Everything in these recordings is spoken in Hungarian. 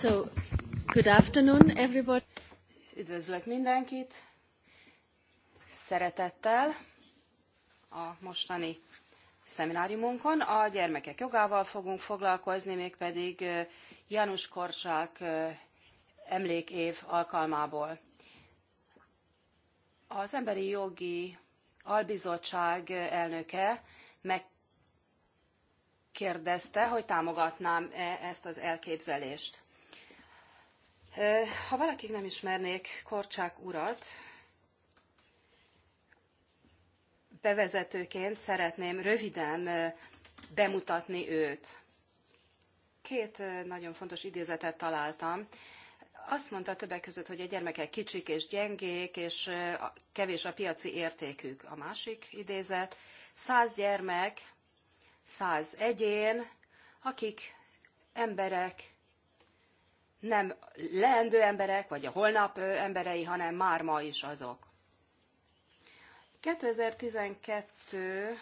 So, good afternoon, everybody. Üdvözlök mindenkit. Szeretettel a mostani szemináriumunkon a gyermekek jogával fogunk foglalkozni, mégpedig János Korcsák emlékév alkalmából. Az Emberi Jogi Albizottság elnöke megkérdezte, hogy támogatnám -e ezt az elképzelést. Ha valakik nem ismernék Korcsák urat, bevezetőként szeretném röviden bemutatni őt. Két nagyon fontos idézetet találtam. Azt mondta többek között, hogy a gyermekek kicsik és gyengék, és kevés a piaci értékük. A másik idézet, száz gyermek, száz egyén, akik emberek, nem leendő emberek, vagy a holnap emberei, hanem már ma is azok. 2012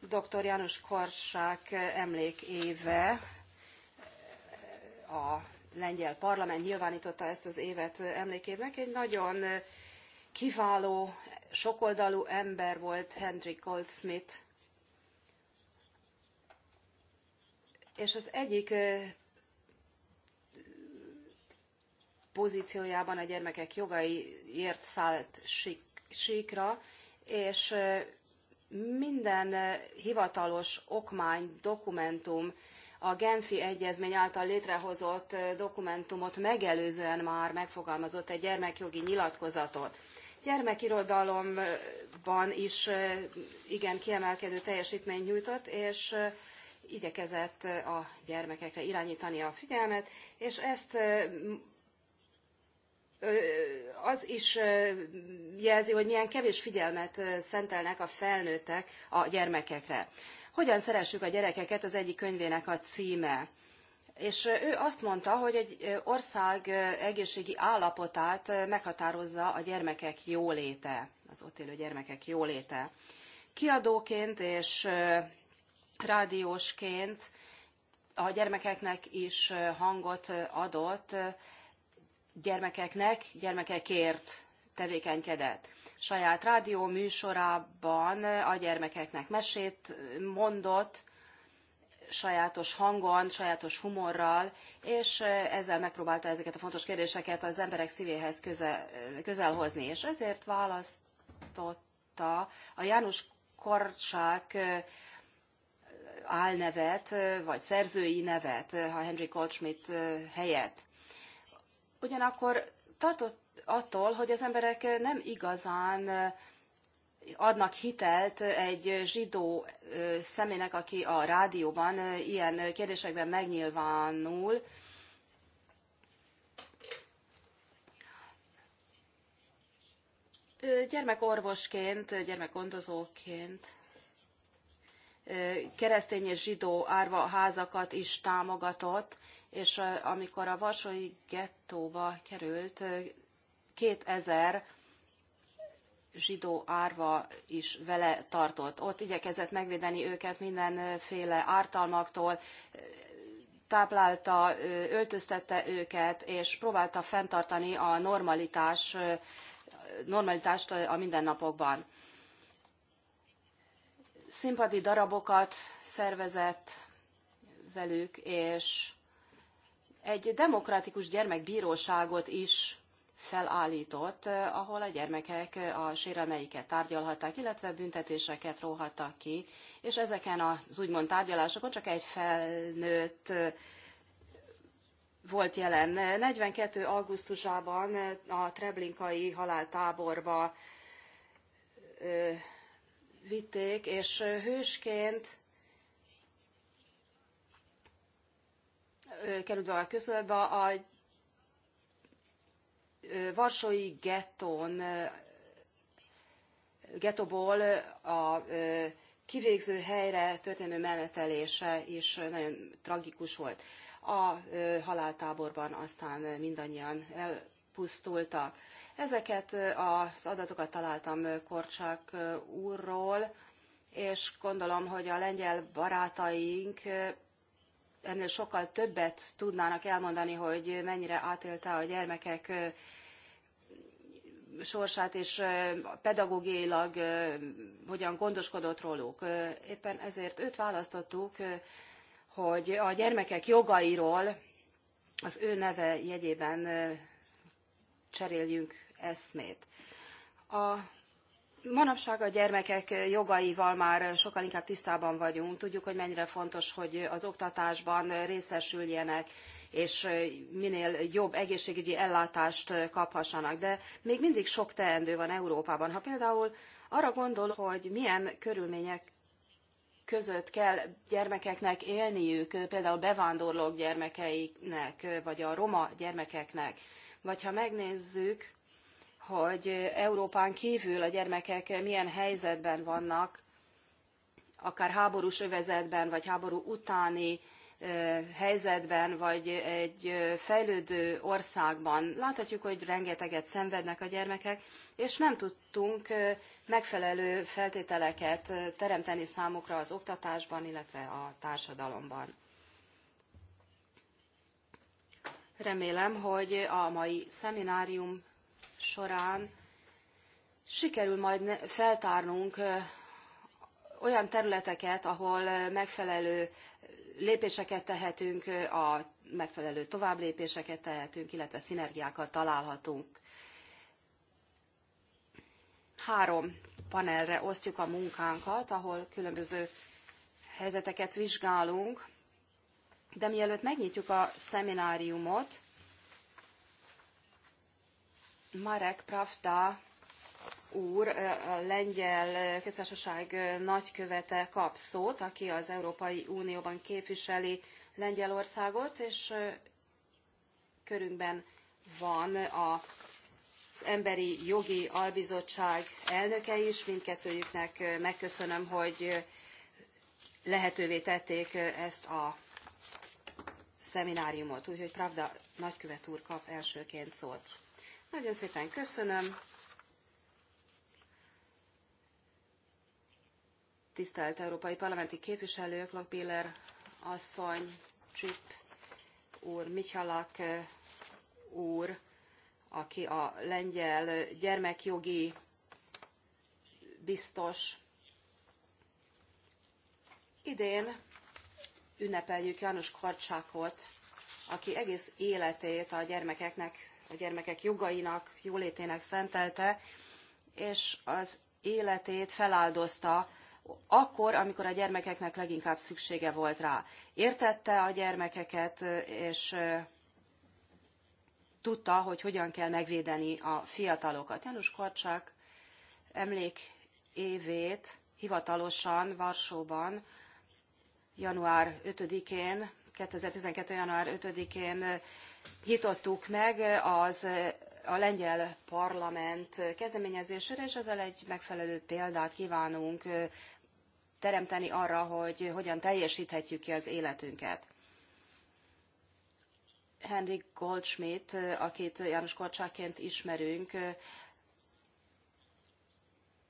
dr. János Korsák emlékéve a lengyel parlament nyilvánította ezt az évet emlékének. Egy nagyon kiváló, sokoldalú ember volt Hendrik Goldsmith, és az egyik pozíciójában a gyermekek jogaiért szállt síkra, és minden hivatalos okmány, dokumentum, a Genfi Egyezmény által létrehozott dokumentumot megelőzően már megfogalmazott egy gyermekjogi nyilatkozatot. Gyermekirodalomban is igen kiemelkedő teljesítményt nyújtott, és igyekezett a gyermekekre irányítani a figyelmet, és ezt az is jelzi, hogy milyen kevés figyelmet szentelnek a felnőttek a gyermekekre. Hogyan szeressük a gyerekeket az egyik könyvének a címe. És ő azt mondta, hogy egy ország egészségi állapotát meghatározza a gyermekek jóléte, az ott élő gyermekek jóléte. Kiadóként és rádiósként a gyermekeknek is hangot adott, gyermekeknek, gyermekekért tevékenykedett. Saját rádió műsorában a gyermekeknek mesét mondott, sajátos hangon, sajátos humorral, és ezzel megpróbálta ezeket a fontos kérdéseket az emberek szívéhez közel, közelhozni. És ezért választotta a János Korcsák álnevet, vagy szerzői nevet, ha Henry Goldschmidt helyett ugyanakkor tartott attól, hogy az emberek nem igazán adnak hitelt egy zsidó személynek, aki a rádióban ilyen kérdésekben megnyilvánul. Gyermekorvosként, gyermekgondozóként keresztény és zsidó árva házakat is támogatott, és amikor a Varsói gettóba került, 2000 zsidó árva is vele tartott. Ott igyekezett megvédeni őket mindenféle ártalmaktól, táplálta, öltöztette őket, és próbálta fenntartani a normalitás, normalitást a mindennapokban. Színpadi darabokat szervezett velük, és egy demokratikus gyermekbíróságot is felállított, eh, ahol a gyermekek eh, a sérelmeiket tárgyalhatták, illetve büntetéseket róhattak ki, és ezeken az úgymond tárgyalásokon csak egy felnőtt eh, volt jelen. 42. augusztusában a Treblinkai haláltáborba vitték, és hősként került a közölbe, a Varsói getton, getoból a kivégző helyre történő menetelése is nagyon tragikus volt. A haláltáborban aztán mindannyian elpusztultak. Ezeket az adatokat találtam Korcsák úrról, és gondolom, hogy a lengyel barátaink ennél sokkal többet tudnának elmondani, hogy mennyire átélte a gyermekek sorsát, és pedagógiailag hogyan gondoskodott róluk. Éppen ezért őt választottuk, hogy a gyermekek jogairól az ő neve jegyében cseréljünk eszmét. A Manapság a gyermekek jogaival már sokkal inkább tisztában vagyunk. Tudjuk, hogy mennyire fontos, hogy az oktatásban részesüljenek, és minél jobb egészségügyi ellátást kaphassanak. De még mindig sok teendő van Európában. Ha például arra gondol, hogy milyen körülmények között kell gyermekeknek élniük, például bevándorlók gyermekeinek, vagy a roma gyermekeknek, vagy ha megnézzük, hogy Európán kívül a gyermekek milyen helyzetben vannak, akár háborús övezetben, vagy háború utáni helyzetben, vagy egy fejlődő országban. Láthatjuk, hogy rengeteget szenvednek a gyermekek, és nem tudtunk megfelelő feltételeket teremteni számukra az oktatásban, illetve a társadalomban. Remélem, hogy a mai szeminárium során sikerül majd feltárnunk olyan területeket, ahol megfelelő lépéseket tehetünk, a megfelelő továbblépéseket tehetünk, illetve szinergiákat találhatunk. Három panelre osztjuk a munkánkat, ahol különböző helyzeteket vizsgálunk, de mielőtt megnyitjuk a szemináriumot, Marek Pravda úr, a lengyel köztársaság nagykövete kap szót, aki az Európai Unióban képviseli Lengyelországot, és körünkben van az Emberi Jogi Albizottság elnöke is. Mindkettőjüknek megköszönöm, hogy lehetővé tették ezt a szemináriumot. Úgyhogy Pravda nagykövet úr kap elsőként szót. Nagyon szépen köszönöm. Tisztelt Európai Parlamenti képviselők, Lokbiller asszony, Csip úr, Michalak eh, úr, aki a lengyel gyermekjogi biztos. Idén ünnepeljük János Karcsákot, aki egész életét a gyermekeknek a gyermekek jogainak, jólétének szentelte, és az életét feláldozta akkor, amikor a gyermekeknek leginkább szüksége volt rá. Értette a gyermekeket, és tudta, hogy hogyan kell megvédeni a fiatalokat. János Korcsák emlék évét hivatalosan Varsóban január 5-én, 2012. január 5-én nyitottuk meg az a lengyel parlament kezdeményezésére, és ezzel egy megfelelő példát kívánunk teremteni arra, hogy hogyan teljesíthetjük ki az életünket. Henrik Goldschmidt, akit János Korcsákként ismerünk,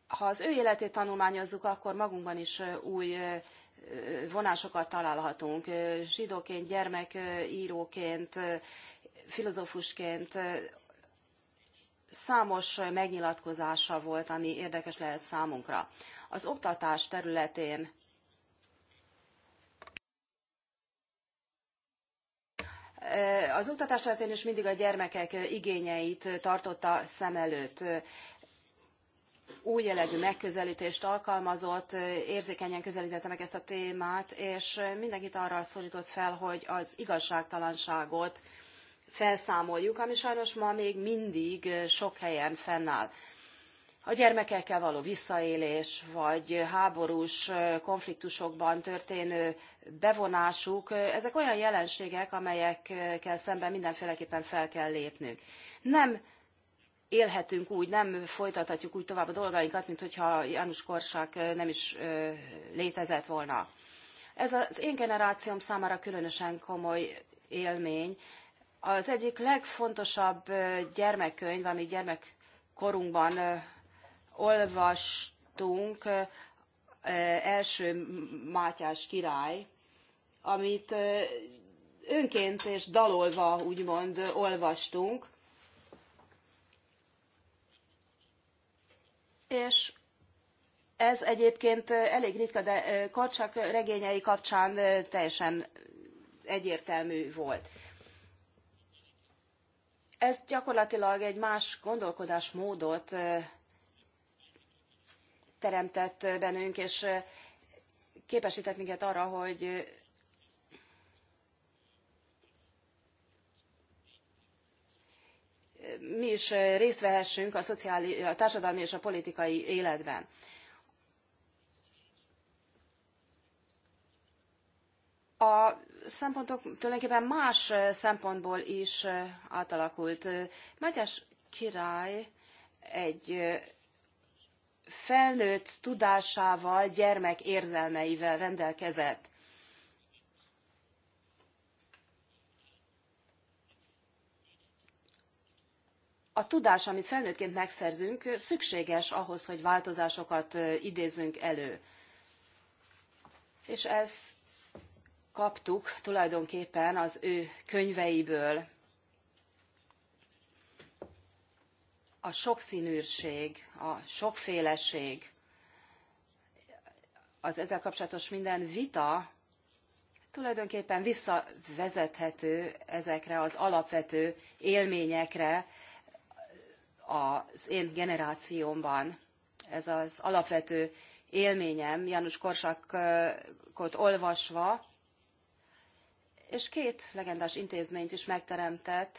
ha az ő életét tanulmányozzuk, akkor magunkban is új vonásokat találhatunk. Zsidóként, gyermekíróként, filozófusként számos megnyilatkozása volt, ami érdekes lehet számunkra. Az oktatás területén az oktatás területén is mindig a gyermekek igényeit tartotta szem előtt új jellegű megközelítést alkalmazott, érzékenyen közelítette meg ezt a témát, és mindenkit arra szólított fel, hogy az igazságtalanságot felszámoljuk, ami sajnos ma még mindig sok helyen fennáll. A gyermekekkel való visszaélés, vagy háborús konfliktusokban történő bevonásuk, ezek olyan jelenségek, amelyekkel szemben mindenféleképpen fel kell lépnünk. Nem élhetünk úgy, nem folytathatjuk úgy tovább a dolgainkat, mint hogyha János Korsak nem is létezett volna. Ez az én generációm számára különösen komoly élmény. Az egyik legfontosabb gyermekkönyv, amit gyermekkorunkban olvastunk, első Mátyás király, amit önként és dalolva, úgymond, olvastunk, és ez egyébként elég ritka, de Korcsak regényei kapcsán teljesen egyértelmű volt. Ez gyakorlatilag egy más gondolkodásmódot teremtett bennünk, és képesített minket arra, hogy mi is részt vehessünk a, a társadalmi és a politikai életben. A szempontok tulajdonképpen más szempontból is átalakult. Mátyás király egy felnőtt tudásával, gyermek érzelmeivel rendelkezett. a tudás, amit felnőttként megszerzünk, szükséges ahhoz, hogy változásokat idézzünk elő. És ezt kaptuk tulajdonképpen az ő könyveiből. A sokszínűség, a sokféleség, az ezzel kapcsolatos minden vita tulajdonképpen visszavezethető ezekre az alapvető élményekre, az én generációmban. Ez az alapvető élményem János Korsakot olvasva, és két legendás intézményt is megteremtett,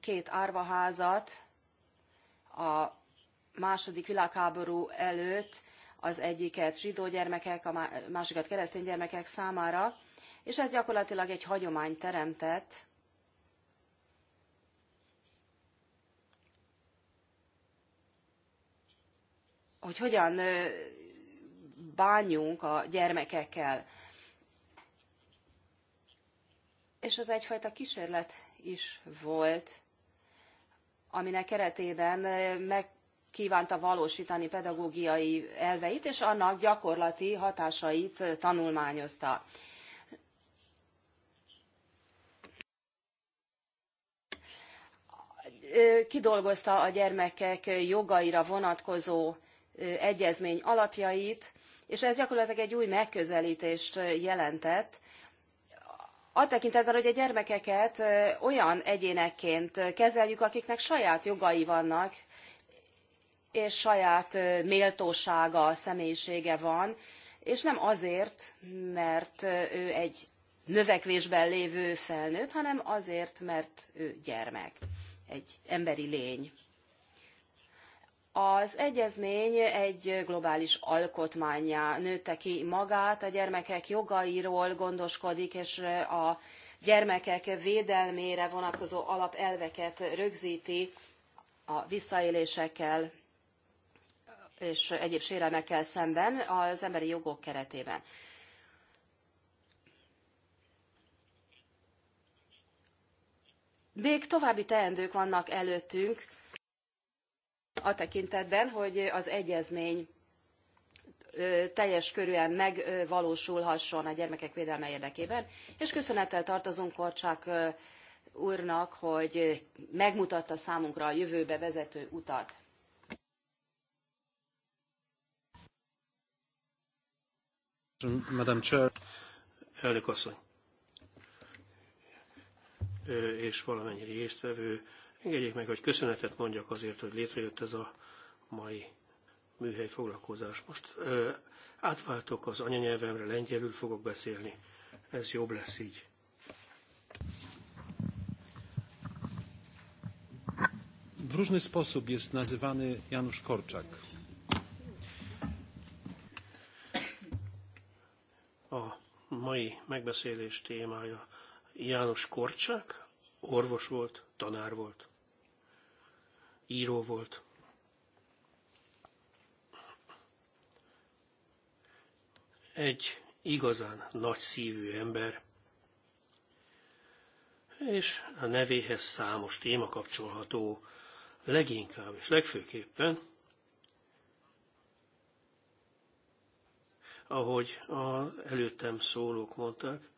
két árvaházat a második világháború előtt, az egyiket zsidó gyermekek, a másikat keresztény gyermekek számára, és ez gyakorlatilag egy hagyományt teremtett, hogy hogyan bánjunk a gyermekekkel. És az egyfajta kísérlet is volt, aminek keretében megkívánta valósítani pedagógiai elveit, és annak gyakorlati hatásait tanulmányozta. Kidolgozta a gyermekek jogaira vonatkozó egyezmény alapjait, és ez gyakorlatilag egy új megközelítést jelentett, a tekintetben, hogy a gyermekeket olyan egyénekként kezeljük, akiknek saját jogai vannak, és saját méltósága, személyisége van, és nem azért, mert ő egy növekvésben lévő felnőtt, hanem azért, mert ő gyermek, egy emberi lény. Az egyezmény egy globális alkotmányá nőtte ki magát, a gyermekek jogairól gondoskodik, és a gyermekek védelmére vonatkozó alapelveket rögzíti a visszaélésekkel és egyéb sérelmekkel szemben az emberi jogok keretében. Még további teendők vannak előttünk, a tekintetben, hogy az egyezmény teljes körűen megvalósulhasson a gyermekek védelme érdekében, és köszönettel tartozunk Korcsák úrnak, hogy megmutatta számunkra a jövőbe vezető utat. Madam Chair. Elnök asszony és valamennyi résztvevő Engedjék meg, hogy köszönetet mondjak azért, hogy létrejött ez a mai műhely foglalkozás. Most ö, átváltok az anyanyelvemre, lengyelül fogok beszélni. Ez jobb lesz így. W różny sposób jest nazywany Janusz Korczak. A mai megbeszélés témája János Korczak, orvos volt, tanár volt, író volt. Egy igazán nagy szívű ember, és a nevéhez számos téma kapcsolható, leginkább és legfőképpen, ahogy az előttem szólók mondták,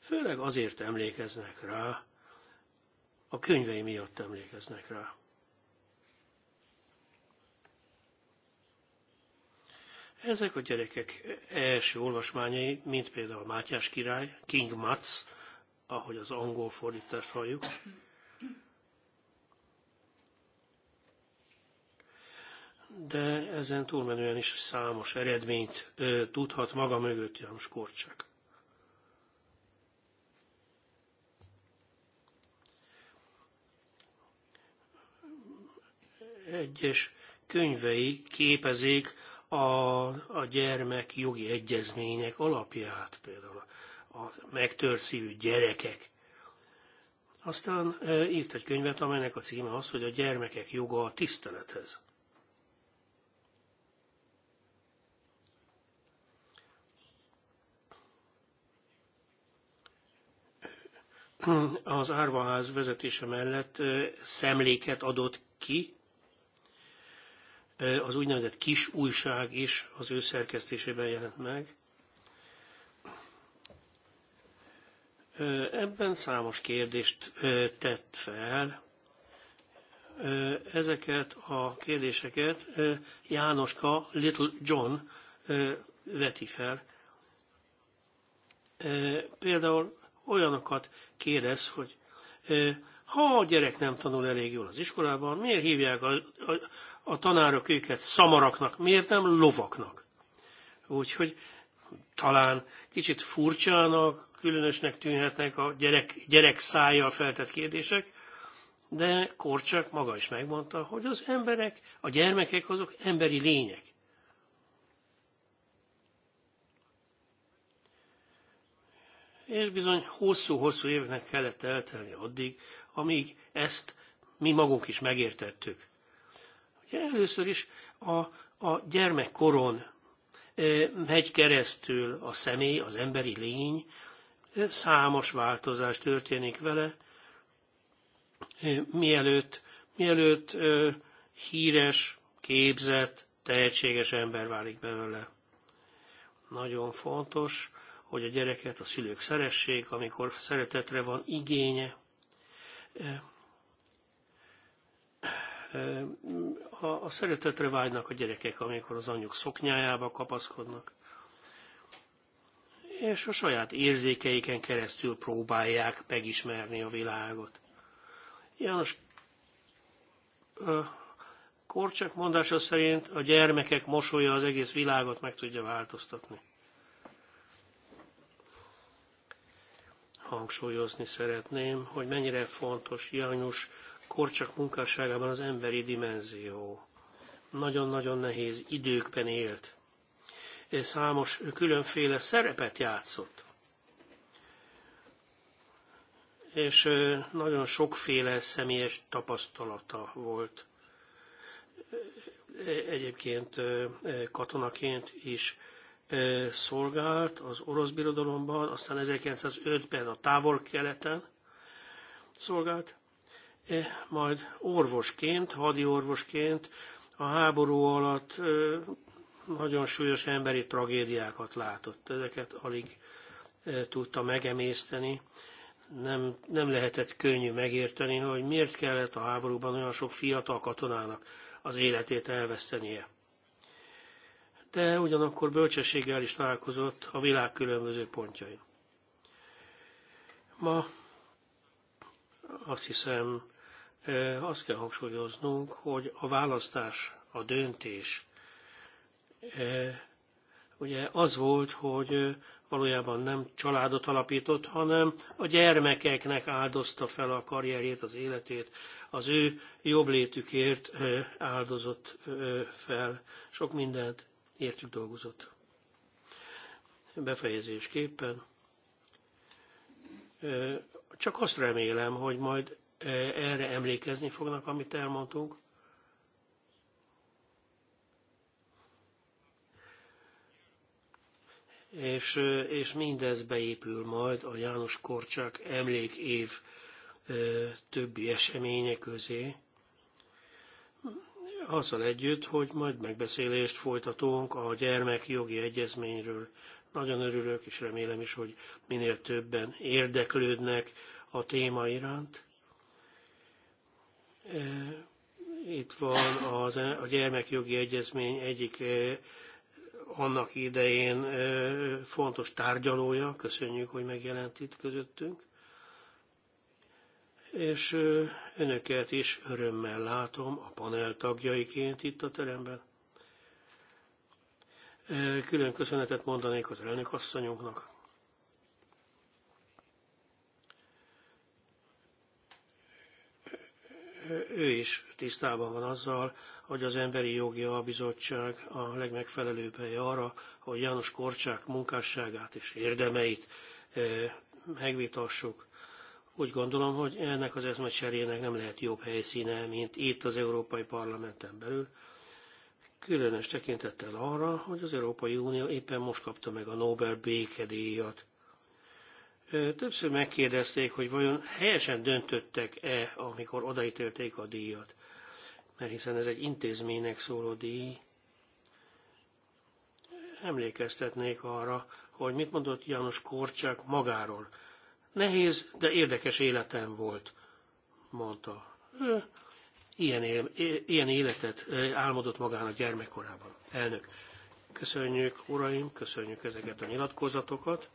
főleg azért emlékeznek rá, a könyvei miatt emlékeznek rá. Ezek a gyerekek első olvasmányai, mint például Mátyás király, King Mats, ahogy az angol fordítást halljuk, de ezen túlmenően is számos eredményt ö, tudhat maga mögött János Korcsák. egyes könyvei képezik a, a gyermek jogi egyezmények alapját, például a megtört szívű gyerekek. Aztán e, írt egy könyvet, amelynek a címe az, hogy a gyermekek joga a tisztelethez. Az árvaház vezetése mellett e, szemléket adott ki az úgynevezett kis újság is az ő szerkesztésében jelent meg. Ebben számos kérdést tett fel. Ezeket a kérdéseket Jánoska Little John veti fel. Például olyanokat kérdez, hogy ha a gyerek nem tanul elég jól az iskolában, miért hívják a, a, a tanárok őket szamaraknak, miért nem lovaknak? Úgyhogy talán kicsit furcsának, különösnek tűnhetnek a gyerek, gyerek szájjal feltett kérdések, de Korcsak maga is megmondta, hogy az emberek, a gyermekek azok emberi lények. És bizony hosszú-hosszú éveknek kellett eltelni addig, amíg ezt mi magunk is megértettük. Először is a, a gyermekkoron e, megy keresztül a személy, az emberi lény, e, számos változás történik vele, e, mielőtt, mielőtt híres, képzett, tehetséges ember válik belőle. Nagyon fontos, hogy a gyereket a szülők szeressék, amikor szeretetre van igénye. A, a szeretetre vágynak a gyerekek, amikor az anyjuk szoknyájába kapaszkodnak, és a saját érzékeiken keresztül próbálják megismerni a világot. János Korcsak mondása szerint a gyermekek mosolya az egész világot meg tudja változtatni. Hangsúlyozni szeretném, hogy mennyire fontos János Korcsak munkásságában az emberi dimenzió. Nagyon-nagyon nehéz időkben élt. Számos különféle szerepet játszott. És nagyon sokféle személyes tapasztalata volt. Egyébként katonaként is szolgált az orosz birodalomban, aztán 1905-ben a távol-keleten szolgált, E, majd orvosként, hadiorvosként a háború alatt e, nagyon súlyos emberi tragédiákat látott. Ezeket alig e, tudta megemészteni. Nem, nem lehetett könnyű megérteni, hogy miért kellett a háborúban olyan sok fiatal katonának az életét elvesztenie. De ugyanakkor bölcsességgel is találkozott a világ különböző pontjain. Ma azt hiszem azt kell hangsúlyoznunk, hogy a választás, a döntés ugye az volt, hogy valójában nem családot alapított, hanem a gyermekeknek áldozta fel a karrierjét, az életét, az ő jobb létükért áldozott fel, sok mindent értük dolgozott. Befejezésképpen csak azt remélem, hogy majd erre emlékezni fognak, amit elmondtunk. És, és mindez beépül majd a János Korcsák emlékév többi eseménye közé, azzal együtt, hogy majd megbeszélést folytatunk a gyermekjogi egyezményről. Nagyon örülök, és remélem is, hogy minél többen érdeklődnek a téma iránt. Eh, itt van az, a gyermekjogi egyezmény egyik eh, annak idején eh, fontos tárgyalója, köszönjük, hogy megjelent itt közöttünk, és önöket is örömmel látom a panel tagjaiként itt a teremben. Külön köszönetet mondanék az elnökasszonyunknak, ő is tisztában van azzal, hogy az Emberi Jogi Albizottság a legmegfelelőbb hely arra, hogy János Korcsák munkásságát és érdemeit eh, megvitassuk. Úgy gondolom, hogy ennek az eszmecserének nem lehet jobb helyszíne, mint itt az Európai Parlamenten belül, különös tekintettel arra, hogy az Európai Unió éppen most kapta meg a Nobel békedíjat. Többször megkérdezték, hogy vajon helyesen döntöttek-e, amikor odaítélték a díjat. Mert hiszen ez egy intézménynek szóló díj. Emlékeztetnék arra, hogy mit mondott János Korcsák magáról. Nehéz, de érdekes életem volt, mondta. Ő ilyen, él, ilyen életet álmodott magának gyermekkorában. Elnök, köszönjük, uraim, köszönjük ezeket a nyilatkozatokat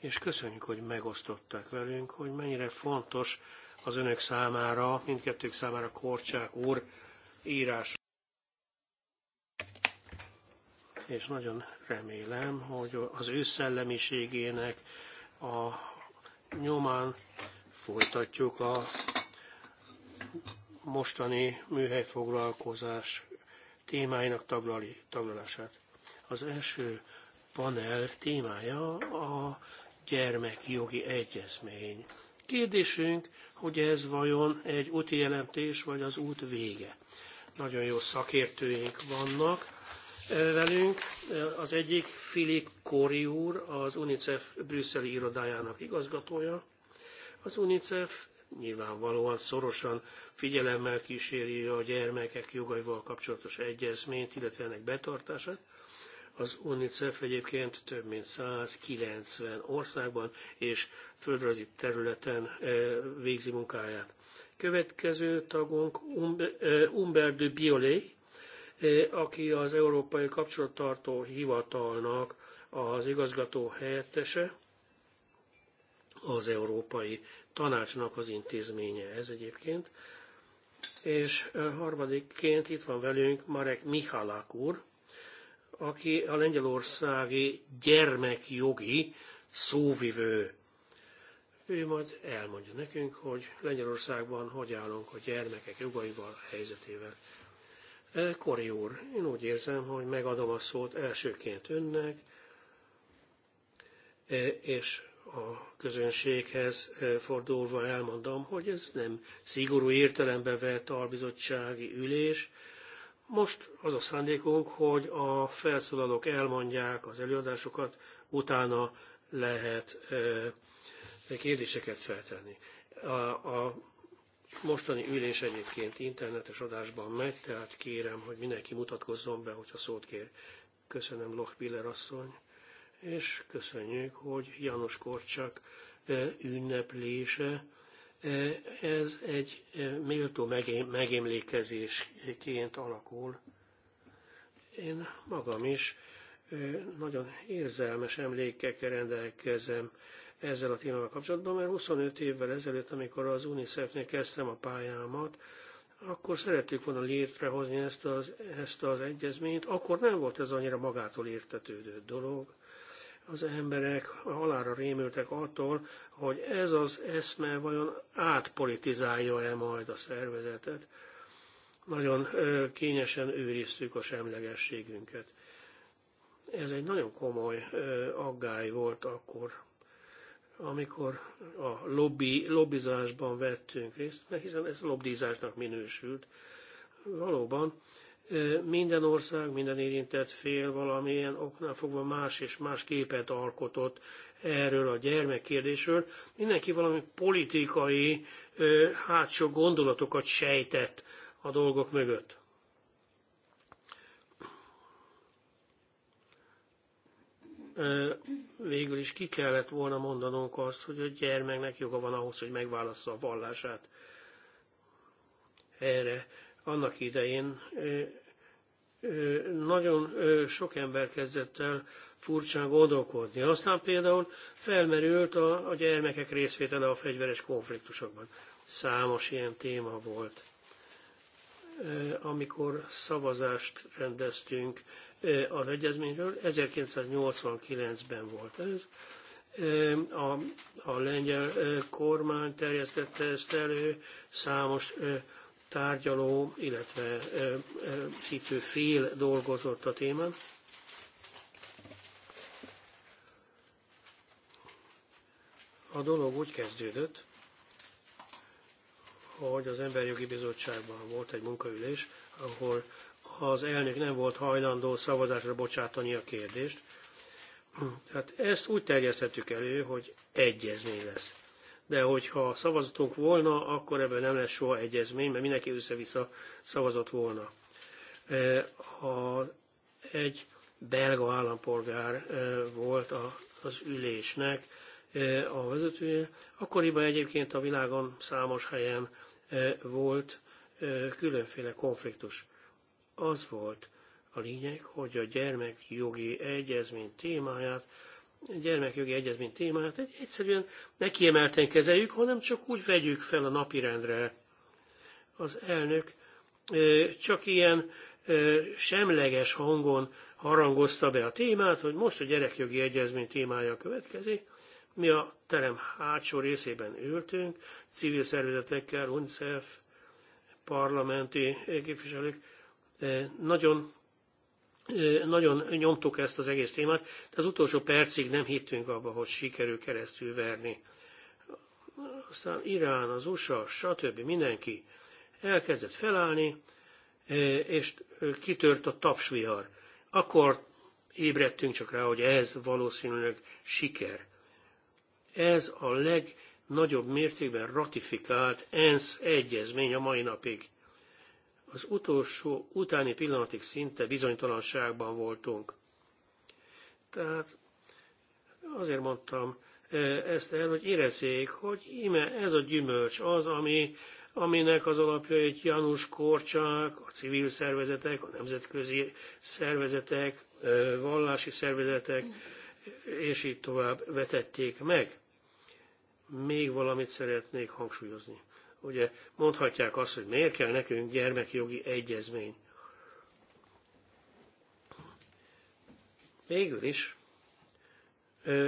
és köszönjük, hogy megosztották velünk, hogy mennyire fontos az önök számára, mindkettők számára Korcsák úr írás. És nagyon remélem, hogy az ő szellemiségének a nyomán folytatjuk a mostani műhelyfoglalkozás témáinak taglali, taglalását. Az első panel témája a gyermekjogi egyezmény. Kérdésünk, hogy ez vajon egy úti jelentés, vagy az út vége. Nagyon jó szakértőink vannak eh, velünk. Eh, az egyik Filip Kori úr, az UNICEF brüsszeli irodájának igazgatója. Az UNICEF nyilvánvalóan szorosan figyelemmel kíséri a gyermekek jogaival kapcsolatos egyezményt, illetve ennek betartását. Az UNICEF egyébként több mint 190 országban és földrajzi területen eh, végzi munkáját. Következő tagunk eh, Umber de Biolé, eh, aki az Európai Kapcsolattartó Hivatalnak az igazgató helyettese, az Európai Tanácsnak az intézménye ez egyébként. És harmadikként itt van velünk Marek Mihalák úr, aki a lengyelországi gyermekjogi szóvivő. Ő majd elmondja nekünk, hogy Lengyelországban hogy állunk a gyermekek jogaival, helyzetével. E, Kori úr, én úgy érzem, hogy megadom a szót elsőként önnek, e, és a közönséghez e, fordulva elmondom, hogy ez nem szigorú értelembe vett albizottsági ülés, most az a szándékunk, hogy a felszólalók elmondják az előadásokat, utána lehet kérdéseket feltenni. A, a mostani ülés egyébként internetes adásban megy, tehát kérem, hogy mindenki mutatkozzon be, hogyha szót kér. Köszönöm Lochpiller asszony, és köszönjük, hogy János Korcsak ünneplése ez egy méltó megemlékezésként alakul. Én magam is nagyon érzelmes emlékekkel rendelkezem ezzel a témával kapcsolatban, mert 25 évvel ezelőtt, amikor az UNICEF-nél kezdtem a pályámat, akkor szerettük volna létrehozni ezt az, ezt az egyezményt, akkor nem volt ez annyira magától értetődő dolog az emberek halára rémültek attól, hogy ez az eszme vajon átpolitizálja-e majd a szervezetet. Nagyon kényesen őriztük a semlegességünket. Ez egy nagyon komoly aggály volt akkor, amikor a lobby, lobbizásban vettünk részt, mert hiszen ez lobbizásnak minősült. Valóban minden ország, minden érintett fél valamilyen oknál fogva más és más képet alkotott erről a gyermekkérdésről. Mindenki valami politikai hátsó gondolatokat sejtett a dolgok mögött. végül is ki kellett volna mondanunk azt, hogy a gyermeknek joga van ahhoz, hogy megválassza a vallását. Erre annak idején nagyon sok ember kezdett el furcsán gondolkodni. Aztán például felmerült a, a gyermekek részvétele a fegyveres konfliktusokban. Számos ilyen téma volt. Amikor szavazást rendeztünk az egyezményről, 1989-ben volt ez, a, a lengyel kormány terjesztette ezt elő, számos tárgyaló, illetve szítő fél dolgozott a témán. A dolog úgy kezdődött, hogy az Emberjogi Bizottságban volt egy munkaülés, ahol az elnök nem volt hajlandó szavazásra bocsátani a kérdést. Tehát ezt úgy terjesztettük elő, hogy egyezmény lesz de hogyha szavazatunk volna, akkor ebben nem lesz soha egyezmény, mert mindenki össze-vissza szavazott volna. E, ha egy belga állampolgár e, volt a, az ülésnek e, a vezetője, akkoriban egyébként a világon számos helyen volt különféle konfliktus. Az volt a lényeg, hogy a gyermekjogi egyezmény témáját gyermekjogi egyezmény témát egy egyszerűen ne kiemelten kezeljük, hanem csak úgy vegyük fel a napirendre. Az elnök csak ilyen semleges hangon harangozta be a témát, hogy most a gyerekjogi egyezmény témája következik. Mi a terem hátsó részében ültünk, civil szervezetekkel, UNCEF, parlamenti képviselők. Nagyon nagyon nyomtuk ezt az egész témát, de az utolsó percig nem hittünk abba, hogy sikerül keresztül verni. Aztán Irán, az USA, stb. mindenki elkezdett felállni, és kitört a tapsvihar. Akkor ébredtünk csak rá, hogy ez valószínűleg siker. Ez a legnagyobb mértékben ratifikált ENSZ egyezmény a mai napig az utolsó utáni pillanatig szinte bizonytalanságban voltunk. Tehát azért mondtam e, ezt el, hogy érezzék, hogy ime ez a gyümölcs az, ami, aminek az egy Janus Korcsák, a civil szervezetek, a nemzetközi szervezetek, e, vallási szervezetek, és így tovább vetették meg. Még valamit szeretnék hangsúlyozni. Ugye mondhatják azt, hogy miért kell nekünk gyermekjogi egyezmény. Végül is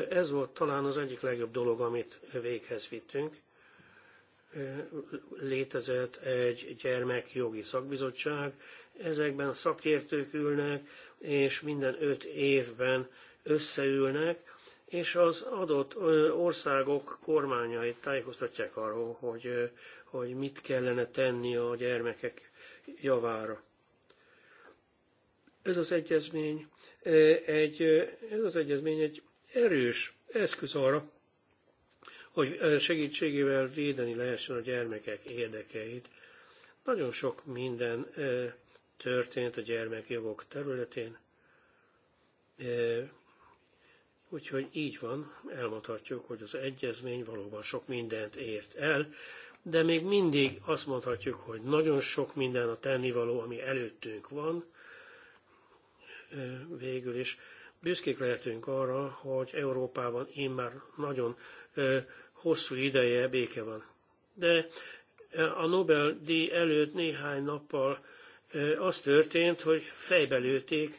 ez volt talán az egyik legjobb dolog, amit véghez vittünk. Létezett egy gyermekjogi szakbizottság, ezekben szakértők ülnek, és minden öt évben összeülnek, és az adott országok kormányait tájékoztatják arról, hogy hogy mit kellene tenni a gyermekek javára. Ez az egyezmény e, egy, e, ez az egyezmény egy erős eszköz arra, hogy e, segítségével védeni lehessen a gyermekek érdekeit. Nagyon sok minden történt a gyermekjogok területén, úgyhogy így van, elmondhatjuk, hogy az egyezmény valóban sok mindent ért el, de még mindig azt mondhatjuk, hogy nagyon sok minden a tennivaló, ami előttünk van, végül is büszkék lehetünk arra, hogy Európában én már nagyon hosszú ideje béke van. De a Nobel-díj előtt néhány nappal az történt, hogy fejbelőték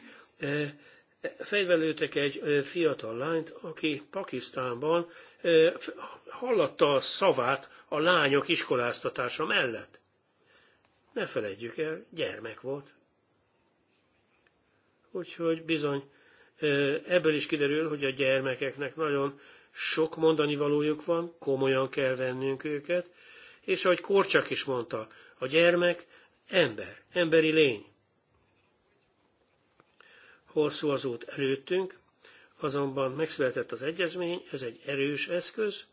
fegyverlőtek egy fiatal lányt, aki Pakisztánban hallatta a szavát a lányok iskoláztatása mellett. Ne feledjük el, gyermek volt. Úgyhogy bizony, ebből is kiderül, hogy a gyermekeknek nagyon sok mondani valójuk van, komolyan kell vennünk őket, és ahogy Korcsak is mondta, a gyermek ember, emberi lény. Hosszú az út előttünk, azonban megszületett az egyezmény, ez egy erős eszköz,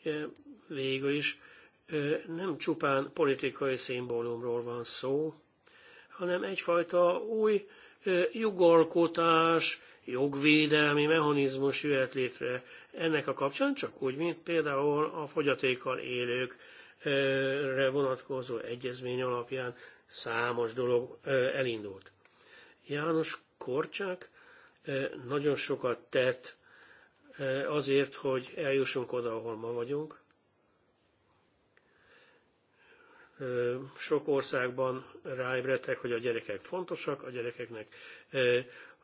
ugye végül is nem csupán politikai szimbólumról van szó, hanem egyfajta új jogalkotás, jogvédelmi mechanizmus jöhet létre ennek a kapcsán, csak úgy, mint például a fogyatékkal élők re vonatkozó egyezmény alapján számos dolog elindult. János Korcsák nagyon sokat tett azért, hogy eljussunk oda, ahol ma vagyunk. Sok országban ráébredtek, hogy a gyerekek fontosak, a gyerekeknek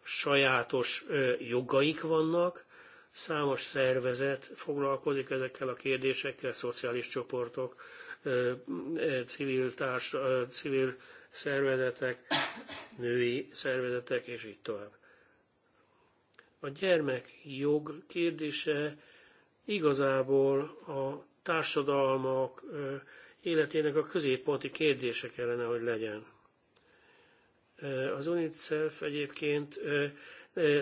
sajátos jogaik vannak, Számos szervezet foglalkozik ezekkel a kérdésekkel, szociális csoportok, civil, társ, civil szervezetek, női szervezetek, és így tovább. A gyermek jog kérdése igazából a társadalmak életének a középponti kérdése kellene, hogy legyen. Az UNICEF egyébként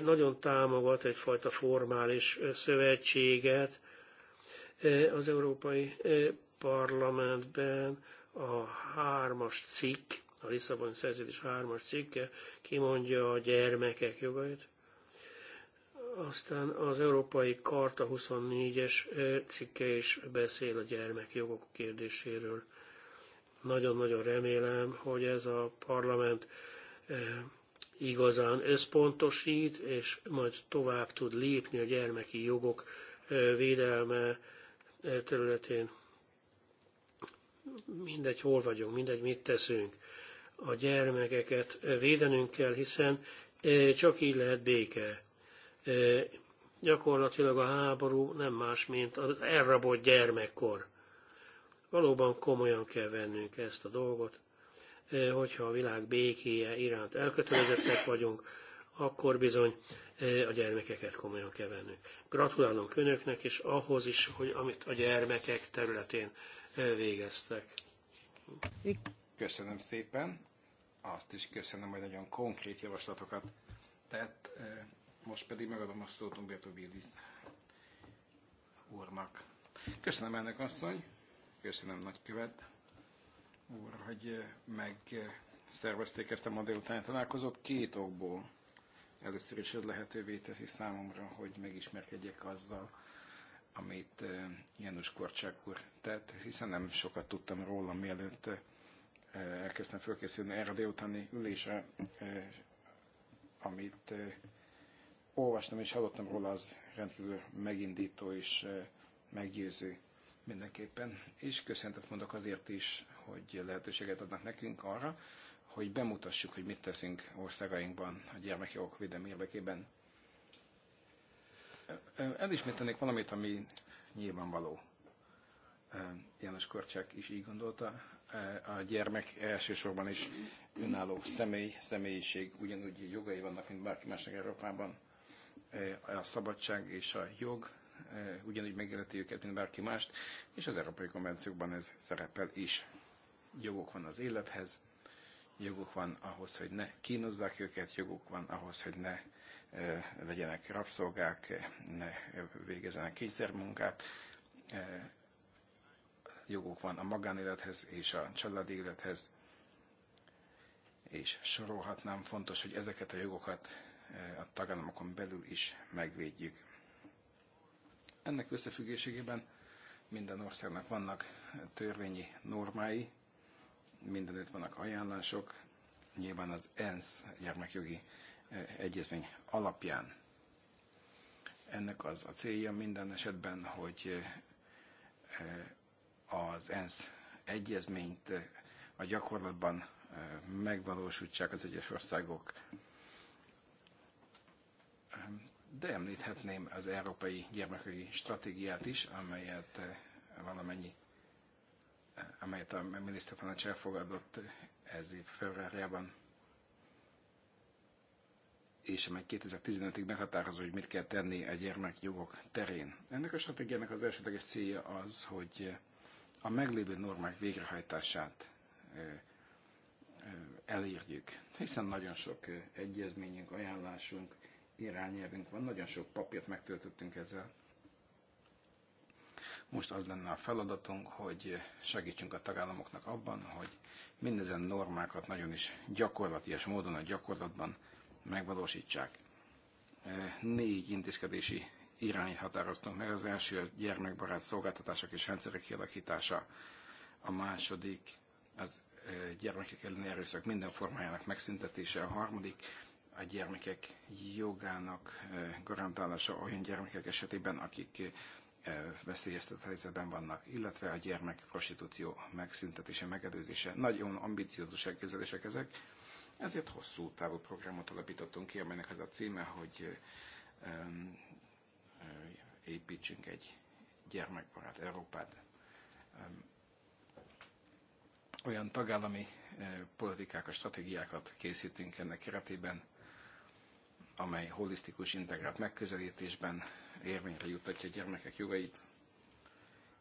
nagyon támogat egyfajta formális szövetséget az Európai Parlamentben a hármas cikk, a Lisszaboni Szerződés hármas cikke kimondja a gyermekek jogait. Aztán az Európai Karta 24-es cikke is beszél a gyermekjogok kérdéséről. Nagyon-nagyon remélem, hogy ez a parlament igazán összpontosít, és majd tovább tud lépni a gyermeki jogok védelme területén. Mindegy, hol vagyunk, mindegy, mit teszünk. A gyermekeket védenünk kell, hiszen csak így lehet béke. Gyakorlatilag a háború nem más, mint az elrabott gyermekkor. Valóban komolyan kell vennünk ezt a dolgot, Eh, hogyha a világ békéje iránt elkötelezettek vagyunk, akkor bizony eh, a gyermekeket komolyan kell vennünk. Gratulálunk önöknek, és ahhoz is, hogy amit a gyermekek területén eh, végeztek. Köszönöm szépen. Azt is köszönöm, hogy nagyon konkrét javaslatokat tett. Most pedig megadom a szót Umberto Villis úrnak. Köszönöm ennek asszony, köszönöm nagykövet úr, hogy megszervezték ezt a ma délutáni találkozót két okból. Először is ez lehetővé teszi számomra, hogy megismerkedjek azzal, amit Jánus Korcsák úr tett, hiszen nem sokat tudtam róla, mielőtt elkezdtem fölkészülni erre a délutáni ülésre, amit olvastam és hallottam róla, az rendkívül megindító és meggyőző mindenképpen. És köszöntet mondok azért is, hogy lehetőséget adnak nekünk arra, hogy bemutassuk, hogy mit teszünk országainkban a gyermekjogok védelmi érdekében. Elismételnék valamit, ami nyilvánvaló. János Korcsák is így gondolta. A gyermek elsősorban is önálló személy, személyiség, ugyanúgy jogai vannak, mint bárki másnak Európában. A szabadság és a jog ugyanúgy megéleti őket, mint bárki mást, és az Európai Konvenciókban ez szerepel is jogok van az élethez, joguk van ahhoz, hogy ne kínozzák őket, joguk van ahhoz, hogy ne e, eh, legyenek rabszolgák, ne végezzenek kényszermunkát, e, joguk van a magánélethez és a családi élethez, és sorolhatnám, fontos, hogy ezeket a jogokat eh, a tagállamokon belül is megvédjük. Ennek összefüggésében minden országnak vannak törvényi normái, mindenütt vannak ajánlások, nyilván az ENSZ gyermekjogi eh, egyezmény alapján. Ennek az a célja minden esetben, hogy eh, eh, az ENSZ egyezményt a gyakorlatban megvalósítsák az egyes országok. De említhetném az Európai Gyermekjogi Stratégiát is, amelyet valamennyi amelyet a minisztertanács elfogadott ez év februárjában, és amely 2015-ig meghatározó, hogy mit kell tenni a gyermekjogok terén. Ennek a stratégiának az elsődleges célja az, hogy a meglévő normák végrehajtását elérjük, hiszen nagyon sok egyezményünk, ajánlásunk, irányelvünk van, nagyon sok papírt megtöltöttünk ezzel, most az lenne a feladatunk, hogy segítsünk a tagállamoknak abban, hogy mindezen normákat nagyon is gyakorlatias módon a gyakorlatban megvalósítsák. E, négy intézkedési irány határoztunk meg. Az első a gyermekbarát szolgáltatások és rendszerek kialakítása. A második az e, gyermekek elleni erőszak minden formájának megszüntetése. A harmadik a gyermekek jogának e, garantálása olyan gyermekek esetében, akik veszélyeztetett helyzetben vannak, illetve a gyermek prostitúció megszüntetése, megedőzése. Nagyon ambiciózus elképzelések ezek, ezért hosszú távú programot alapítottunk ki, amelynek az a címe, hogy építsünk egy gyermekbarát Európát. Olyan tagállami politikákat, stratégiákat készítünk ennek keretében, amely holisztikus integrált megközelítésben érvényre jutatja a gyermekek jogait,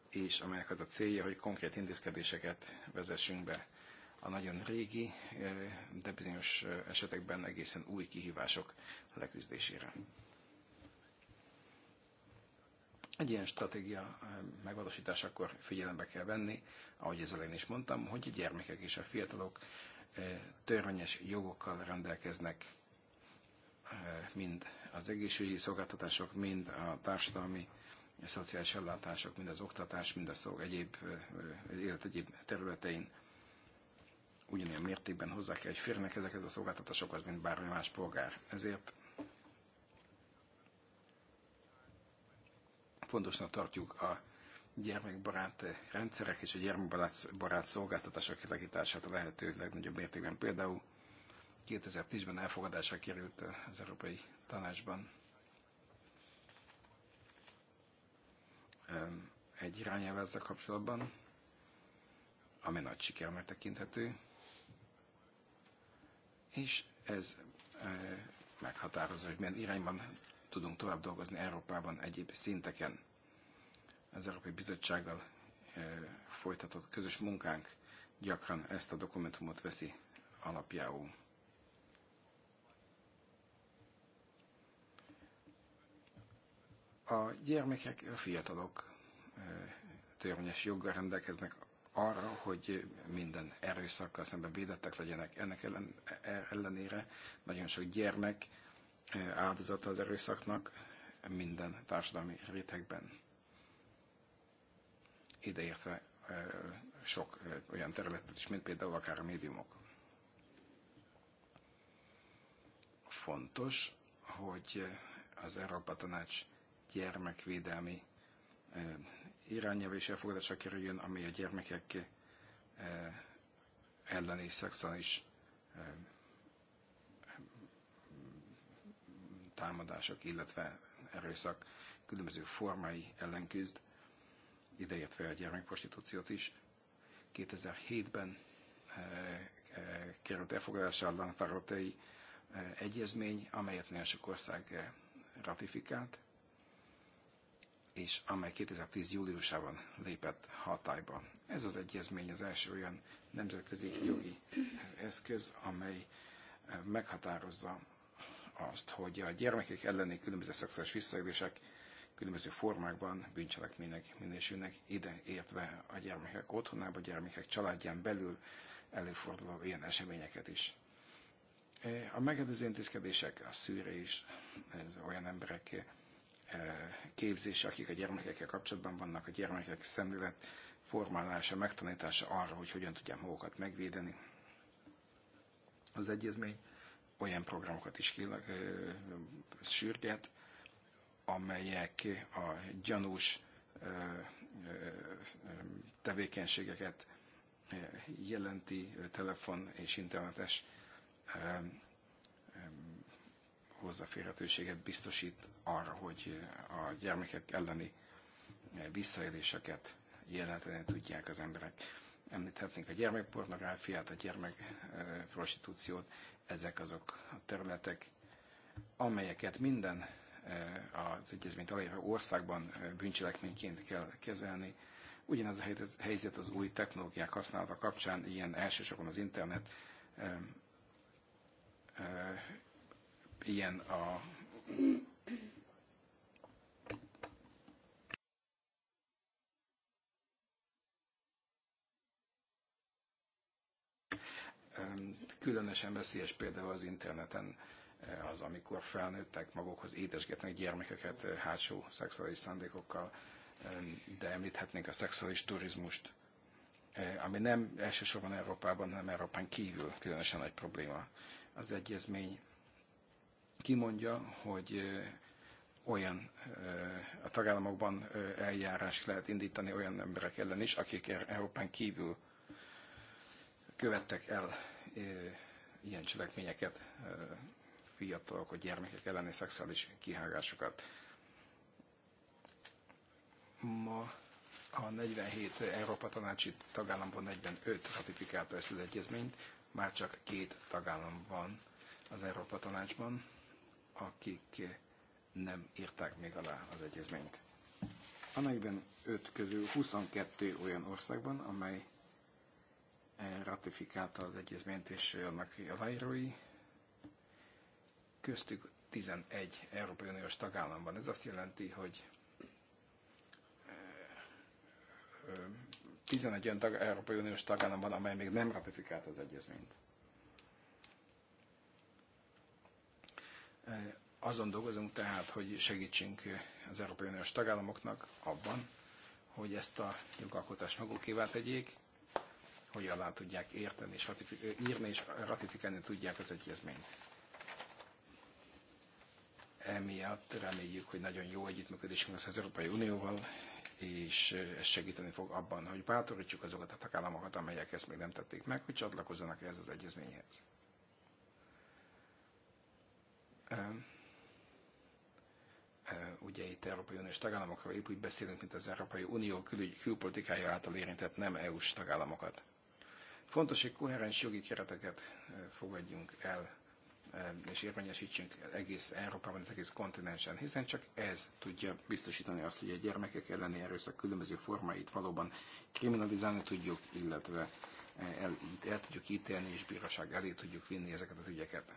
és amelyek az a célja, hogy konkrét intézkedéseket vezessünk be. A nagyon régi, eh, de bizonyos eh, esetekben egészen új kihívások leküzdésére. Egy ilyen stratégia eh, megvalósításakor figyelembe kell venni, ahogy ezzel én is mondtam, hogy a gyermekek és a fiatalok törvényes jogokkal rendelkeznek, mind az egészségügyi szolgáltatások, mind a társadalmi a szociális ellátások, mind az oktatás, mind a szolg egyéb, élet egyéb területein ugyanilyen mértékben hozzá kell, hogy férnek ezekhez a szolgáltatásokhoz, mint bármi más polgár. Ezért fontosnak tartjuk a gyermekbarát rendszerek és a gyermekbarát szolgáltatások kilakítását a lehető legnagyobb mértékben. Például 2010-ben elfogadásra került az Európai Tanácsban egy irányelv ezzel kapcsolatban, ami nagy sikernek tekinthető, és ez meghatározza, hogy milyen irányban tudunk tovább dolgozni Európában egyéb szinteken. Az Európai Bizottsággal folytatott közös munkánk gyakran ezt a dokumentumot veszi alapjául. A gyermekek, a fiatalok törvényes joggal rendelkeznek arra, hogy minden erőszakkal szemben védettek legyenek. Ennek ellen, e, ellenére nagyon sok gyermek áldozata az erőszaknak minden társadalmi rétegben. Ideértve sok olyan területet is, mint például akár a médiumok. Fontos, hogy az Európa Tanács gyermekvédelmi irányelv és elfogadásra kerüljön, ami a gyermekek elleni szexuális támadások, illetve erőszak különböző formái ellen küzd, ideértve a gyermekprostitúciót is. 2007-ben került elfogadásra a lanzarote egyezmény, amelyet nagyon sok ország ratifikált, és amely 2010. júliusában lépett hatályba. Ez az egyezmény az első olyan nemzetközi jogi eszköz, amely eh, meghatározza azt, hogy a gyermekek elleni különböző szexuális visszaélések különböző formákban bűncselekménynek minősülnek, ide értve a gyermekek otthonában a gyermekek családján belül előforduló ilyen eseményeket is. Eh, a megelőző intézkedések, a szűrés, olyan emberek képzés, akik a gyermekekkel kapcsolatban vannak, a gyermekek szemlélet formálása, megtanítása arra, hogy hogyan tudják magukat megvédeni. Az egyezmény olyan programokat is sürget, amelyek a gyanús tevékenységeket jelenti telefon és internetes hozzáférhetőséget biztosít arra, hogy a gyermekek elleni visszaéléseket jelenteni tudják az emberek. Említhetnénk a gyermekpornográfiát, a gyermek eh, prostitúciót, ezek azok a területek, amelyeket minden eh, az egyezményt aláíró országban eh, bűncselekményként kell kezelni. Ugyanez a helyzet az új technológiák használata kapcsán, ilyen elsősorban az internet ilyen a Különösen veszélyes például az interneten eh, az, amikor felnőttek magukhoz édesgetnek gyermekeket eh, hátsó szexuális szándékokkal, de említhetnénk a szexuális turizmust, eh, ami nem elsősorban Európában, hanem Európán kívül különösen nagy probléma. Az egyezmény kimondja, hogy olyan a tagállamokban eljárás lehet indítani olyan emberek ellen is, akik er-, Európán kívül követtek el ilyen cselekményeket, fiatalok vagy gyermekek elleni szexuális kihágásokat. Ma a 47 Európa Tanácsi tagállamban 45 ratifikálta ezt az egyezményt, már csak két tagállam van az Európa Tanácsban, akik nem írták még alá az egyezményt. Amelyben 5 közül 22 olyan országban, amely ratifikálta az egyezményt és annak aláírói, köztük 11 Európai Uniós tagállamban. Ez azt jelenti, hogy 11 eh, eh, olyan tag, Európai Uniós tagállamban, amely még nem ratifikálta az egyezményt. Eh, azon dolgozunk tehát, hogy segítsünk az Európai Uniós tagállamoknak abban, hogy ezt a jogalkotást magukévá tegyék, hogy alá tudják érteni és eh, írni és ratifikálni tudják az egyezményt. Emiatt reméljük, hogy nagyon jó együttműködésünk lesz az Európai Unióval, és eh, ez segíteni fog abban, hogy bátorítsuk azokat a tagállamokat, amelyek ezt még nem tették meg, hogy csatlakozzanak ehhez az egyezményhez ugye itt Európai Uniós tagállamokról épp úgy beszélünk, mint az Európai Unió külügy, külpolitikája által érintett nem EU-s tagállamokat. Fontos, hogy koherens jogi kereteket fogadjunk el és érvényesítsünk egész Európában, az egész kontinensen, hiszen csak ez tudja biztosítani azt, hogy a gyermekek elleni erőszak különböző formáit valóban kriminalizálni tudjuk, illetve el, el tudjuk ítélni és bíróság elé tudjuk vinni ezeket az ügyeket.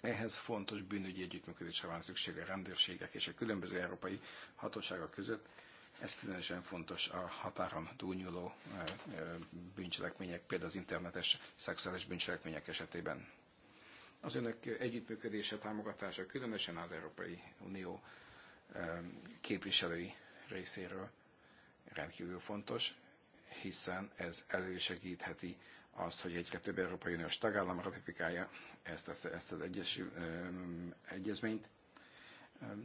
Ehhez fontos bűnügyi együttműködésre van szükség a rendőrségek és a különböző európai hatóságok között. Ez különösen fontos a határon túlnyúló eh, eh, bűncselekmények, például az internetes szexuális bűncselekmények esetében. Az önök együttműködése, támogatása különösen az Európai Unió eh, képviselői részéről rendkívül fontos, hiszen ez elősegítheti azt, hogy egyre több Európai Uniós tagállam ratifikálja ezt, ezt, ezt az egyes, egyezményt.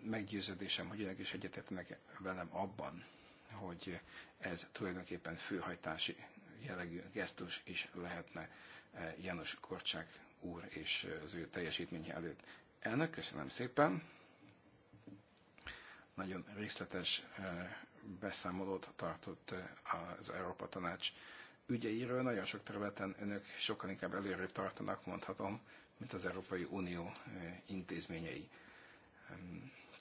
Meggyőződésem, hogy önök is egyetetnek velem abban, hogy ez tulajdonképpen főhajtási jellegű gesztus is lehetne e, János Korcsák úr és az ő teljesítménye előtt. Elnök, köszönöm szépen! Nagyon részletes e, beszámolót tartott e, az Európa Tanács ügyeiről nagyon sok területen önök sokkal inkább előrébb tartanak, mondhatom, mint az Európai Unió intézményei.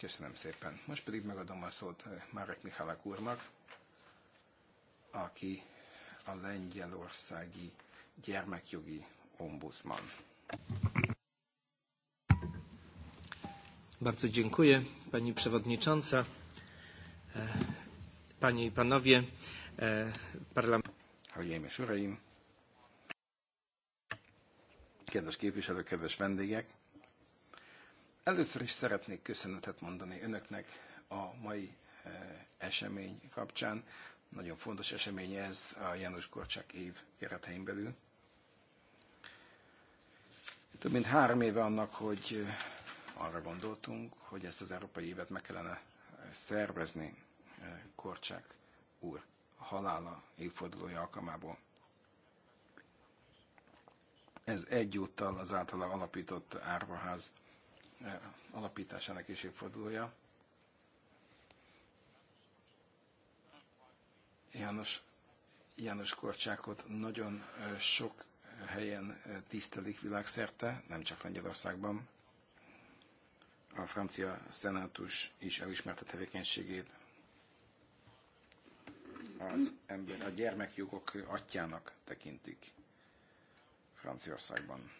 Köszönöm szépen. Most pedig megadom a szót Márek Mihálák úrnak, aki a lengyelországi gyermekjogi ombudsman. Bardzo dziękuję, pani przewodnicząca, e, panie i panowie e, parlament. Hölgyeim és uraim, kedves képviselők, kedves vendégek! Először is szeretnék köszönetet mondani önöknek a mai eh, esemény kapcsán. Nagyon fontos esemény ez a János Korcsák év keretein belül. Több mint három éve annak, hogy eh, arra gondoltunk, hogy ezt az európai évet meg kellene eh, szervezni Korcsák úr halála évfordulója alkalmából. Ez egyúttal az általa alapított árvaház eh, alapításának is évfordulója. János, János Korcsákot nagyon eh, sok eh, helyen tisztelik világszerte, nem csak Lengyelországban. A francia szenátus is elismerte tevékenységét az ember, a gyermekjogok atyának tekintik Franciaországban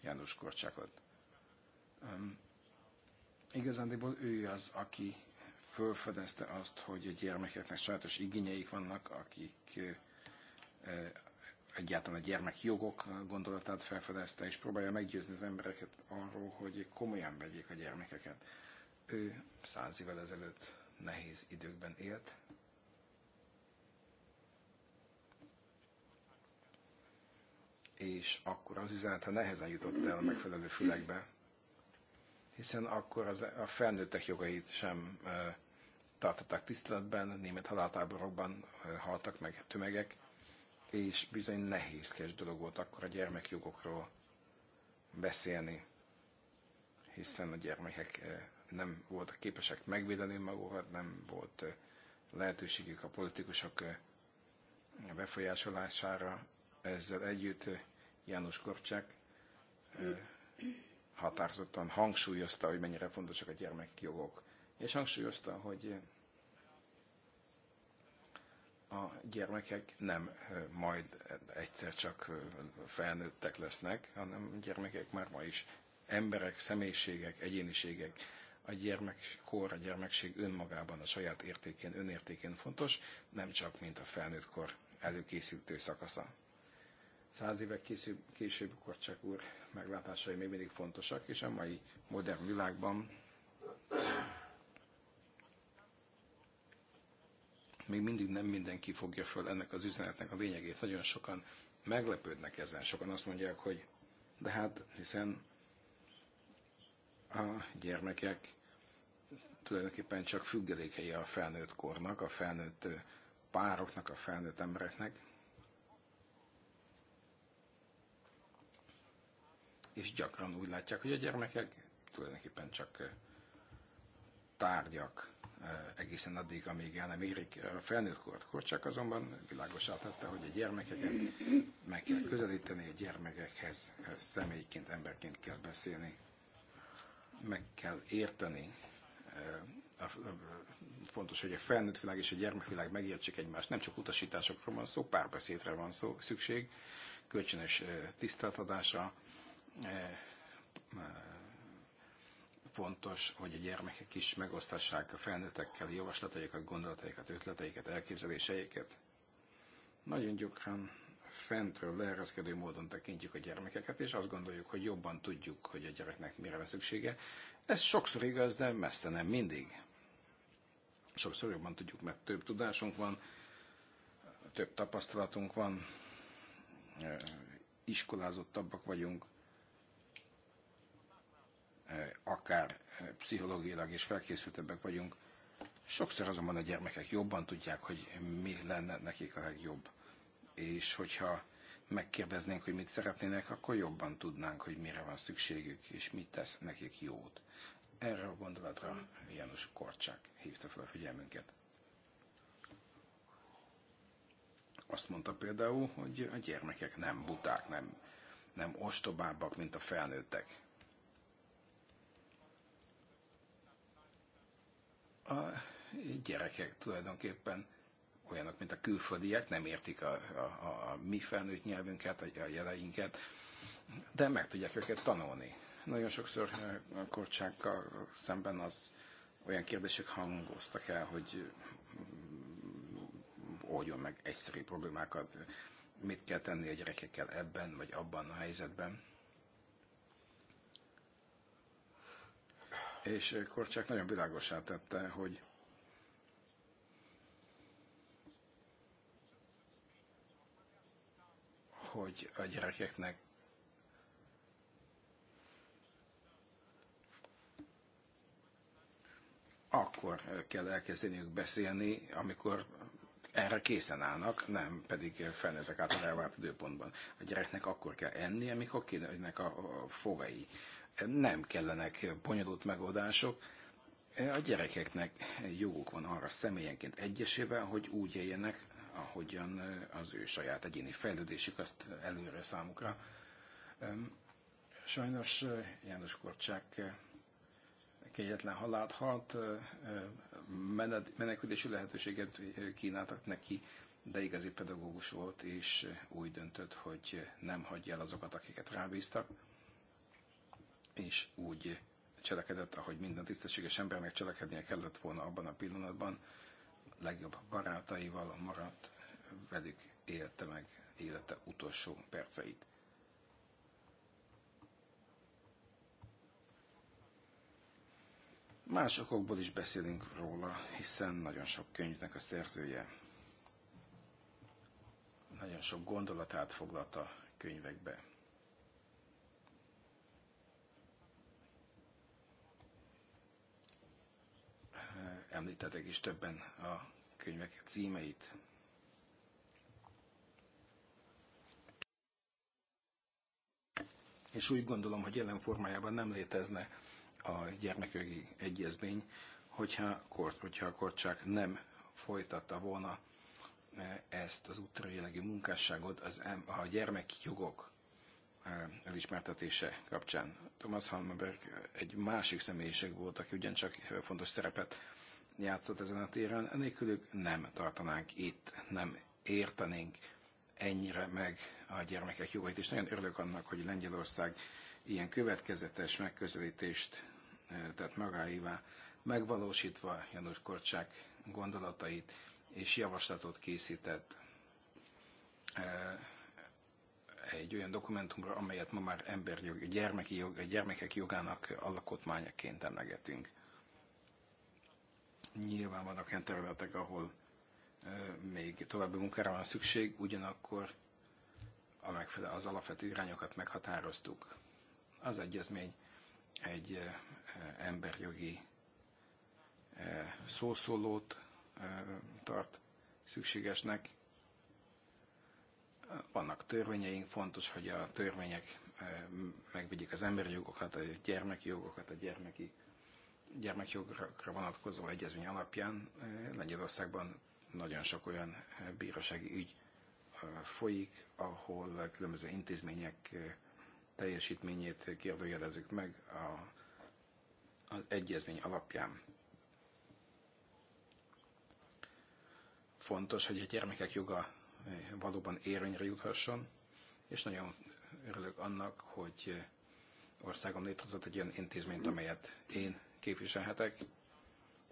János Korcsákot. Um, igazándiból ő az, aki fölfedezte azt, hogy a gyermekeknek sajátos igényeik vannak, akik uh, egyáltalán a gyermekjogok gondolatát felfedezte, és próbálja meggyőzni az embereket arról, hogy komolyan vegyék a gyermekeket. Ő száz évvel ezelőtt nehéz időkben élt, és akkor az üzenet, ha nehezen jutott el a megfelelő fülekbe, hiszen akkor az, a felnőttek jogait sem e, tartották tiszteletben, német haláltáborokban e, haltak meg tömegek, és bizony nehézkes dolog volt akkor a gyermekjogokról beszélni, hiszen a gyermekek e, nem voltak képesek megvédeni magukat, nem volt lehetőségük a politikusok befolyásolására, ezzel együtt eh, János Korcsák eh, határozottan hangsúlyozta, hogy mennyire fontosak a gyermekjogok. És hangsúlyozta, hogy eh, a gyermekek nem majd egyszer csak felnőttek lesznek, hanem gyermekek már ma is emberek, személyiségek, egyéniségek. A gyermekkor, a gyermekség önmagában a saját értékén, önértékén fontos, nem csak mint a felnőttkor előkészítő szakasza. Száz évek később, később Korcsák úr meglátásai még mindig fontosak, és a mai modern világban még mindig nem mindenki fogja föl ennek az üzenetnek a lényegét. Nagyon sokan meglepődnek ezen, sokan azt mondják, hogy de hát hiszen a gyermekek tulajdonképpen csak függelékei a felnőtt kornak, a felnőtt pároknak, a felnőtt embereknek. és gyakran úgy látják, hogy a gyermekek tulajdonképpen csak eh, tárgyak eh, egészen addig, amíg el nem érik a felnőtt kort. Korcsak azonban világosá tette, hogy a gyermekeket meg kell közelíteni, a gyermekekhez eh, személyként, emberként kell beszélni, meg kell érteni. Fontos, hogy a felnőtt világ és a gyermekvilág megértsék egymást. Nem csak utasításokról van szó, párbeszédre van szó, szükség, kölcsönös tiszteltadásra, Eh, eh, fontos, hogy a gyermekek is megosztassák a felnőttekkel javaslataikat, gondolataikat, ötleteiket, elképzeléseiket. Nagyon gyakran fentről leereszkedő módon tekintjük a gyermekeket, és azt gondoljuk, hogy jobban tudjuk, hogy a gyereknek mire van szüksége. Ez sokszor igaz, de messze nem mindig. Sokszor jobban tudjuk, mert több tudásunk van, több tapasztalatunk van, eh, iskolázottabbak vagyunk, Eh, akár eh, pszichológilag is felkészültebbek vagyunk, sokszor azonban a gyermekek jobban tudják, hogy mi lenne nekik a legjobb. És hogyha megkérdeznénk, hogy mit szeretnének, akkor jobban tudnánk, hogy mire van szükségük, és mit tesz nekik jót. Erre a gondolatra János Korcsák hívta fel a figyelmünket. Azt mondta például, hogy a gyermekek nem buták, nem, nem ostobábbak, mint a felnőttek. a gyerekek tulajdonképpen olyanok, mint a külföldiek, nem értik a, a, a mi felnőtt nyelvünket, a, a jeleinket, de meg tudják őket tanulni. Nagyon sokszor eh, a korcsákkal szemben az olyan kérdések hangoztak el, hogy oldjon meg egyszerű problémákat, mit kell tenni a gyerekekkel ebben vagy abban a helyzetben. és eh, Korcsák nagyon világosá tette, hogy hogy a gyerekeknek akkor eh, kell elkezdeniük beszélni, amikor erre készen állnak, nem pedig felnőttek által elvárt időpontban. A gyereknek akkor kell enni, amikor kinek a fogai nem kellenek bonyolult megoldások. A gyerekeknek joguk van arra személyenként egyesével, hogy úgy éljenek, ahogyan az ő saját egyéni fejlődésük azt előre számukra. Sajnos János Korcsák kegyetlen halált halt, menekülési lehetőséget kínáltak neki, de igazi pedagógus volt, és úgy döntött, hogy nem hagyja el azokat, akiket rábíztak és úgy cselekedett, ahogy minden tisztességes embernek cselekednie kellett volna abban a pillanatban, legjobb barátaival maradt, velük élte meg élete utolsó perceit. Más okokból is beszélünk róla, hiszen nagyon sok könyvnek a szerzője. Nagyon sok gondolatát foglalta könyvekbe. említettek is többen a könyvek címeit. És úgy gondolom, hogy jelen formájában nem létezne a gyermekjogi egyezmény, hogyha, hogyha a kortság nem folytatta volna e, ezt az útrajelegi munkásságot az, a gyermekjogok e, elismertetése kapcsán. Thomas Hammerberg egy másik személyiség volt, aki ugyancsak fontos szerepet játszott ezen a téren, nélkülük nem tartanánk itt, nem értenénk ennyire meg a gyermekek jogait, és nagyon örülök annak, hogy Lengyelország ilyen következetes megközelítést eh, tett magáévá, megvalósítva Janus Korcsák gondolatait, és javaslatot készített eh, egy olyan dokumentumra, amelyet ma már emberjog, gyermeki jog, gyermekek jogának alkotmányaként emlegetünk. Nyilván vannak olyan területek, ahol még további munkára van szükség, ugyanakkor a az alapvető irányokat meghatároztuk. Az egyezmény egy emberjogi szószólót tart szükségesnek. Vannak törvényeink, fontos, hogy a törvények megvigyék az emberi jogokat, a gyermeki jogokat, a gyermeki gyermekjogra vonatkozó egyezmény alapján eh, Lengyelországban nagyon sok olyan eh, bírósági ügy eh, folyik, ahol különböző intézmények teljesítményét kérdőjelezzük meg a, az egyezmény alapján. Fontos, hogy a gyermekek joga valóban érvényre juthasson, és nagyon örülök annak, hogy országom létrehozott egy olyan intézményt, amelyet én képviselhetek.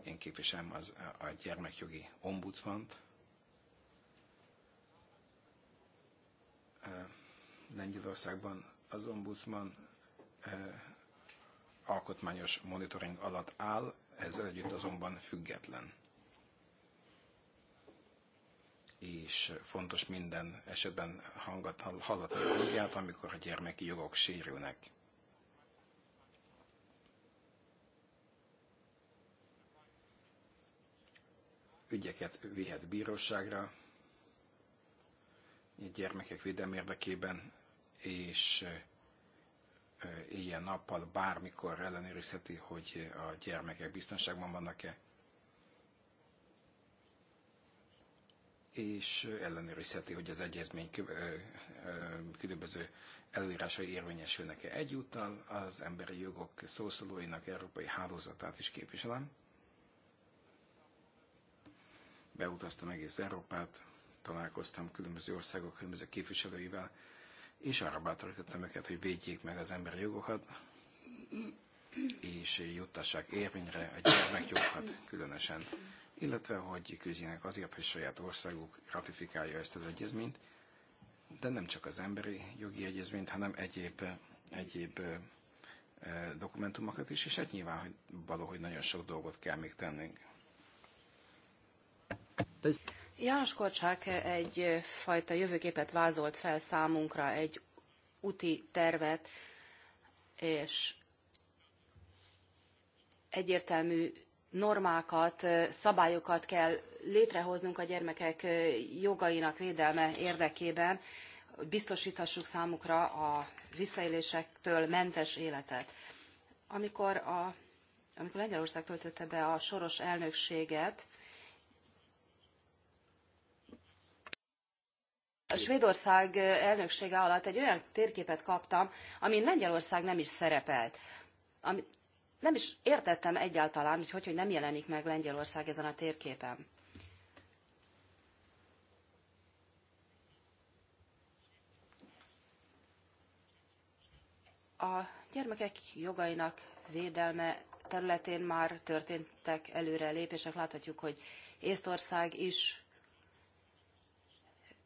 Én képviselem az, a gyermekjogi ombudsmant. Lengyelországban az ombudsman alkotmányos monitoring alatt áll, ezzel együtt azonban független. És fontos minden esetben hangat, hallatni a hangját, amikor a gyermeki jogok sérülnek. ügyeket vihet bíróságra, gyermekek védelm érdekében, és ilyen nappal bármikor ellenőrizheti, hogy a gyermekek biztonságban vannak-e, és ellenőrizheti, hogy az egyezmény különböző előírásai érvényesülnek-e. Egyúttal az emberi jogok szószólóinak európai hálózatát is képviselem beutaztam egész Európát, találkoztam különböző országok különböző képviselőivel, és arra bátorítottam őket, hogy védjék meg az emberi jogokat, és juttassák érvényre a gyermekjogokat különösen, illetve hogy küzdjenek azért, hogy saját országuk ratifikálja ezt az egyezményt, de nem csak az emberi jogi egyezményt, hanem egyéb, egyéb dokumentumokat is, és hát nyilván hogy valahogy nagyon sok dolgot kell még tennünk. János Korcsák egyfajta jövőképet vázolt fel számunkra, egy úti tervet, és egyértelmű normákat, szabályokat kell létrehoznunk a gyermekek jogainak védelme érdekében, hogy biztosíthassuk számukra a visszaélésektől mentes életet. Amikor, a, amikor Lengyelország töltötte be a soros elnökséget, a Svédország elnöksége alatt egy olyan térképet kaptam, amin Lengyelország nem is szerepelt. Ami nem is értettem egyáltalán, hogy hogy, hogy nem jelenik meg Lengyelország ezen a térképen. A gyermekek jogainak védelme területén már történtek előre lépések. Láthatjuk, hogy Észtország is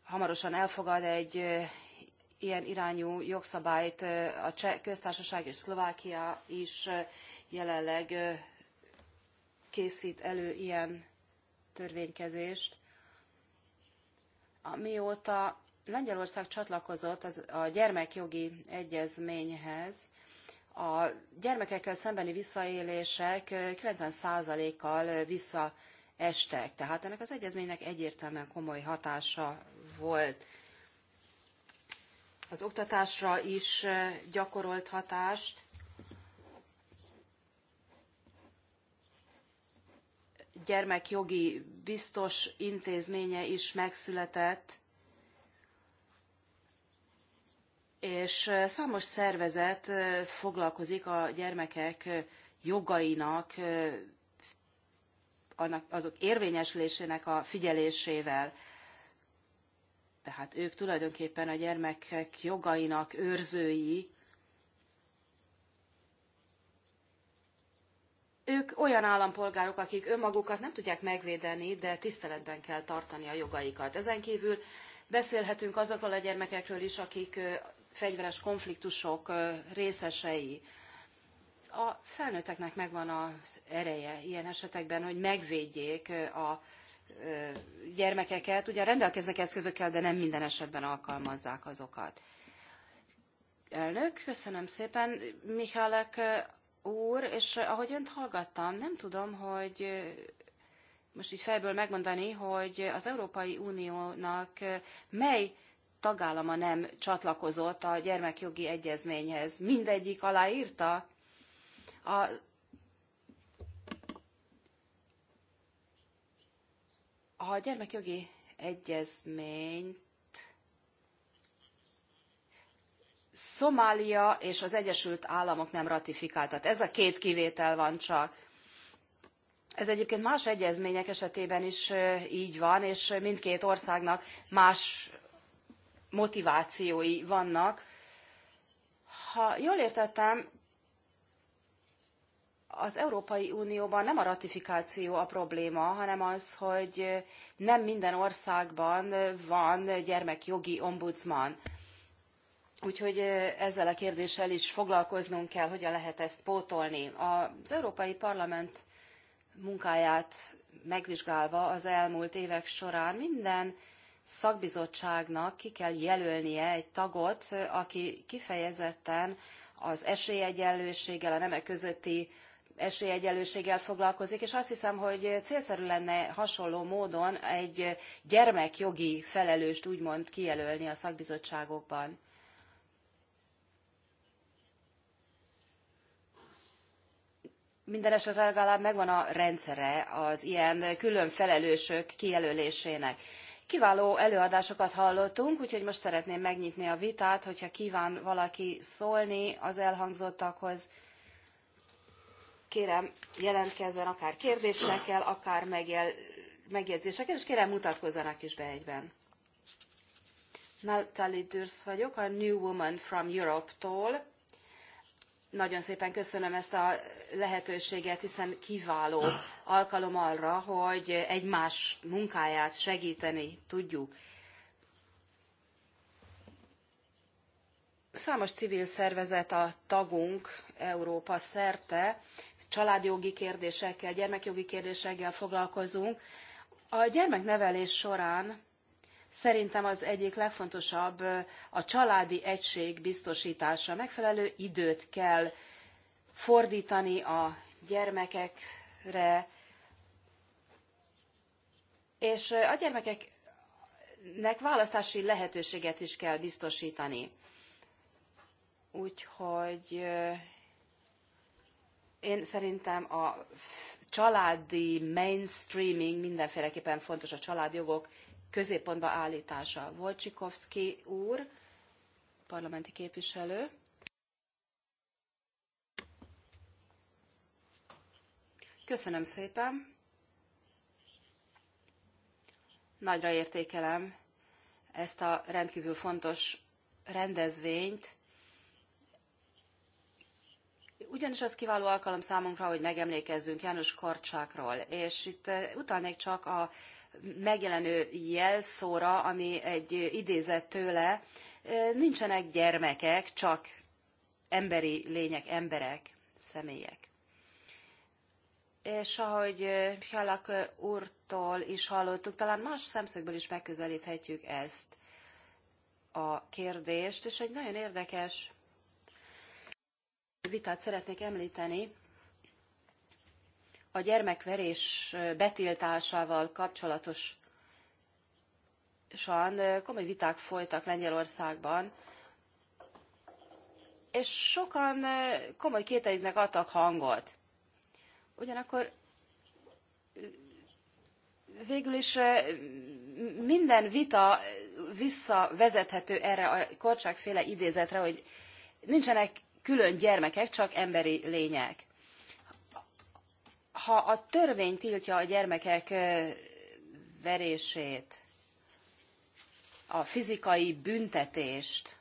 hamarosan elfogad egy ilyen irányú jogszabályt a Cseh köztársaság és Szlovákia is jelenleg készít elő ilyen törvénykezést. Mióta Lengyelország csatlakozott a gyermekjogi egyezményhez, a gyermekekkel szembeni visszaélések 90%-kal visszaestek. Tehát ennek az egyezménynek egyértelműen komoly hatása volt. Az oktatásra is eh, gyakorolt hatást. Gyermekjogi biztos intézménye is megszületett, és eh, számos szervezet eh, foglalkozik a gyermekek jogainak, annak, azok érvényesülésének a figyelésével. Tehát ők tulajdonképpen a gyermekek jogainak őrzői, ők olyan állampolgárok, akik önmagukat nem tudják megvédeni, de tiszteletben kell tartani a jogaikat. Ezen kívül beszélhetünk azokról a gyermekekről is, akik fegyveres konfliktusok részesei. A felnőtteknek megvan az ereje ilyen esetekben, hogy megvédjék a gyermekeket, ugyan rendelkeznek eszközökkel, de nem minden esetben alkalmazzák azokat. Elnök, köszönöm szépen. Mihálek úr, és ahogy önt hallgattam, nem tudom, hogy most így fejből megmondani, hogy az Európai Uniónak mely tagállama nem csatlakozott a gyermekjogi egyezményhez. Mindegyik aláírta? A A gyermekjogi egyezményt Szomália és az Egyesült Államok nem ratifikáltat. Ez a két kivétel van csak. Ez egyébként más egyezmények esetében is így van, és mindkét országnak más motivációi vannak. Ha jól értettem, az Európai Unióban nem a ratifikáció a probléma, hanem az, hogy nem minden országban van gyermekjogi ombudsman. Úgyhogy ezzel a kérdéssel is foglalkoznunk kell, hogyan lehet ezt pótolni. Az Európai Parlament munkáját megvizsgálva az elmúlt évek során minden szakbizottságnak ki kell jelölnie egy tagot, aki kifejezetten az esélyegyenlőséggel, a nemek közötti esélyegyenlőséggel foglalkozik, és azt hiszem, hogy célszerű lenne hasonló módon egy gyermekjogi felelőst úgymond kijelölni a szakbizottságokban. Minden esetre legalább megvan a rendszere az ilyen külön felelősök kijelölésének. Kiváló előadásokat hallottunk, úgyhogy most szeretném megnyitni a vitát, hogyha kíván valaki szólni az elhangzottakhoz kérem jelentkezzen akár kérdésekkel, akár megjel, megjegyzésekkel, és kérem mutatkozzanak is be egyben. Natalie Dürsz vagyok, a New Woman from Europe-tól. Nagyon szépen köszönöm ezt a lehetőséget, hiszen kiváló alkalom arra, hogy egymás munkáját segíteni tudjuk. Számos civil szervezet a tagunk Európa szerte, családjogi kérdésekkel, gyermekjogi kérdésekkel foglalkozunk. A gyermeknevelés során szerintem az egyik legfontosabb a családi egység biztosítása. Megfelelő időt kell fordítani a gyermekekre, és a gyermekeknek választási lehetőséget is kell biztosítani. Úgyhogy én szerintem a családi mainstreaming mindenféleképpen fontos, a családjogok középpontba állítása. Volcsikovszki úr, parlamenti képviselő. Köszönöm szépen. Nagyra értékelem ezt a rendkívül fontos rendezvényt, ugyanis az kiváló alkalom számunkra, hogy megemlékezzünk János Korcsákról, és itt eh, utalnék csak a megjelenő jelszóra, ami egy idézet tőle, eh, nincsenek gyermekek, csak emberi lények, emberek, személyek. És ahogy eh, Hjalak úrtól is hallottuk, talán más szemszögből is megközelíthetjük ezt a kérdést, és egy nagyon érdekes vitát szeretnék említeni a gyermekverés betiltásával kapcsolatosan, komoly viták folytak Lengyelországban, és sokan komoly kételyüknek adtak hangot. Ugyanakkor végül is minden vita visszavezethető erre a korcsákféle idézetre, hogy nincsenek külön gyermekek csak emberi lények. Ha a törvény tiltja a gyermekek verését, a fizikai büntetést,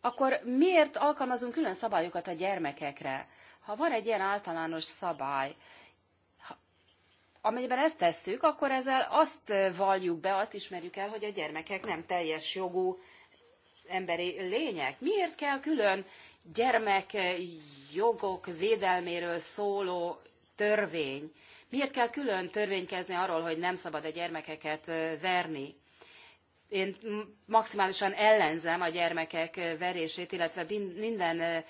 akkor miért alkalmazunk külön szabályokat a gyermekekre? Ha van egy ilyen általános szabály, amennyiben ezt tesszük, akkor ezzel azt valljuk be, azt ismerjük el, hogy a gyermekek nem teljes jogú emberi lények. Miért kell külön gyermekjogok védelméről szóló törvény? Miért kell külön törvénykezni arról, hogy nem szabad a gyermekeket verni? Én maximálisan ellenzem a gyermekek verését, illetve minden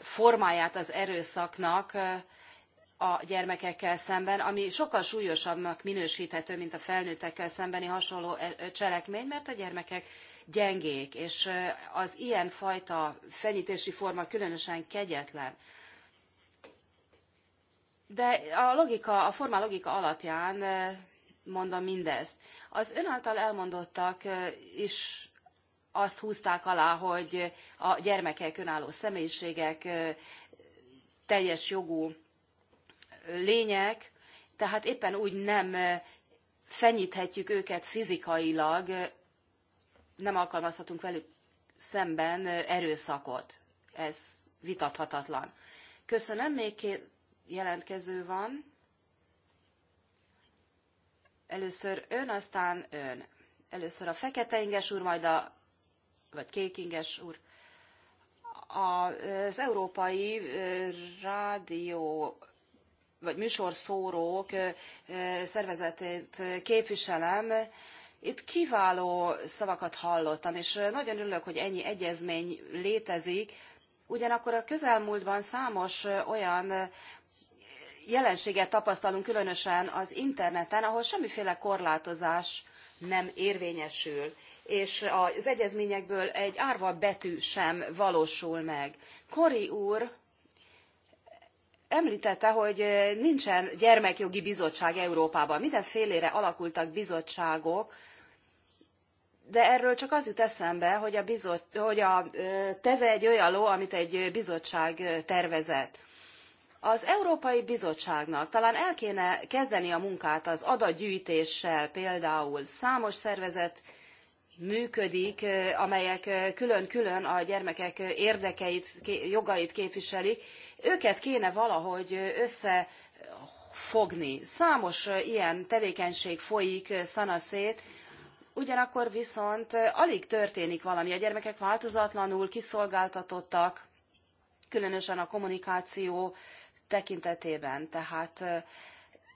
formáját az erőszaknak a gyermekekkel szemben, ami sokkal súlyosabbnak minősíthető, mint a felnőttekkel szembeni hasonló cselekmény, mert a gyermekek gyengék, és az ilyen fajta fenyítési forma különösen kegyetlen. De a logika, a formál logika alapján mondom mindezt. Az ön által elmondottak is azt húzták alá, hogy a gyermekek önálló személyiségek, teljes jogú lények, tehát éppen úgy nem fenyíthetjük őket fizikailag nem alkalmazhatunk velük szemben erőszakot. Ez vitathatatlan. Köszönöm, még két jelentkező van. Először ön, aztán ön. Először a fekete inges úr, majd a vagy kék inges úr. Az európai rádió vagy műsorszórók szervezetét képviselem, itt kiváló szavakat hallottam, és nagyon örülök, hogy ennyi egyezmény létezik. Ugyanakkor a közelmúltban számos olyan jelenséget tapasztalunk, különösen az interneten, ahol semmiféle korlátozás nem érvényesül, és az egyezményekből egy árva betű sem valósul meg. Kori úr Említette, hogy nincsen gyermekjogi bizottság Európában. Mindenfélére alakultak bizottságok, de erről csak az jut eszembe, hogy a, bizot, hogy a teve egy olyan ló, amit egy bizottság tervezett. Az Európai Bizottságnak talán el kéne kezdeni a munkát az adatgyűjtéssel, például számos szervezet működik, eh, amelyek eh, külön-külön a gyermekek érdekeit, jogait képviselik, őket kéne valahogy eh, összefogni. Számos ilyen tevékenység folyik szanaszét, ugyanakkor viszont alig történik valami. A gyermekek változatlanul kiszolgáltatottak, különösen a kommunikáció tekintetében. Tehát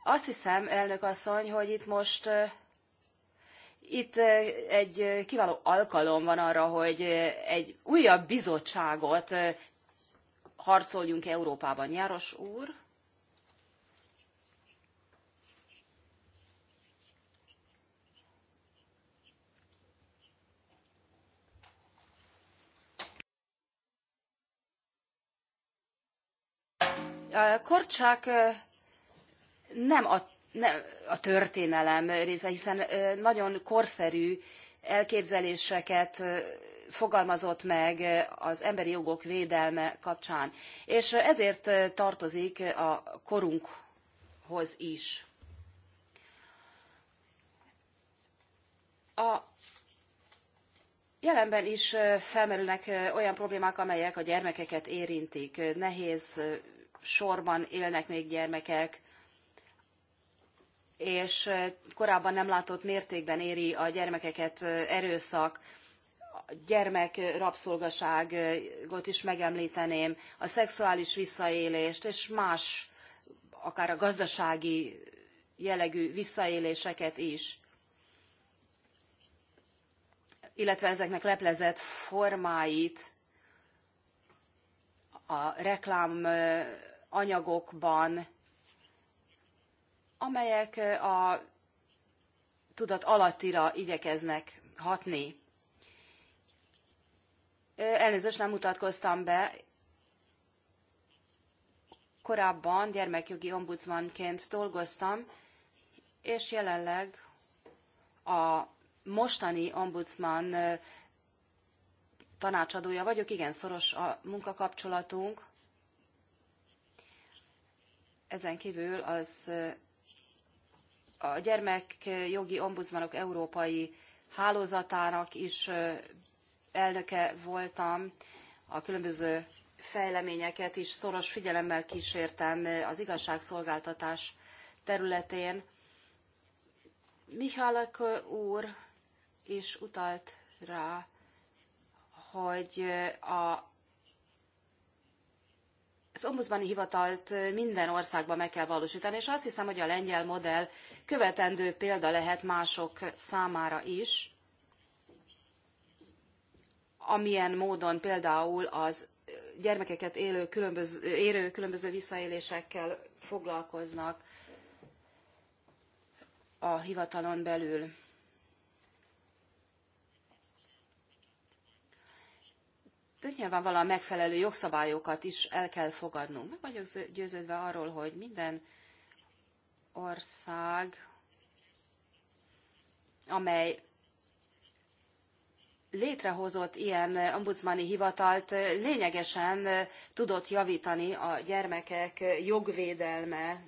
azt hiszem, elnök asszony, hogy itt most itt eh, egy eh, kiváló alkalom van arra, hogy eh, egy újabb bizottságot harcoljunk Európában. Járos úr? Korcsák nem a a történelem része, hiszen nagyon korszerű elképzeléseket fogalmazott meg az emberi jogok védelme kapcsán. És ezért tartozik a korunkhoz is. A jelenben is felmerülnek olyan problémák, amelyek a gyermekeket érintik. Nehéz sorban élnek még gyermekek, és korábban nem látott mértékben éri a gyermekeket erőszak, gyermek rabszolgaságot is megemlíteném, a szexuális visszaélést és más, akár a gazdasági jellegű visszaéléseket is illetve ezeknek leplezett formáit a reklám anyagokban amelyek a tudat alattira igyekeznek hatni. Elnézést nem mutatkoztam be, korábban gyermekjogi ombudsmanként dolgoztam, és jelenleg a mostani ombudsman tanácsadója vagyok, igen szoros a munkakapcsolatunk. Ezen kívül az a gyermekjogi ombudsmanok európai hálózatának is elnöke voltam, a különböző fejleményeket is szoros figyelemmel kísértem az igazságszolgáltatás területén. Mihálek úr is utalt rá, hogy a az ombudsmani hivatalt minden országban meg kell valósítani, és azt hiszem, hogy a lengyel modell követendő példa lehet mások számára is, amilyen módon például az gyermekeket élő különböző, érő különböző visszaélésekkel foglalkoznak a hivatalon belül. de nyilvánvalóan megfelelő jogszabályokat is el kell fogadnunk. Meg vagyok győződve arról, hogy minden ország, amely létrehozott ilyen ombudsmani hivatalt, lényegesen tudott javítani a gyermekek jogvédelme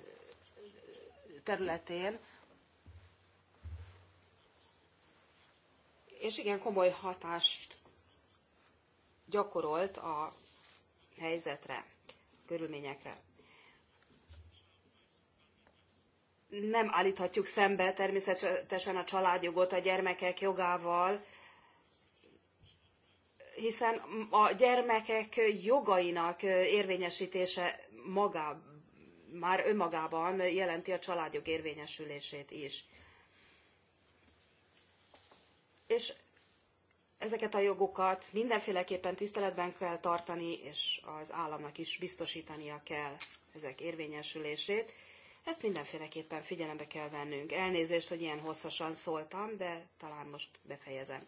területén. És igen komoly hatást gyakorolt a helyzetre, körülményekre. Nem állíthatjuk szembe természetesen a családjogot a gyermekek jogával, hiszen a gyermekek jogainak érvényesítése maga, már önmagában jelenti a családjog érvényesülését is. És Ezeket a jogokat mindenféleképpen tiszteletben kell tartani, és az államnak is biztosítania kell ezek érvényesülését. Ezt mindenféleképpen figyelembe kell vennünk. Elnézést, hogy ilyen hosszasan szóltam, de talán most befejezem.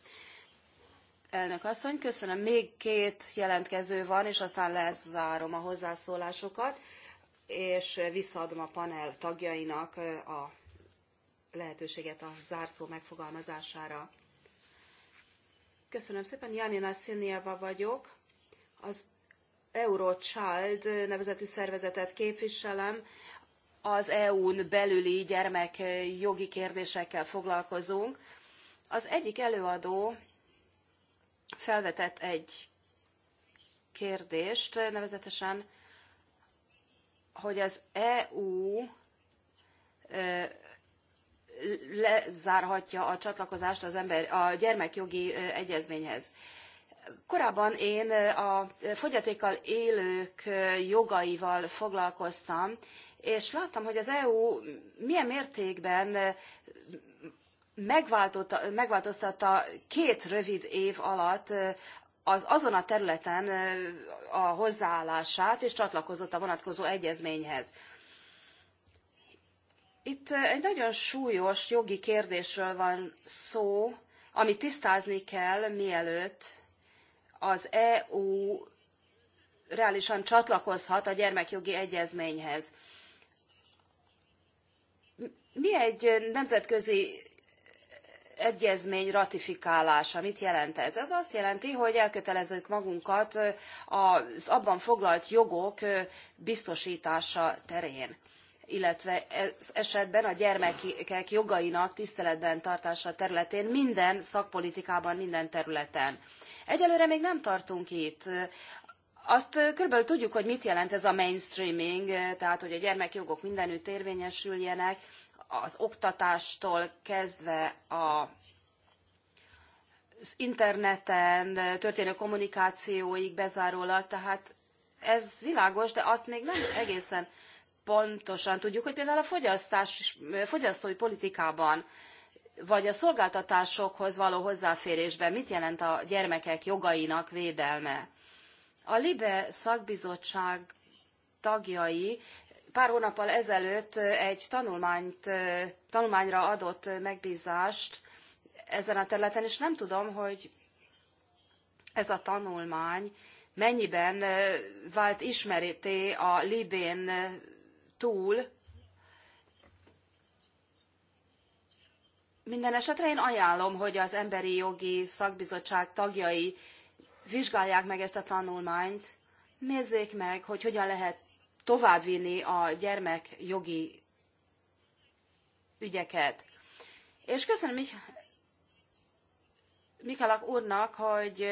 Elnök asszony, köszönöm. Még két jelentkező van, és aztán lezárom a hozzászólásokat, és visszaadom a panel tagjainak a lehetőséget a zárszó megfogalmazására. Köszönöm szépen, Janina Szilnieva vagyok, az Eurochild nevezetű szervezetet képviselem, az EU-n belüli gyermekjogi kérdésekkel foglalkozunk. Az egyik előadó felvetett egy kérdést, nevezetesen, hogy az EU lezárhatja a csatlakozást az ember, a gyermekjogi egyezményhez. Korábban én a fogyatékkal élők jogaival foglalkoztam, és láttam, hogy az EU milyen mértékben megváltoztatta két rövid év alatt az azon a területen a hozzáállását, és csatlakozott a vonatkozó egyezményhez. Itt eh, egy nagyon súlyos jogi kérdésről van szó, amit tisztázni kell, mielőtt az EU reálisan csatlakozhat a gyermekjogi egyezményhez. Mi egy nemzetközi egyezmény ratifikálása? Mit jelent ez? Ez azt jelenti, hogy elkötelezzük magunkat eh, az abban foglalt jogok eh, biztosítása terén illetve ez esetben a gyermekek jogainak tiszteletben tartása területén minden szakpolitikában, minden területen. Egyelőre még nem tartunk itt. Azt körülbelül tudjuk, hogy mit jelent ez a mainstreaming, tehát hogy a gyermekjogok mindenütt érvényesüljenek, az oktatástól kezdve a az interneten történő kommunikációig bezárólag, tehát ez világos, de azt még nem egészen pontosan tudjuk, hogy például a fogyasztás, fogyasztói politikában vagy a szolgáltatásokhoz való hozzáférésben mit jelent a gyermekek jogainak védelme. A LIBE szakbizottság tagjai pár hónappal ezelőtt egy tanulmányt, tanulmányra adott megbízást ezen a területen, és nem tudom, hogy ez a tanulmány mennyiben vált ismerété a Libén túl. Minden esetre én ajánlom, hogy az Emberi Jogi Szakbizottság tagjai vizsgálják meg ezt a tanulmányt, nézzék meg, hogy hogyan lehet továbbvinni a gyermek jogi ügyeket. És köszönöm Mikalak úrnak, hogy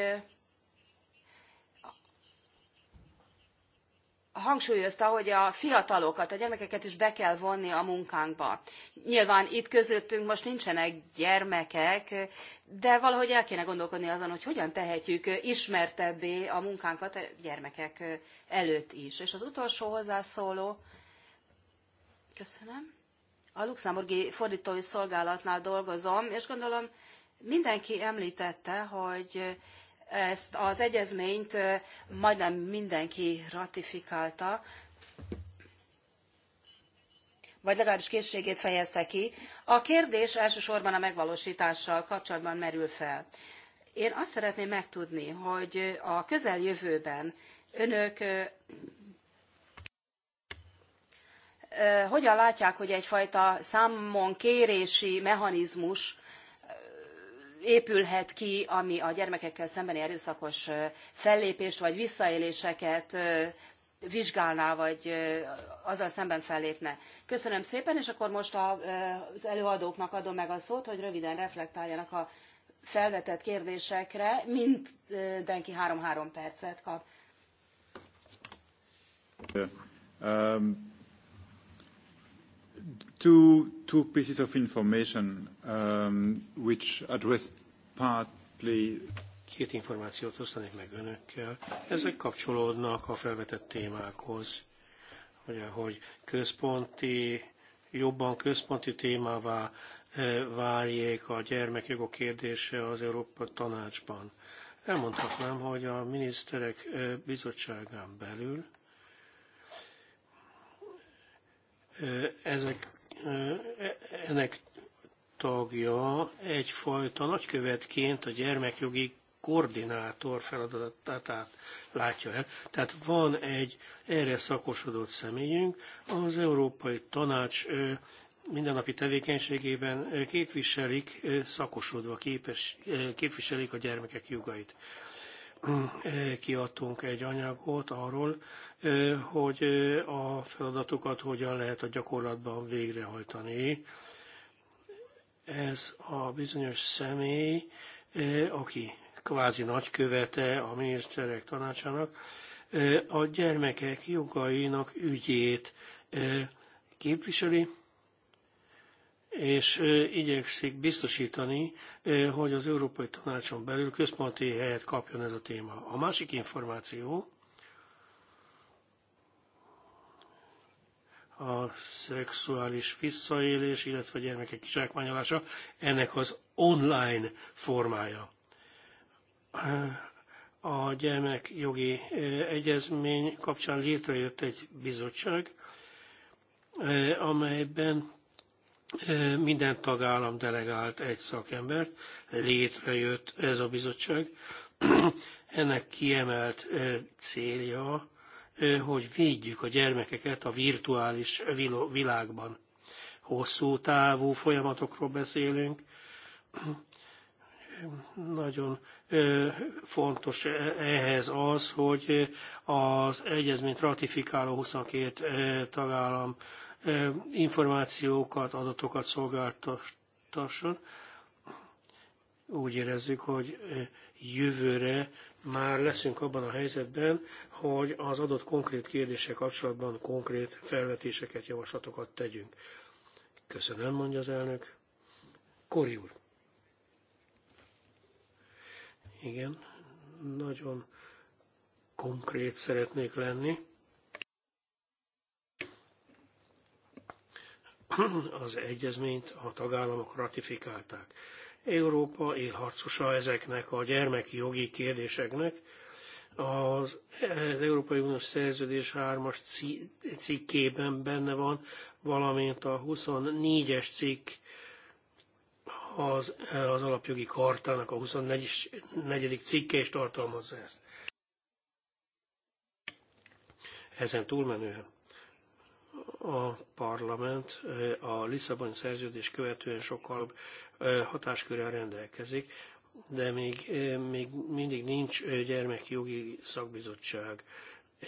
hangsúlyozta, hogy a fiatalokat, a gyermekeket is be kell vonni a munkánkba. Nyilván itt közöttünk most nincsenek gyermekek, de valahogy el kéne gondolkodni azon, hogy hogyan tehetjük ismertebbé a munkánkat a gyermekek előtt is. És az utolsó hozzászóló, köszönöm, a luxemburgi fordítói szolgálatnál dolgozom, és gondolom mindenki említette, hogy ezt az egyezményt majdnem mindenki ratifikálta, vagy legalábbis készségét fejezte ki. A kérdés elsősorban a megvalósítással kapcsolatban merül fel. Én azt szeretném megtudni, hogy a közeljövőben önök hogyan látják, hogy egyfajta számon kérési mechanizmus épülhet ki, ami a gyermekekkel szembeni erőszakos fellépést vagy visszaéléseket vizsgálná, vagy azzal szemben fellépne. Köszönöm szépen, és akkor most az előadóknak adom meg a szót, hogy röviden reflektáljanak a felvetett kérdésekre. Mindenki három-három percet kap. Um two, pieces of information um, which address partly Két információt osztanék meg önökkel. Ezek kapcsolódnak a felvetett témákhoz. Ugye, hogy központi, jobban központi témává eh, váljék a gyermekjogok kérdése az Európa Tanácsban. Elmondhatnám, hogy a miniszterek eh, bizottságán belül ezek, e, ennek tagja egyfajta nagykövetként a gyermekjogi koordinátor feladatát látja el. Tehát van egy erre szakosodott személyünk, az Európai Tanács mindennapi tevékenységében képviselik, szakosodva képes, képviselik a gyermekek jogait kiadtunk egy anyagot arról, hogy a feladatokat hogyan lehet a gyakorlatban végrehajtani. Ez a bizonyos személy, aki kvázi nagykövete a miniszterek tanácsának, a gyermekek jogainak ügyét képviseli, és igyekszik biztosítani, hogy az Európai Tanácson belül központi helyet kapjon ez a téma. A másik információ a szexuális visszaélés, illetve gyermekek kizsákmányolása, ennek az online formája. A gyermekjogi egyezmény kapcsán létrejött egy bizottság, amelyben minden tagállam delegált egy szakembert, létrejött ez a bizottság. Ennek kiemelt célja, hogy védjük a gyermekeket a virtuális világban. Hosszú távú folyamatokról beszélünk, nagyon fontos ehhez az, hogy az egyezményt ratifikáló 22 tagállam információkat, adatokat szolgáltasson. Úgy érezzük, hogy jövőre már leszünk abban a helyzetben, hogy az adott konkrét kérdése kapcsolatban konkrét felvetéseket, javaslatokat tegyünk. Köszönöm, mondja az elnök. Kori úr. Igen, nagyon konkrét szeretnék lenni. az egyezményt a tagállamok ratifikálták. Európa élharcosa ezeknek a gyermeki jogi kérdéseknek. Az, az Európai Uniós Szerződés 3-as cikkében benne van, valamint a 24-es cikk az, az alapjogi kartának a 24. cikke is tartalmazza ezt. Ezen túlmenően a parlament eh, a Lisszaboni szerződés követően sokkal eh, hatáskörrel rendelkezik, de még, eh, még mindig nincs jogi szakbizottság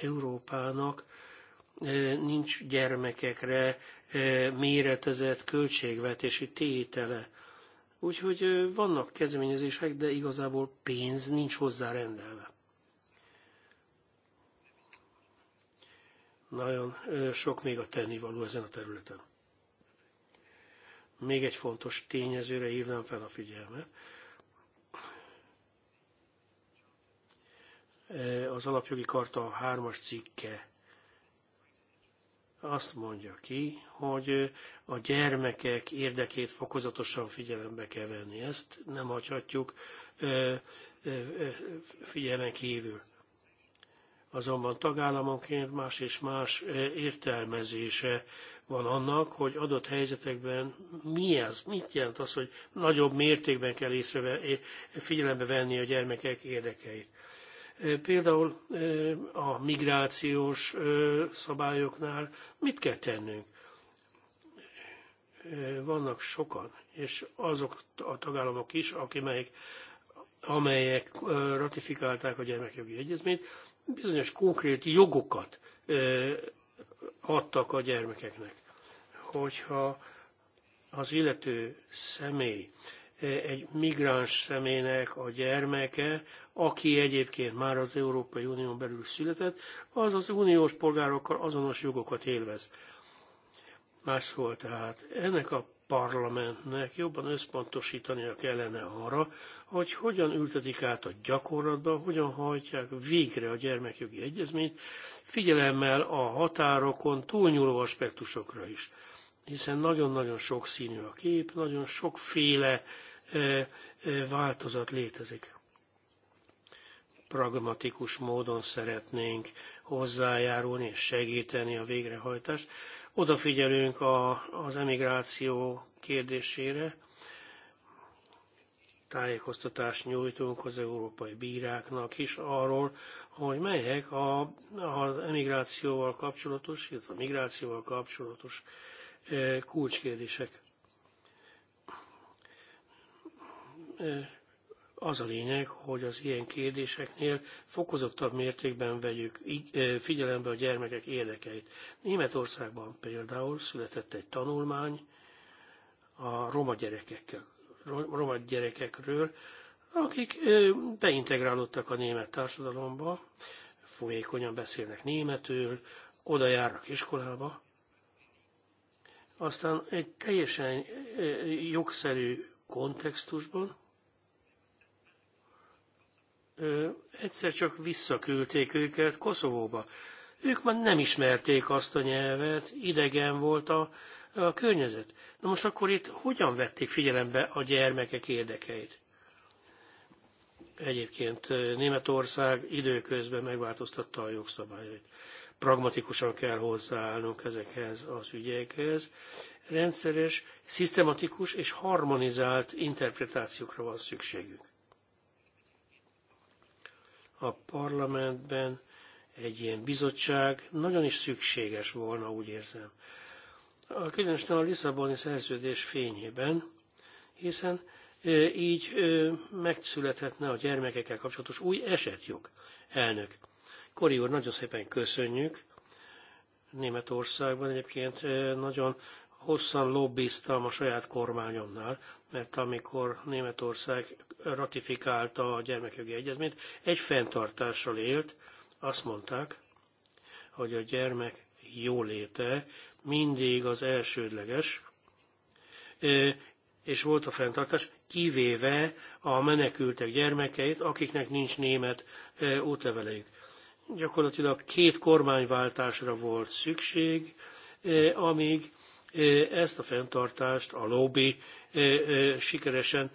Európának, nincs gyermekekre méretezett költségvetési tétele. Úgyhogy vannak kezdeményezések, de igazából pénz nincs hozzá rendelve. Nagyon sok még a tennivaló ezen a területen. Még egy fontos tényezőre hívnám fel a figyelmet. Az alapjogi karta a hármas cikke azt mondja ki, hogy a gyermekek érdekét fokozatosan figyelembe kell venni. Ezt nem hagyhatjuk figyelmen kívül azonban tagállamonként más és más eh, értelmezése van annak, hogy adott helyzetekben mi ez, mit jelent az, hogy nagyobb mértékben kell észre, figyelembe venni a gyermekek érdekeit. Eh, például eh, a migrációs szabályoknál mit kell tennünk? Vannak sokan, és azok a tagállamok is, akik amelyek ratifikálták a gyermekjogi egyezményt, bizonyos konkrét jogokat adtak a gyermekeknek. Hogyha az illető személy egy migráns személynek a gyermeke, aki egyébként már az Európai Unión belül született, az az uniós polgárokkal azonos jogokat élvez. Más volt tehát. Ennek a parlamentnek jobban összpontosítania kellene arra, hogy hogyan ültetik át a gyakorlatba, hogyan hajtják végre a gyermekjogi egyezményt, figyelemmel a határokon túlnyúló aspektusokra is. Hiszen nagyon-nagyon sok színű a kép, nagyon sokféle eh, eh, változat létezik. Pragmatikus módon szeretnénk hozzájárulni és segíteni a végrehajtást, Odafigyelünk a, az emigráció kérdésére, tájékoztatást nyújtunk az európai bíráknak is arról, hogy melyek a, az emigrációval kapcsolatos, illetve a migrációval kapcsolatos eh, kulcskérdések eh, az a lényeg, hogy az ilyen kérdéseknél fokozottabb mértékben vegyük figyelembe a gyermekek érdekeit. Németországban például született egy tanulmány a roma, roma gyerekekről, akik beintegrálódtak a német társadalomba, folyékonyan beszélnek németül, oda járnak iskolába. Aztán egy teljesen jogszerű kontextusban egyszer csak visszaküldték őket Koszovóba. Ők már nem ismerték azt a nyelvet, idegen volt a, a környezet. Na most akkor itt hogyan vették figyelembe a gyermekek érdekeit? Egyébként Németország időközben megváltoztatta a jogszabályait. Pragmatikusan kell hozzáállnunk ezekhez az ügyekhez. Rendszeres, szisztematikus és harmonizált interpretációkra van szükségünk a parlamentben egy ilyen bizottság nagyon is szükséges volna, úgy érzem. A különösen a Lisszaboni szerződés fényében, hiszen így megszülethetne a gyermekekkel kapcsolatos új esetjog. Elnök, Kori úr, nagyon szépen köszönjük. Németországban egyébként nagyon hosszan lobbiztam a saját kormányomnál, mert amikor Németország ratifikálta a gyermekjogi egyezményt, egy fenntartással élt, azt mondták, hogy a gyermek jóléte mindig az elsődleges, és volt a fenntartás, kivéve a menekültek gyermekeit, akiknek nincs német útleveleik. Gyakorlatilag két kormányváltásra volt szükség, amíg ezt a fenntartást a lobby sikeresen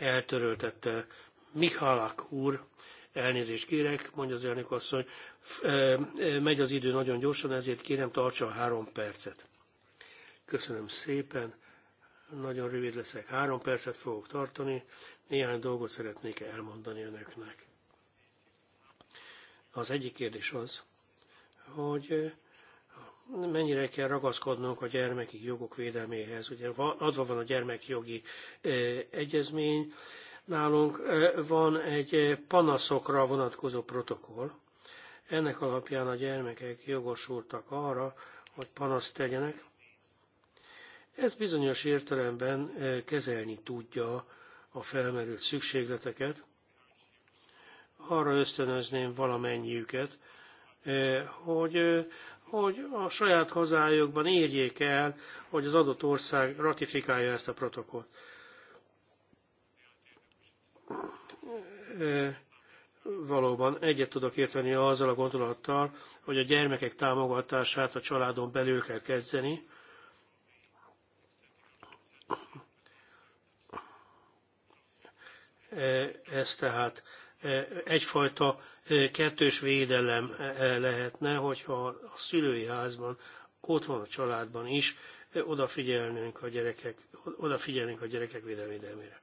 eltöröltette. Mihalak úr, elnézést kérek, mondja az elnök asszony, megy az idő nagyon gyorsan, ezért kérem tartsa a három percet. Köszönöm szépen, nagyon rövid leszek, három percet fogok tartani, néhány dolgot szeretnék elmondani önöknek. Az egyik kérdés az, hogy mennyire kell ragaszkodnunk a gyermeki jogok védelméhez. Ugye adva van a gyermekjogi egyezmény, nálunk van egy panaszokra vonatkozó protokoll. Ennek alapján a gyermekek jogosultak arra, hogy panaszt tegyenek. Ez bizonyos értelemben kezelni tudja a felmerült szükségleteket. Arra ösztönözném valamennyiüket, hogy hogy a saját hazájukban érjék el, hogy az adott ország ratifikálja ezt a protokollt. Valóban egyet tudok érteni azzal a gondolattal, hogy a gyermekek támogatását a családon belül kell kezdeni. Ez tehát egyfajta kettős védelem e, e, lehetne, hogyha a szülői házban, otthon a családban is e, odafigyelnünk a gyerekek, odafigyelnünk a gyerekek védelmére.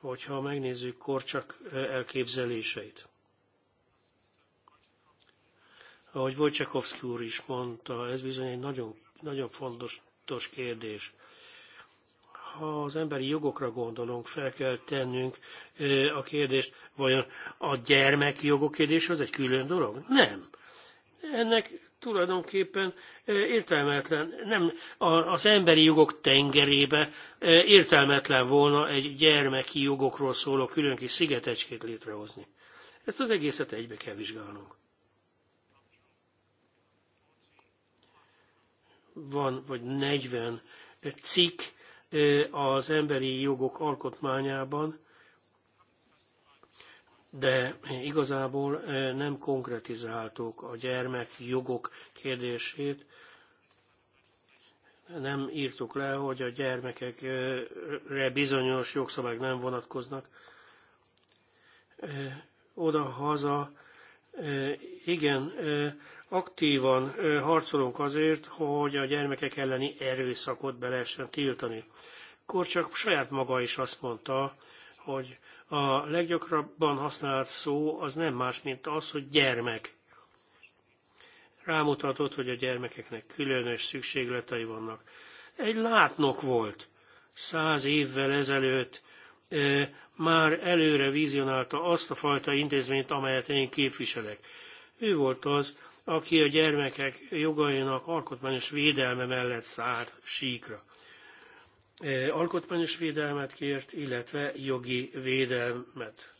Hogyha megnézzük Korcsak elképzeléseit. Ahogy Wojciechowski úr is mondta, ez bizony egy nagyon, nagyon fontos kérdés ha az emberi jogokra gondolunk, fel kell tennünk a kérdést, vajon a jogok kérdés az egy külön dolog? Nem. Ennek tulajdonképpen értelmetlen, nem az emberi jogok tengerébe értelmetlen volna egy gyermeki jogokról szóló külön kis szigetecskét létrehozni. Ezt az egészet egybe kell vizsgálnunk. Van vagy 40 cikk, az emberi jogok alkotmányában, de igazából nem konkretizáltuk a gyermek jogok kérdését, nem írtuk le, hogy a gyermekekre bizonyos jogszabályok nem vonatkoznak. Oda-haza, igen, Aktívan harcolunk azért, hogy a gyermekek elleni erőszakot be lehessen tiltani. Korcsak saját maga is azt mondta, hogy a leggyakrabban használt szó az nem más, mint az, hogy gyermek. Rámutatott, hogy a gyermekeknek különös szükségletei vannak. Egy látnok volt. Száz évvel ezelőtt e, már előre vizionálta azt a fajta intézményt, amelyet én képviselek. Ő volt az, aki a gyermekek jogainak alkotmányos védelme mellett szállt síkra. E, alkotmányos védelmet kért, illetve jogi védelmet.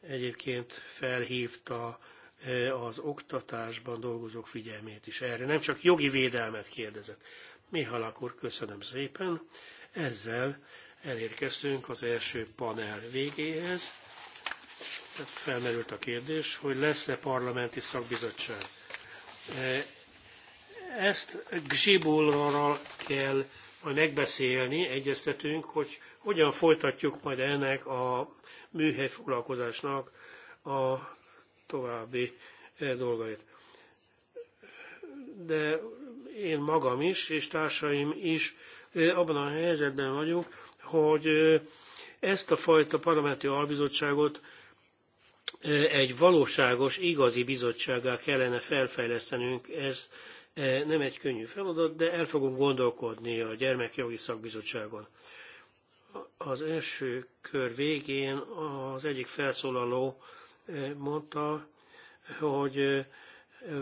Egyébként felhívta e, az oktatásban dolgozók figyelmét is erre. Nem csak jogi védelmet kérdezett. Mihalak úr, köszönöm szépen. Ezzel elérkeztünk az első panel végéhez felmerült a kérdés, hogy lesz-e parlamenti szakbizottság. E, ezt Gzsibolral kell majd megbeszélni, egyeztetünk, hogy hogyan folytatjuk majd ennek a műhely foglalkozásnak a további e, dolgait. De én magam is, és társaim is e, abban a helyzetben vagyunk, hogy ezt a fajta parlamenti albizottságot egy valóságos, igazi bizottsággá kellene felfejlesztenünk. Ez nem egy könnyű feladat, de el fogunk gondolkodni a Gyermekjogi Szakbizottságon. Az első kör végén az egyik felszólaló mondta, hogy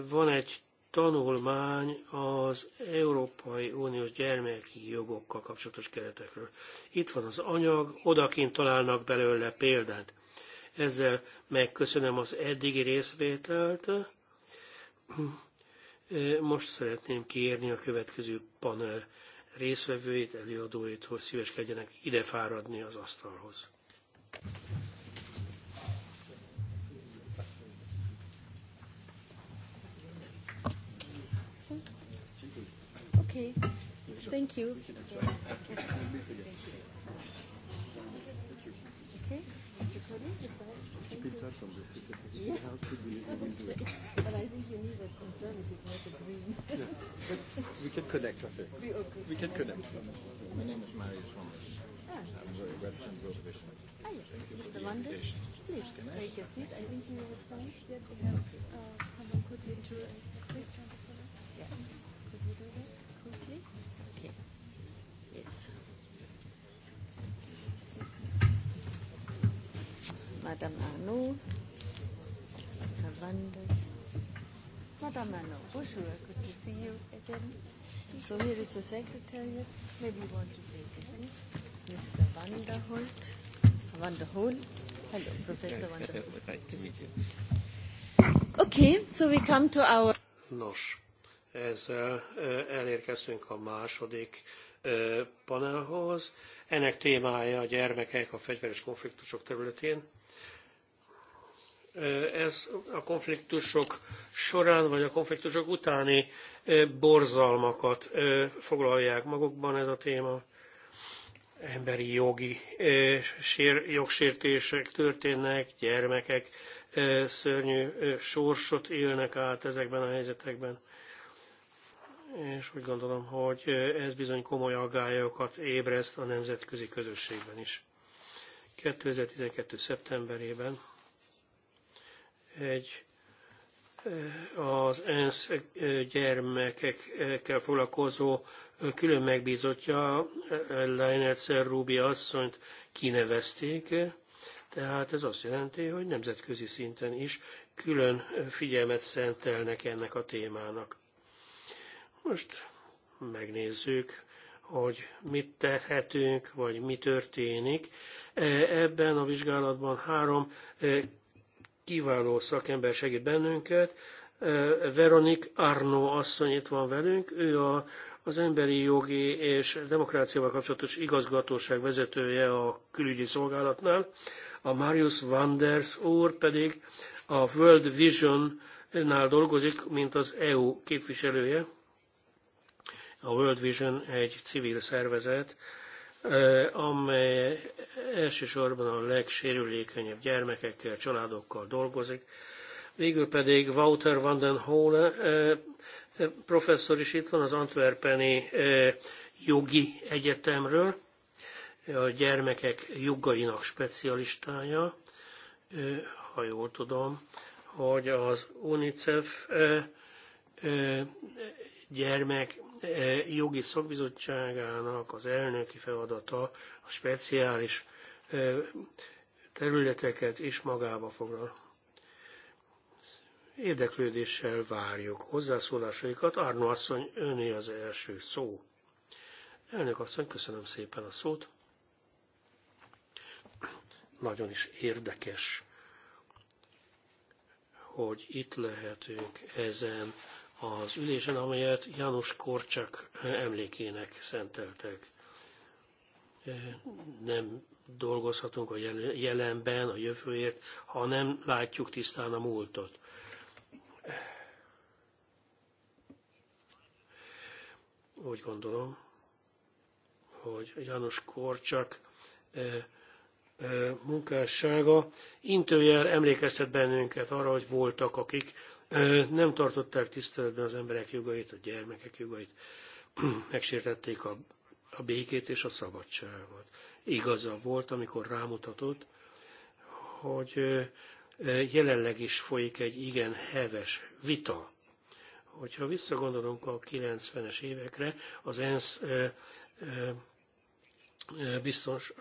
van egy tanulmány az Európai Uniós gyermeki jogokkal kapcsolatos keretekről. Itt van az anyag, odakint találnak belőle példát. Ezzel megköszönöm az eddigi részvételt. Most szeretném kérni a következő panel részvevőit, előadóit, hogy szíves legyenek ide fáradni az asztalhoz. Okay. Thank you. we, can connect, I think. We, can connect. My name is Marius Wanders. Ah. I'm I'm representative of the Vision. Mr. Ah, for the Please take a seat. I think you were saying that we have someone could introduce. Please turn this around. Could we do that quickly? Madame Arnaud, Cavandas. Madame Arnaud, bonjour, good to see you again. So here is the secretariat. Maybe you want to take a seat. Mr. Vanderholt. Vanderholt. Hello, Professor Vanderholt. nice to meet you. Okay, so we come to our... Nos, ezzel eh, elérkeztünk a második panelhoz. Ennek témája a gyermekek a fegyveres konfliktusok területén. Ez a konfliktusok során, vagy a konfliktusok utáni borzalmakat foglalják magukban ez a téma. Emberi jogi jogsértések történnek, gyermekek szörnyű sorsot élnek át ezekben a helyzetekben és úgy gondolom, hogy ez bizony komoly aggályokat ébreszt a nemzetközi közösségben is. 2012. szeptemberében egy eh, az ENSZ eh, gyermekekkel foglalkozó eh, külön megbízottja, Leinertzer Rubi asszonyt kinevezték, tehát ez azt jelenti, hogy nemzetközi szinten is külön figyelmet szentelnek ennek a témának. Most megnézzük, hogy mit tehetünk, vagy mi történik. E, ebben a vizsgálatban három e, kiváló szakember segít bennünket. E, Veronik Arno asszony itt van velünk, ő a, az emberi jogi és demokráciával kapcsolatos igazgatóság vezetője a külügyi szolgálatnál, a Marius Wanders úr pedig a World Vision-nál dolgozik, mint az EU képviselője. A World Vision egy civil szervezet, amely elsősorban a legsérülékenyebb gyermekekkel, családokkal dolgozik. Végül pedig Wouter van den Hole professzor is itt van az Antwerpeni jogi egyetemről, a gyermekek jogainak specialistája, ha jól tudom, hogy az UNICEF gyermek E, jogi szakbizottságának az elnöki feladata a speciális e, területeket is magába foglal. Érdeklődéssel várjuk hozzászólásaikat. Árnó asszony, öné az első szó. Elnök asszony, köszönöm szépen a szót. Nagyon is érdekes, hogy itt lehetünk ezen az ülésen, amelyet János Korcsak eh, emlékének szenteltek. Eh, nem dolgozhatunk a jelenben, a jövőért, ha nem látjuk tisztán a múltot. Eh, úgy gondolom, hogy János Korcsak munkássága intőjel emlékeztet bennünket arra, hogy voltak, akik nem tartották tiszteletben az emberek jogait, a gyermekek jogait, megsértették a, a békét és a szabadságot. Igaza volt, amikor rámutatott, hogy jelenleg is folyik egy igen heves vita. Hogyha visszagondolunk a 90-es évekre, az ENSZ biztons,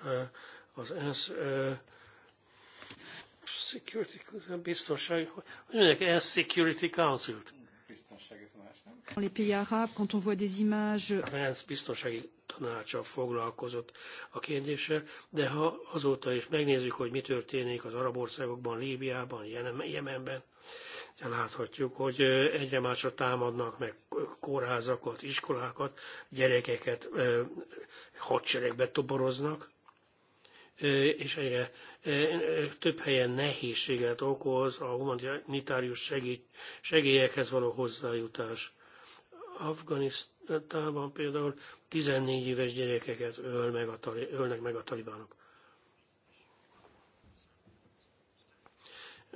az ENSZ Security Council, biztonság, hogy mondják, ez Security Council. Biztonsági tanács, Les pays arabes, quand on voit des images... biztonsági tanácsa foglalkozott a kérdéssel, de ha azóta is megnézzük, hogy mi történik az arab országokban, Líbiában, Jemenben, láthatjuk, hogy egyre másra támadnak meg kórházakat, iskolákat, gyerekeket hadseregbe toboroznak és egyre több helyen nehézséget okoz a humanitárius segít, segélyekhez való hozzájutás. Afganisztánban például 14 éves gyerekeket öl meg a, ölnek meg a talibánok.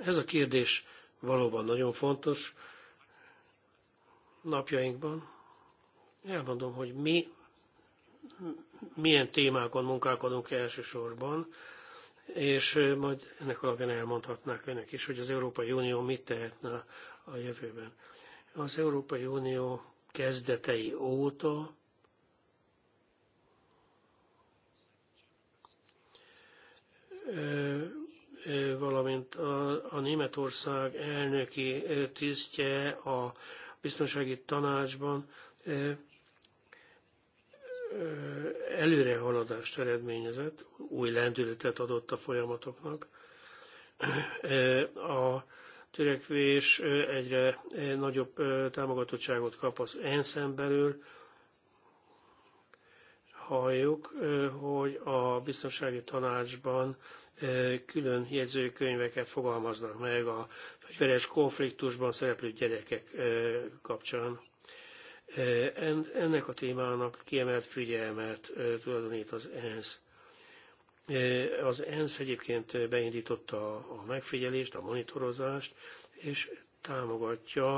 Ez a kérdés valóban nagyon fontos napjainkban. Elmondom, hogy mi milyen témákon munkálkodunk elsősorban, és majd ennek alapján elmondhatnák önök is, hogy az Európai Unió mit tehetne a jövőben. Az Európai Unió kezdetei óta valamint a, a Németország elnöki tisztje a biztonsági tanácsban előrehaladást eredményezett, új lendületet adott a folyamatoknak. A törekvés egyre nagyobb támogatottságot kap az ENSZ-en belül. Halljuk, hogy a biztonsági tanácsban külön jegyzőkönyveket fogalmaznak meg a fegyveres konfliktusban szereplő gyerekek kapcsán. Ennek a témának kiemelt figyelmet tulajdonít az ENSZ. Az ENSZ egyébként beindította a megfigyelést, a monitorozást, és támogatja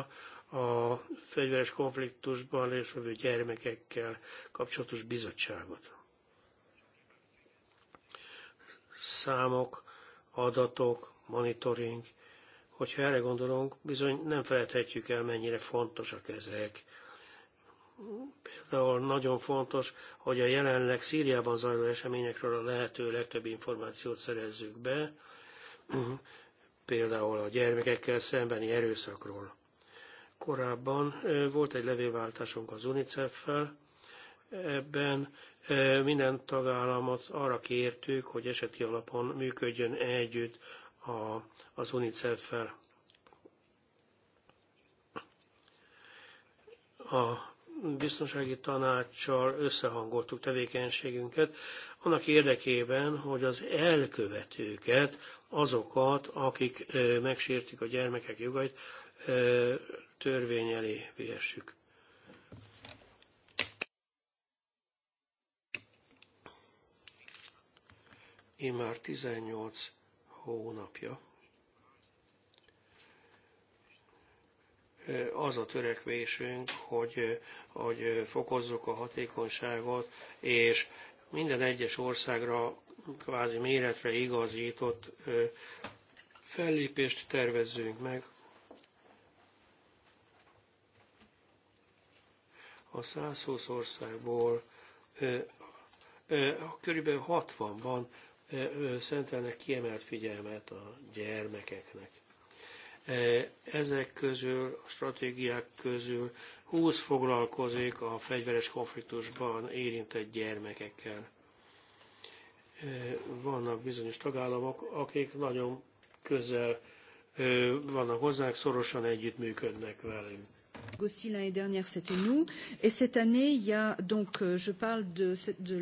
a fegyveres konfliktusban résztvevő gyermekekkel kapcsolatos bizottságot. Számok, adatok, monitoring, hogyha erre gondolunk, bizony nem felejthetjük el, mennyire fontosak ezek például nagyon fontos, hogy a jelenleg Szíriában zajló eseményekről a lehető legtöbb információt szerezzük be, például a gyermekekkel szembeni erőszakról. Korábban volt egy levélváltásunk az UNICEF-fel, ebben minden tagállamot arra kértük, hogy eseti alapon működjön együtt a, az UNICEF-fel. A biztonsági tanácssal összehangoltuk tevékenységünket, annak érdekében, hogy az elkövetőket, azokat, akik megsértik a gyermekek jogait, törvény elé vihessük. Én már 18 hónapja az a törekvésünk, hogy, hogy fokozzuk a hatékonyságot, és minden egyes országra kvázi méretre igazított fellépést tervezzünk meg. A 120 országból kb. 60-ban szentelnek kiemelt figyelmet a gyermekeknek. E, ezek közül, a stratégiák közül 20 foglalkozik a fegyveres konfliktusban érintett gyermekekkel. E, vannak bizonyos tagállamok, akik nagyon közel e, vannak hozzánk, szorosan együttműködnek velünk aussi l'année dernière, c'était nous. Et cette année, il y a donc, euh, je parle de, de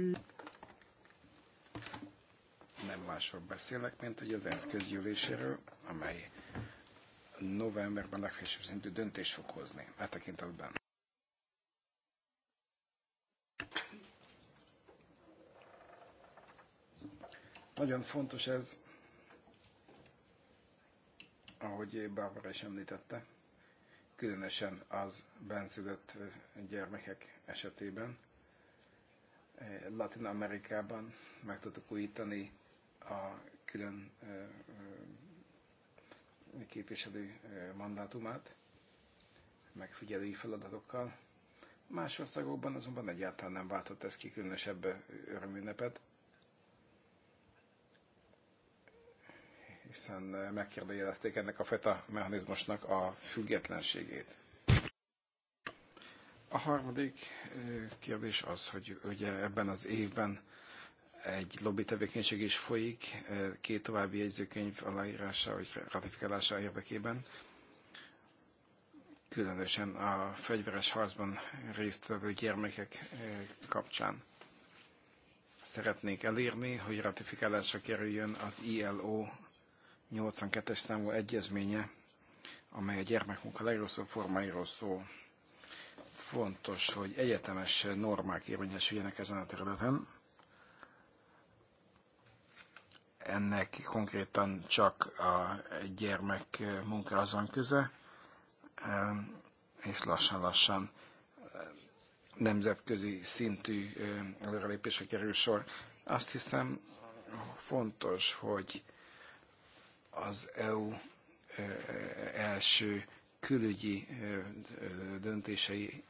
nem másról beszélek, mint hogy az ENSZ közgyűléséről, amely novemberben legfelsőbb szintű döntés fog hozni e tekintetben. Nagyon fontos ez, ahogy Barbara is említette, különösen az benszülött gyermekek esetében. E, Latin Amerikában meg tudtuk újítani a külön e, képviselő mandátumát megfigyelői feladatokkal. Más országokban azonban egyáltalán nem váltott ez ki különösebb örömünnepet, hiszen megkérdejelezték ennek a feta mechanizmusnak a függetlenségét. A harmadik kérdés az, hogy ugye ebben az évben egy lobby tevékenység is folyik e, két további jegyzőkönyv aláírása vagy ratifikálása érdekében. Különösen a fegyveres harcban résztvevő gyermekek e, kapcsán. Szeretnék elérni, hogy ratifikálásra kerüljön az ILO 82-es számú egyezménye, amely a gyermekmunka legrosszabb formáiról szól. Fontos, hogy egyetemes normák érvényesüljenek ezen a területen ennek konkrétan csak a gyermek munkához van köze, és lassan-lassan nemzetközi szintű előrelépése kerül sor. Azt hiszem fontos, hogy az EU első külügyi döntései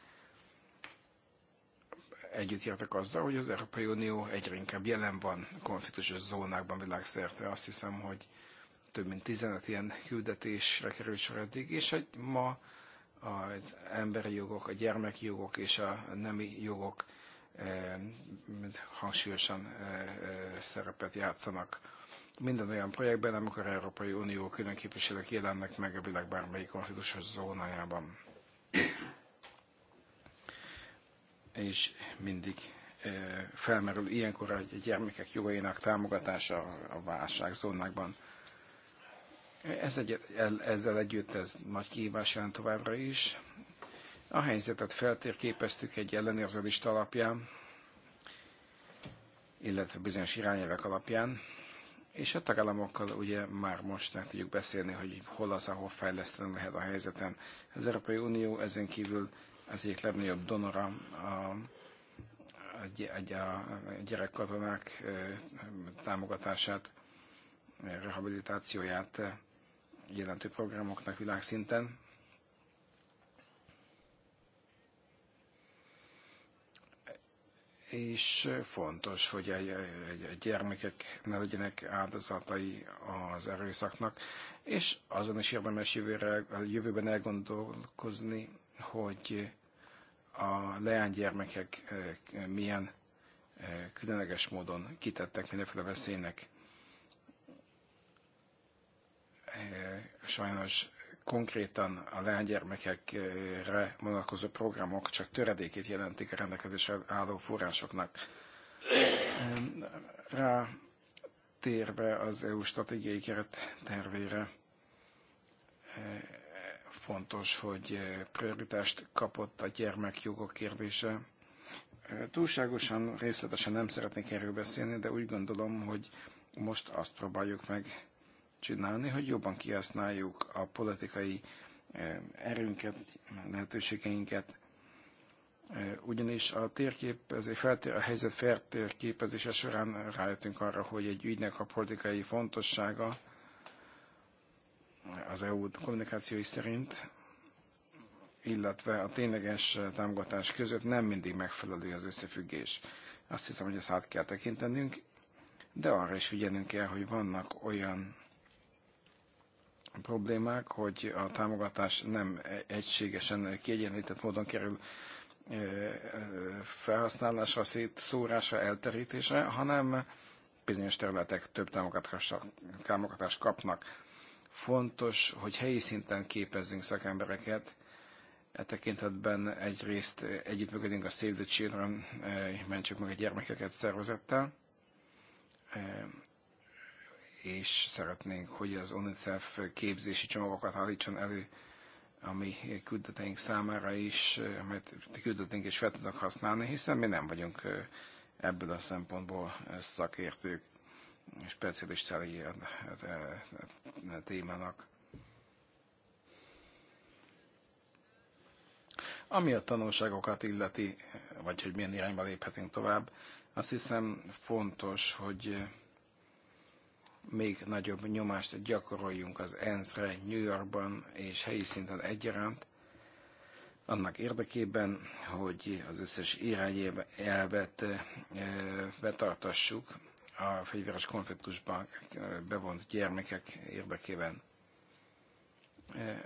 együttértek azzal, hogy az Európai Unió egyre inkább jelen van konfliktusos zónákban világszerte. Azt hiszem, hogy több mint 15 ilyen küldetésre került sor eddig, és hogy ma az emberi jogok, a gyermeki jogok és a nemi jogok eh, hangsúlyosan eh, eh, szerepet játszanak minden olyan projektben, amikor az Európai Unió külön képviselők jelennek meg a világ bármelyik konfliktusos zónájában és mindig felmerül ilyenkor a gyermekek jogainak támogatása a válságzónákban. Ez egy, ezzel együtt ez nagy kihívás jelent továbbra is. A helyzetet feltérképeztük egy ellenőrző alapján, illetve bizonyos irányelvek alapján, és a tagállamokkal ugye már most meg tudjuk beszélni, hogy hol az, ahol fejleszteni lehet a helyzeten. Az Európai Unió ezen kívül az egyik legnagyobb donora a, a, a gyerekkatonák támogatását, rehabilitációját jelentő programoknak világszinten. És fontos, hogy a gyermekek ne legyenek áldozatai az erőszaknak, és azon is érdemes jövőre, jövőben elgondolkozni, hogy a leánygyermekek eh, milyen eh, különleges módon kitettek mindenféle veszélynek. Eh, sajnos konkrétan a leánygyermekekre vonatkozó programok csak töredékét jelentik a rendelkezésre álló forrásoknak. Rá térve az EU stratégiai keret tervére, fontos, hogy eh, prioritást kapott a gyermekjogok kérdése. Eh, túlságosan részletesen nem szeretnék erről beszélni, de úgy gondolom, hogy most azt próbáljuk meg csinálni, hogy jobban kihasználjuk a politikai eh, erőnket, lehetőségeinket, ugyanis a, feltér, a helyzet feltérképezése során rájöttünk arra, hogy egy ügynek a politikai fontossága az EU kommunikációi szerint, illetve a tényleges támogatás között nem mindig megfelelő az összefüggés. Azt hiszem, hogy ezt át kell tekintenünk, de arra is figyelnünk kell, hogy vannak olyan problémák, hogy a támogatás nem egységesen, kiegyenlített módon kerül felhasználásra, szórásra elterítésre, hanem bizonyos területek több támogatást kapnak. Fontos, hogy helyi szinten képezzünk szakembereket, e tekintetben egyrészt eh, együttműködünk a Save the Children, eh, mentsük meg a gyermekeket szervezettel, eh, és szeretnénk, hogy az UNICEF képzési csomagokat állítson elő a mi küldeteink számára is, mert küldeteink is fel tudnak használni, hiszen mi nem vagyunk ebből a szempontból szakértők a ilyen témának. Ami a tanulságokat illeti, vagy hogy milyen irányba léphetünk tovább, azt hiszem fontos, hogy még nagyobb nyomást gyakoroljunk az ENSZ-re New Yorkban és helyi szinten egyaránt, annak érdekében, hogy az összes irányelvet eh, betartassuk, a fegyveres konfliktusban eh, bevont gyermekek érdekében. Eh,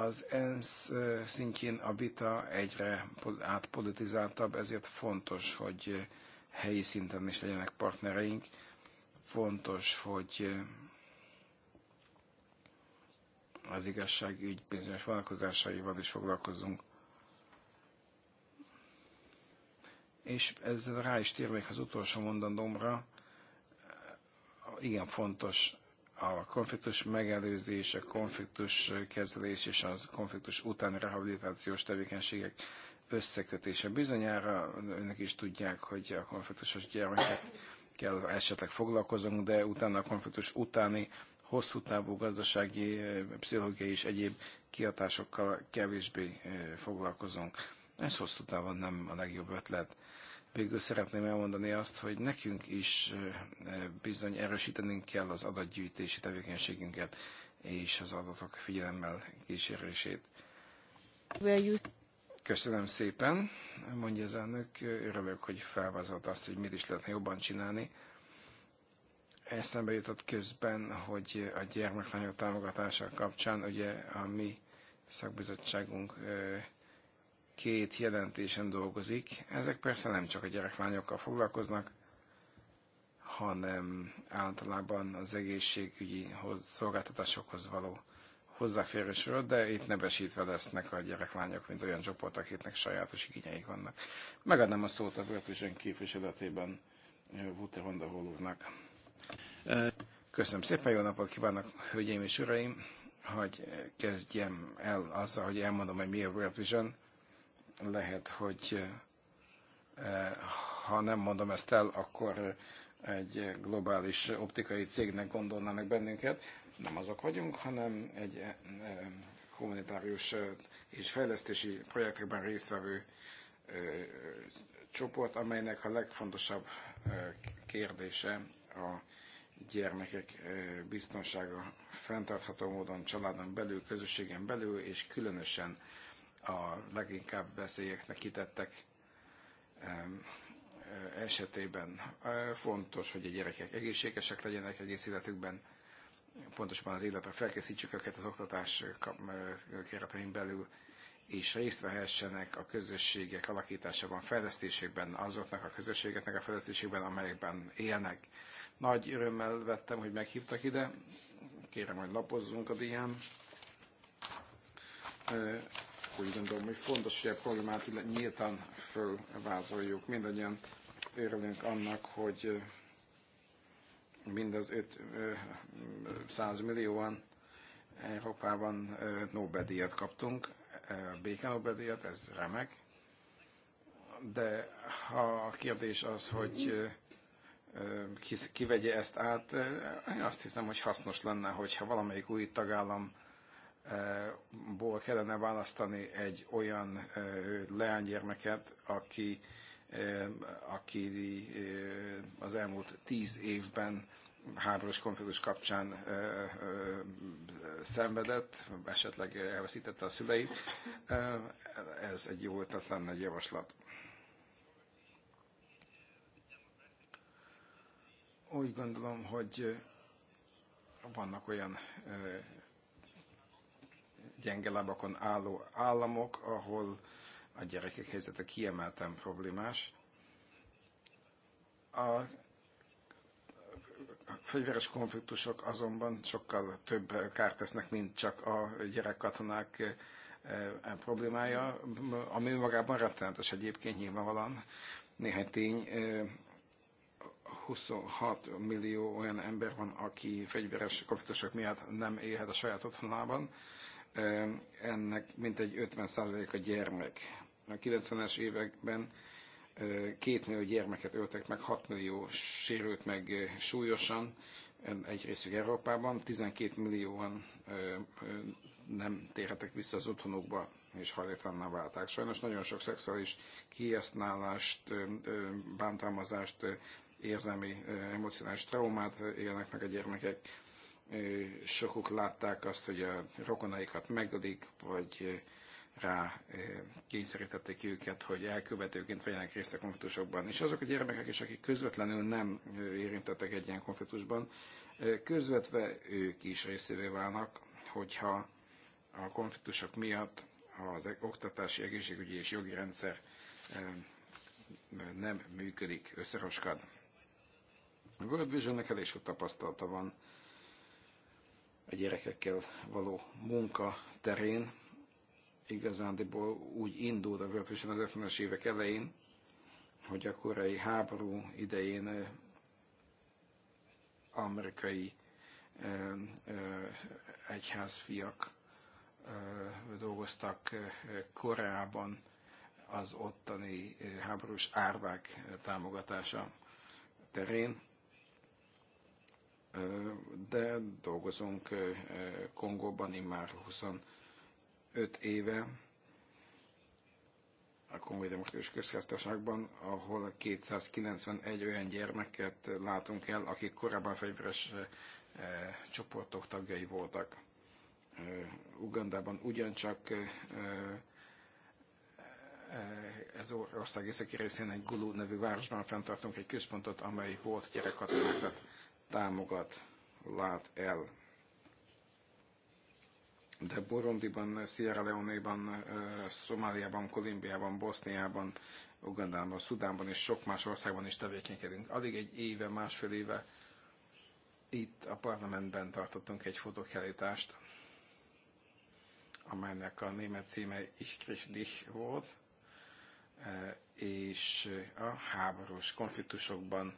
az ENSZ eh, szintjén a vita egyre átpolitizáltabb, ezért fontos, hogy helyi szinten is legyenek partnereink. Fontos, hogy az igazságügy bizonyos vonatkozásaival is foglalkozunk. És ezzel rá is térnék az utolsó mondandómra, igen fontos a konfliktus megelőzés, a konfliktus kezelés és a konfliktus utáni rehabilitációs tevékenységek összekötése. Bizonyára önök is tudják, hogy a konfliktusos kell esetleg foglalkozunk, de utána a konfliktus utáni hosszú távú gazdasági, pszichológiai és egyéb kihatásokkal kevésbé foglalkozunk. Ez hosszú távon nem a legjobb ötlet. Végül szeretném elmondani azt, hogy nekünk is bizony erősítenünk kell az adatgyűjtési tevékenységünket és az adatok figyelemmel kísérését. Köszönöm szépen, mondja az elnök. Örülök, hogy felvázolta azt, hogy mit is lehetne jobban csinálni. Eszembe jutott közben, hogy a gyermeklányok támogatása kapcsán ugye a mi szakbizottságunk két jelentésen dolgozik. Ezek persze nem csak a gyerekványokkal foglalkoznak, hanem általában az egészségügyi szolgáltatásokhoz való hozzáférésről, de itt nevesítve lesznek a gyereklányok, mint olyan csoport, akiknek sajátos igényeik vannak. Megadnám a szót a Virtusen képviseletében Wouter eh, Honda eh, Köszönöm szépen, jó napot kívánok, hölgyeim és uraim! Hogy eh, kezdjem el azzal, hogy elmondom, hogy mi a World Vision lehet, hogy eh, ha nem mondom ezt el, akkor egy globális optikai cégnek gondolnának bennünket. Nem azok vagyunk, hanem egy kommunitárius eh, eh, és fejlesztési projektekben résztvevő csoport, amelynek a legfontosabb kérdése a gyermekek biztonsága fenntartható módon családon belül, közösségen belül, és különösen a leginkább veszélyeknek kitettek esetében fontos, hogy a gyerekek egészségesek legyenek egész életükben, pontosan az életre felkészítsük őket az oktatás keretein belül, és részt vehessenek a közösségek alakításában, fejlesztésében, azoknak a közösségeknek a fejlesztésében, amelyekben élnek. Nagy örömmel vettem, hogy meghívtak ide. Kérem, hogy lapozzunk a dián úgy gondolom, hogy fontos, hogy a problémát nyíltan fölvázoljuk. Mindannyian örülünk annak, hogy eh, mindez 500 eh, millióan Európában eh, Nobel-díjat kaptunk, béke nobel ez remek. De ha a kérdés az, hogy kivegye ezt át, azt hiszem, hogy hasznos lenne, hogyha valamelyik új tagállam ból kellene választani egy olyan leánygyermeket, aki, aki az elmúlt tíz évben háborús konfliktus kapcsán ö, ö, szenvedett, esetleg elveszítette a szüleit. Ez egy jó ötlet lenne, egy javaslat. Úgy gondolom, hogy vannak olyan gyenge lábakon álló államok, ahol a gyerekek helyzete kiemelten problémás. A fegyveres konfliktusok azonban sokkal több kárt tesznek, mint csak a gyerekkatonák eh, eh, problémája, ami magában rettenetes egyébként nyilvánvalóan. Néhány tény, 26 eh, millió olyan ember van, aki fegyveres konfliktusok miatt nem élhet a saját otthonában ennek mintegy 50% a gyermek. A 90-es években két millió gyermeket öltek meg, 6 millió sérült meg súlyosan, egy részük Európában, 12 millióan nem térhetek vissza az otthonukba, és hajléktalanná válták. Sajnos nagyon sok szexuális kiesználást, bántalmazást, érzelmi, emocionális traumát élnek meg a gyermekek sokuk látták azt, hogy a rokonaikat megölik, vagy rá kényszerítették őket, hogy elkövetőként vegyenek részt a konfliktusokban. És azok a gyermekek is, akik közvetlenül nem érintettek egy ilyen konfliktusban, közvetve ők is részévé válnak, hogyha a konfliktusok miatt az e-, oktatási, egészségügyi és jogi rendszer nem működik, összeroskad. A World Vision-nek elég sok tapasztalata van a gyerekekkel való munka terén. Igazándiból úgy indult a vörösen az 50-es évek elején, hogy a koreai háború idején amerikai egyházfiak dolgoztak Koreában az ottani háborús árvák támogatása terén de dolgozunk Kongóban immár 25 éve, a Kongói Demokratikus Közgazdaságban, ahol 291 olyan gyermeket látunk el, akik korábban fegyveres csoportok tagjai voltak. Ugandában ugyancsak ez ország északi részén egy Gulu nevű városban fenntartunk egy központot, amely volt gyerekkatonákat támogat, lát el. De Burundiban, Sierra Leone-ban, eh, Szomáliában, Kolumbiában, Boszniában, Ugandában, Szudánban és sok más országban is tevékenykedünk. Alig egy éve, másfél éve itt a parlamentben tartottunk egy fotókelítást, amelynek a német címe Ich krieg dich volt, eh, és a háborús konfliktusokban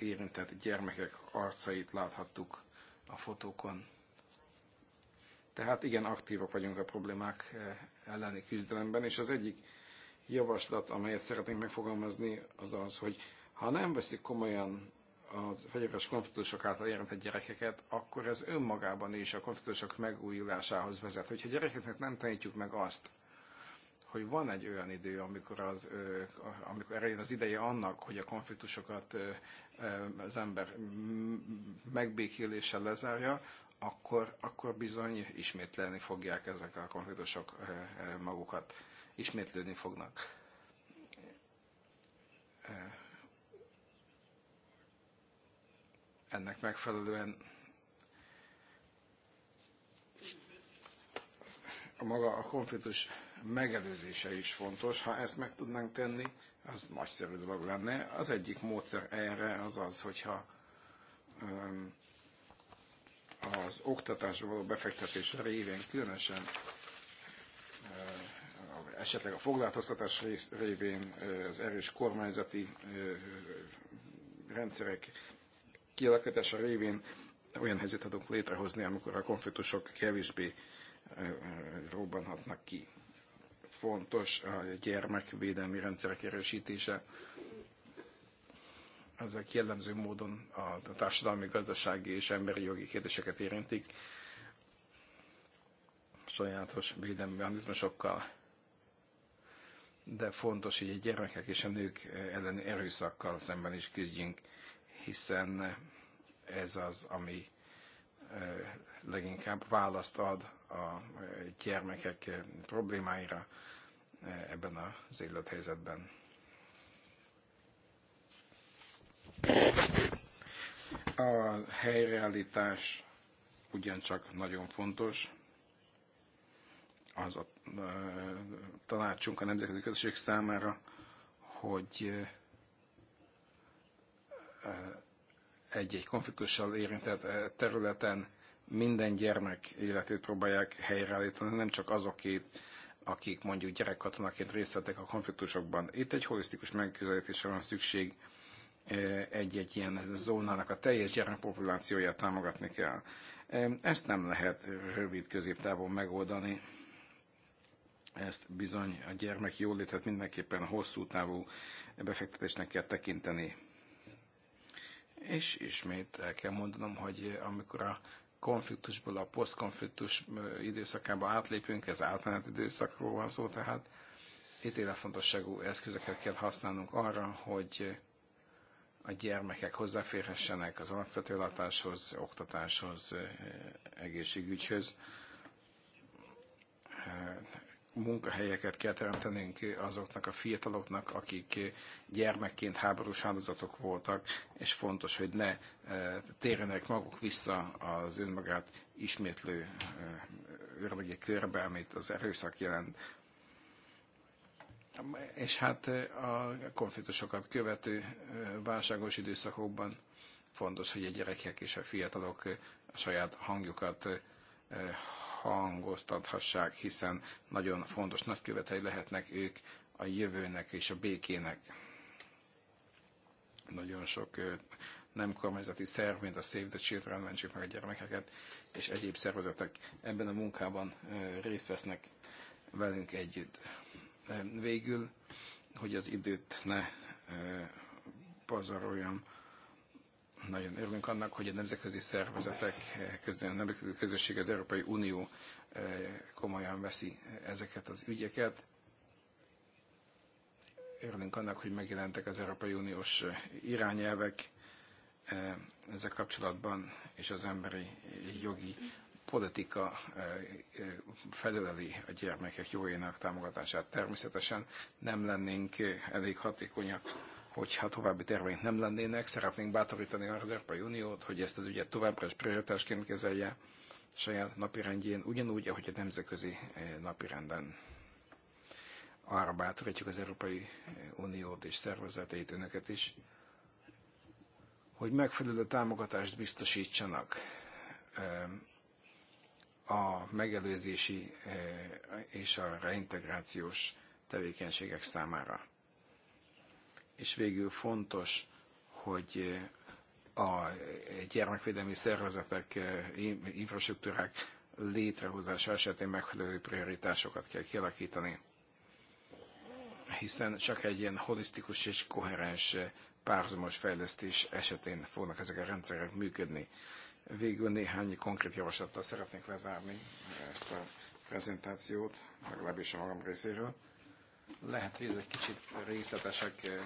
érintett gyermekek arcait láthattuk a fotókon. Tehát igen, aktívak vagyunk a problémák eh, elleni küzdelemben, és az egyik javaslat, amelyet szeretnénk megfogalmazni, az az, hogy ha nem veszik komolyan a fegyveres konfliktusok által érintett gyerekeket, akkor ez önmagában is a konfliktusok megújulásához vezet. Hogyha gyerekeknek nem tanítjuk meg azt, hogy van egy olyan idő, amikor, az, amikor eljön az ideje annak, hogy a konfliktusokat az ember megbékéléssel lezárja, akkor, akkor bizony ismétlenni fogják ezek a konfliktusok magukat. Ismétlődni fognak. Ennek megfelelően a maga a konfliktus megelőzése is fontos. Ha ezt meg tudnánk tenni, az nagyszerű dolog lenne. Az egyik módszer erre az az, hogyha az oktatásba való befektetés révén, különösen esetleg a foglalkoztatás révén az erős kormányzati rendszerek kialakítása révén olyan helyzetet tudunk létrehozni, amikor a konfliktusok kevésbé robbanhatnak ki fontos a gyermekvédelmi rendszerek erősítése. Ezek jellemző módon a társadalmi, gazdasági és emberi jogi kérdéseket érintik sajátos védelmi mechanizmusokkal. De fontos, hogy a gyermekek és a nők elleni erőszakkal szemben is küzdjünk, hiszen ez az, ami leginkább választ ad a gyermekek problémáira eh, ebben az élethelyzetben. A helyreállítás ugyancsak nagyon fontos. Az a eh, tanácsunk a nemzetközi közösség számára, hogy eh, egy-egy konfliktussal érintett területen minden gyermek életét próbálják helyreállítani, nem csak azokét, akik mondjuk gyerekkatonaként részt vettek a konfliktusokban. Itt egy holisztikus megközelítésre van szükség, e, egy-egy ilyen zónának a teljes gyermekpopulációját támogatni kell. E, ezt nem lehet rövid középtávon megoldani. Ezt bizony a gyermek jólétet mindenképpen hosszú távú befektetésnek kell tekinteni. És ismét el kell mondanom, hogy amikor a konfliktusból a posztkonfliktus időszakába átlépünk, ez átmeneti időszakról van szó, tehát itt életfontosságú eszközöket kell használnunk arra, hogy a gyermekek hozzáférhessenek az alapvető látáshoz, oktatáshoz, egészségügyhöz, munkahelyeket kell teremtenünk azoknak a fiataloknak, akik gyermekként háborús áldozatok voltak, és fontos, hogy ne eh, térjenek maguk vissza az önmagát ismétlő eh, ördögi körbe, amit az erőszak jelent. És hát eh, a konfliktusokat követő válságos időszakokban fontos, hogy a gyerekek és a fiatalok a saját hangjukat hangoztathassák, hiszen nagyon fontos nagykövetei lehetnek ők a jövőnek és a békének. Nagyon sok nem kormányzati szerv, mint a Save the Children, mentsük meg a gyermekeket, és egyéb szervezetek ebben a munkában részt vesznek velünk együtt. Végül, hogy az időt ne pazaroljam, nagyon örülünk annak, hogy a nemzetközi szervezetek, közül, a nemzetközi közösség, az Európai Unió eh, komolyan veszi eh, ezeket az ügyeket. Örülünk annak, hogy megjelentek az Európai Uniós eh, irányelvek ezzel kapcsolatban, és az emberi jogi politika felöleli a gyermekek jogainak támogatását. Természetesen nem lennénk elég hatékonyak hogyha további terveink nem lennének, szeretnénk bátorítani az Európai Uniót, hogy ezt az ügyet továbbra is prioritásként kezelje saját napirendjén, ugyanúgy, ahogy a nemzetközi eh, napirenden. Arra bátorítjuk az Európai eh, Uniót és szervezeteit, önöket is, hogy megfelelő támogatást biztosítsanak eh, a megelőzési és a reintegrációs tevékenységek számára és végül fontos, hogy eh, a gyermekvédelmi szervezetek, eh, infrastruktúrák létrehozása esetén megfelelő prioritásokat kell kialakítani, hiszen csak egy ilyen holisztikus és koherens eh, párhuzamos fejlesztés esetén fognak ezek a rendszerek működni. Végül néhány konkrét javaslattal szeretnék lezárni ezt a prezentációt, legalábbis a magam részéről. Lehet, hogy egy kicsit részletesek eh, eh,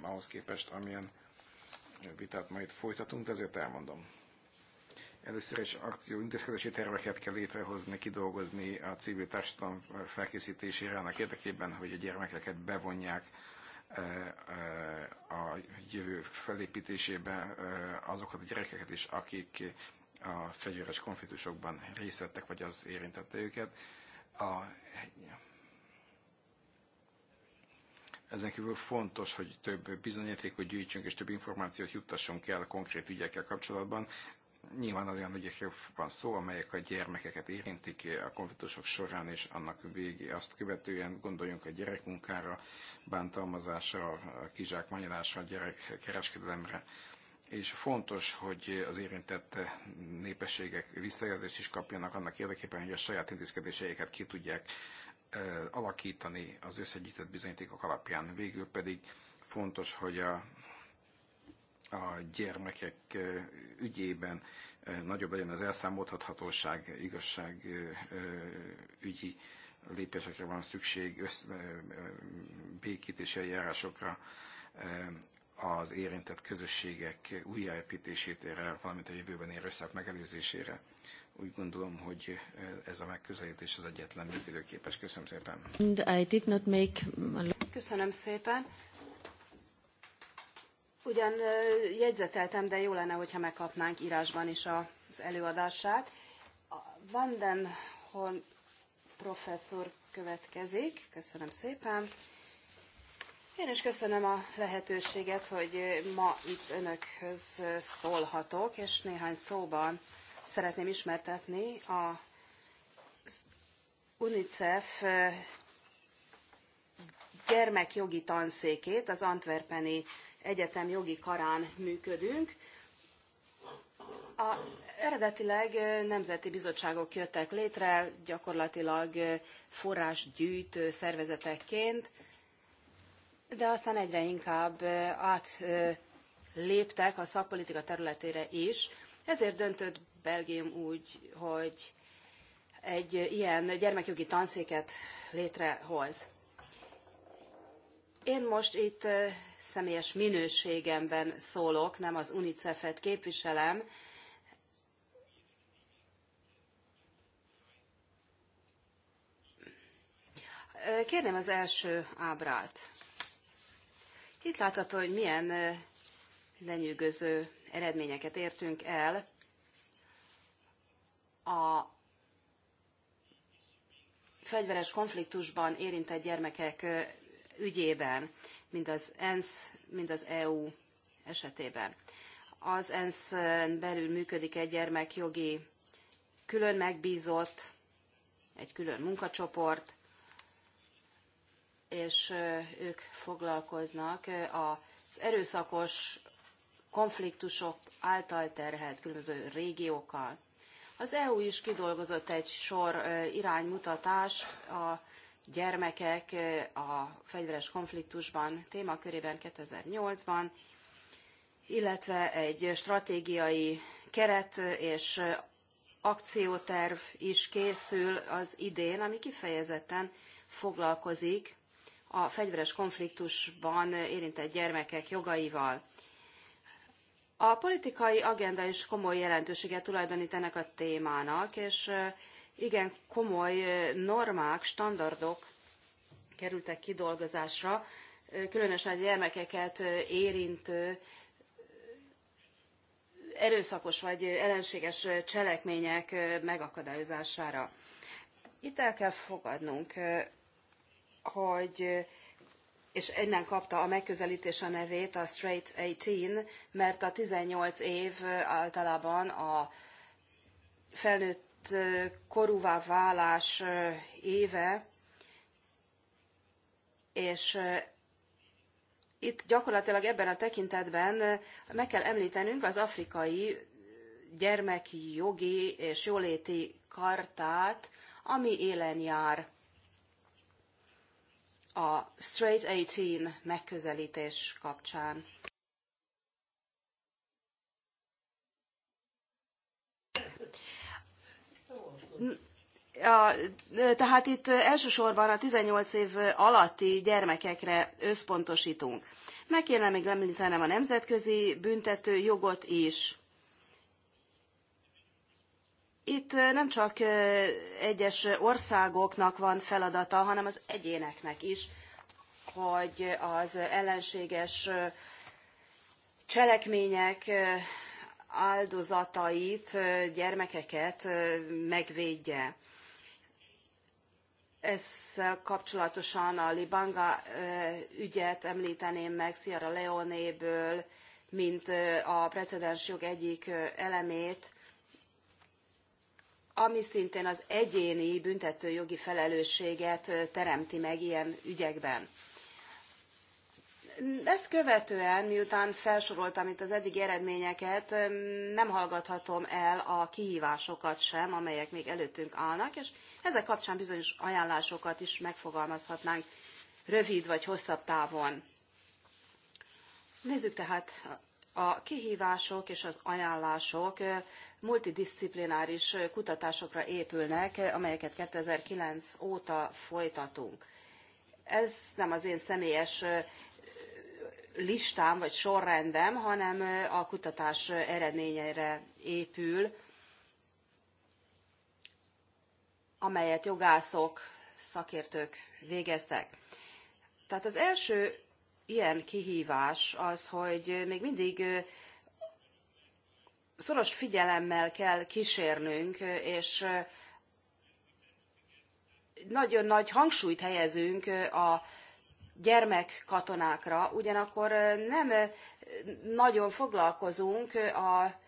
ahhoz képest, amilyen vitát majd folytatunk, de ezért elmondom. Először is akció intézkedési terveket kell létrehozni, kidolgozni a civil társadalom felkészítésére annak érdekében, hogy a gyermekeket bevonják eh, a jövő felépítésébe azokat a gyerekeket is, akik a fegyveres konfliktusokban részt vettek, vagy az érintette őket. A ezen kívül fontos, hogy több bizonyítékot gyűjtsünk és több információt juttassunk el konkrét ügyekkel kapcsolatban. Nyilván olyan ügyekről van szó, amelyek a gyermekeket érintik a konfliktusok során, és annak végé azt követően gondoljunk a gyerekmunkára, bántalmazásra, kizsákmányolásra, gyerekkereskedelemre. És fontos, hogy az érintett népességek visszajelzést is kapjanak annak érdekében, hogy a saját intézkedéseiket ki tudják alakítani az összegyűjtött bizonyítékok alapján. Végül pedig fontos, hogy a, a gyermekek ügyében nagyobb legyen az elszámoltathatóság, igazság ügyi lépésekre van szükség, össz, békítési eljárásokra, az érintett közösségek újjáépítésétére, valamint a jövőben érőszak megelőzésére. Úgy gondolom, hogy eh, ez a megközelítés az egyetlen működőképes. Köszönöm szépen. And I did not make... Köszönöm szépen. Ugyan eh, jegyzeteltem, de jó lenne, hogyha megkapnánk írásban is az előadását. Vanden Hon professzor következik. Köszönöm szépen. Én is köszönöm a lehetőséget, hogy ma itt önökhöz szólhatok, és néhány szóban szeretném ismertetni a UNICEF gyermekjogi tanszékét, az Antwerpeni Egyetem jogi karán működünk. A, eredetileg nemzeti bizottságok jöttek létre, gyakorlatilag forrásgyűjtő szervezetekként, de aztán egyre inkább átléptek a szakpolitika területére is. Ezért döntött Belgium úgy, hogy egy ilyen gyermekjogi tanszéket létrehoz. Én most itt személyes minőségemben szólok, nem az UNICEF-et képviselem, Kérném az első ábrát. Itt látható, hogy milyen lenyűgöző eredményeket értünk el a fegyveres konfliktusban érintett gyermekek ügyében, mind az ENSZ, mind az EU esetében. Az ensz belül működik egy gyermekjogi külön megbízott, egy külön munkacsoport, és ők foglalkoznak az erőszakos konfliktusok által terhelt különböző régiókkal. Az EU is kidolgozott egy sor iránymutatást a gyermekek a fegyveres konfliktusban témakörében 2008-ban, illetve egy stratégiai keret és akcióterv is készül az idén, ami kifejezetten foglalkozik a fegyveres konfliktusban érintett gyermekek jogaival. A politikai agenda is komoly jelentőséget tulajdonít ennek a témának, és igen komoly normák, standardok kerültek kidolgozásra, különösen a gyermekeket érintő erőszakos vagy ellenséges cselekmények megakadályozására. Itt el kell fogadnunk, hogy és innen kapta a megközelítés a nevét, a Straight 18, mert a 18 év általában a felnőtt korúvá válás éve, és itt gyakorlatilag ebben a tekintetben meg kell említenünk az afrikai gyermeki jogi és jóléti kartát, ami élen jár a Straight 18 megközelítés kapcsán. A, tehát itt elsősorban a 18 év alatti gyermekekre összpontosítunk. Meg kéne még említenem a nemzetközi büntető jogot is itt nem csak egyes országoknak van feladata, hanem az egyéneknek is, hogy az ellenséges cselekmények áldozatait, gyermekeket megvédje. Ezzel kapcsolatosan a Libanga ügyet említeném meg Sierra Leone-ből, mint a precedens jog egyik elemét, ami szintén az egyéni büntetőjogi felelősséget teremti meg ilyen ügyekben. Ezt követően, miután felsoroltam itt az eddigi eredményeket, nem hallgathatom el a kihívásokat sem, amelyek még előttünk állnak, és ezek kapcsán bizonyos ajánlásokat is megfogalmazhatnánk rövid vagy hosszabb távon. Nézzük tehát a kihívások és az ajánlások multidisciplináris kutatásokra épülnek, amelyeket 2009 óta folytatunk. Ez nem az én személyes listám vagy sorrendem, hanem a kutatás eredményeire épül, amelyet jogászok, szakértők végeztek. Tehát az első ilyen kihívás az, hogy még mindig szoros figyelemmel kell kísérnünk, és nagyon nagy hangsúlyt helyezünk a gyermekkatonákra, ugyanakkor nem nagyon foglalkozunk a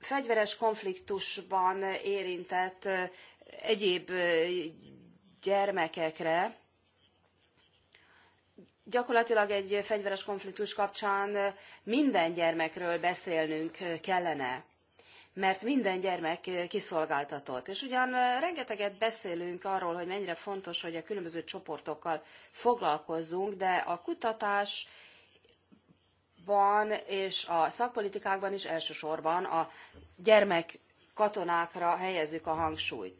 fegyveres konfliktusban érintett egyéb gyermekekre, gyakorlatilag egy fegyveres konfliktus kapcsán minden gyermekről beszélnünk kellene mert minden gyermek kiszolgáltatott. És ugyan rengeteget beszélünk arról, hogy mennyire fontos, hogy a különböző csoportokkal foglalkozzunk, de a kutatásban és a szakpolitikákban is elsősorban a gyermek katonákra helyezzük a hangsúlyt.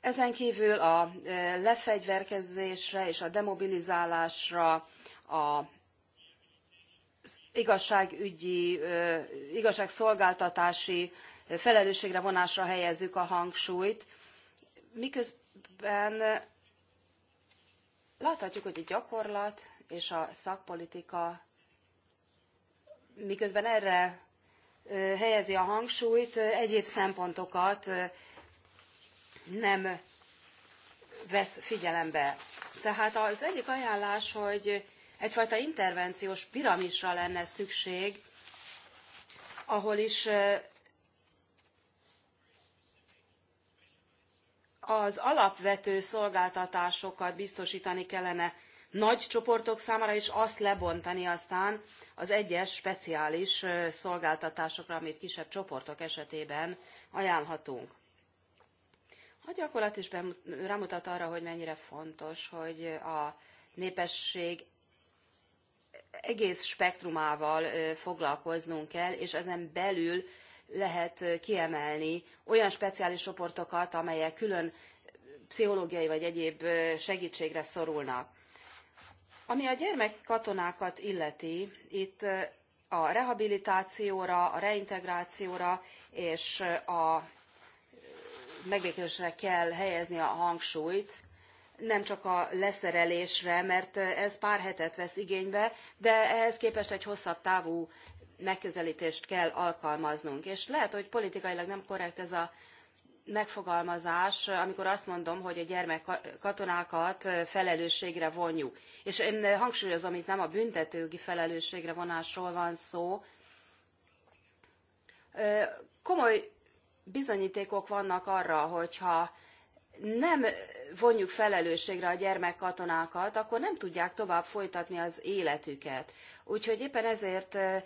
Ezen kívül a lefegyverkezésre és a demobilizálásra, a igazságügyi, igazságszolgáltatási felelősségre vonásra helyezzük a hangsúlyt, miközben láthatjuk, hogy a gyakorlat és a szakpolitika miközben erre helyezi a hangsúlyt, egyéb szempontokat nem vesz figyelembe. Tehát az egyik ajánlás, hogy egyfajta intervenciós piramisra lenne szükség, ahol is az alapvető szolgáltatásokat biztosítani kellene nagy csoportok számára, és azt lebontani aztán az egyes speciális szolgáltatásokra, amit kisebb csoportok esetében ajánlhatunk. A gyakorlat is rámutat arra, hogy mennyire fontos, hogy a népesség egész spektrumával foglalkoznunk kell, és ezen belül lehet kiemelni olyan speciális csoportokat, amelyek külön pszichológiai vagy egyéb segítségre szorulnak. Ami a gyermekkatonákat illeti, itt a rehabilitációra, a reintegrációra és a megbékélésre kell helyezni a hangsúlyt, nem csak a leszerelésre, mert ez pár hetet vesz igénybe, de ehhez képest egy hosszabb távú megközelítést kell alkalmaznunk. És lehet, hogy politikailag nem korrekt ez a megfogalmazás, amikor azt mondom, hogy a gyermekkatonákat felelősségre vonjuk. És én hangsúlyozom, itt nem a büntetőgi felelősségre vonásról van szó. Komoly bizonyítékok vannak arra, hogyha nem vonjuk felelősségre a gyermekkatonákat, akkor nem tudják tovább folytatni az életüket. Úgyhogy éppen ezért eh,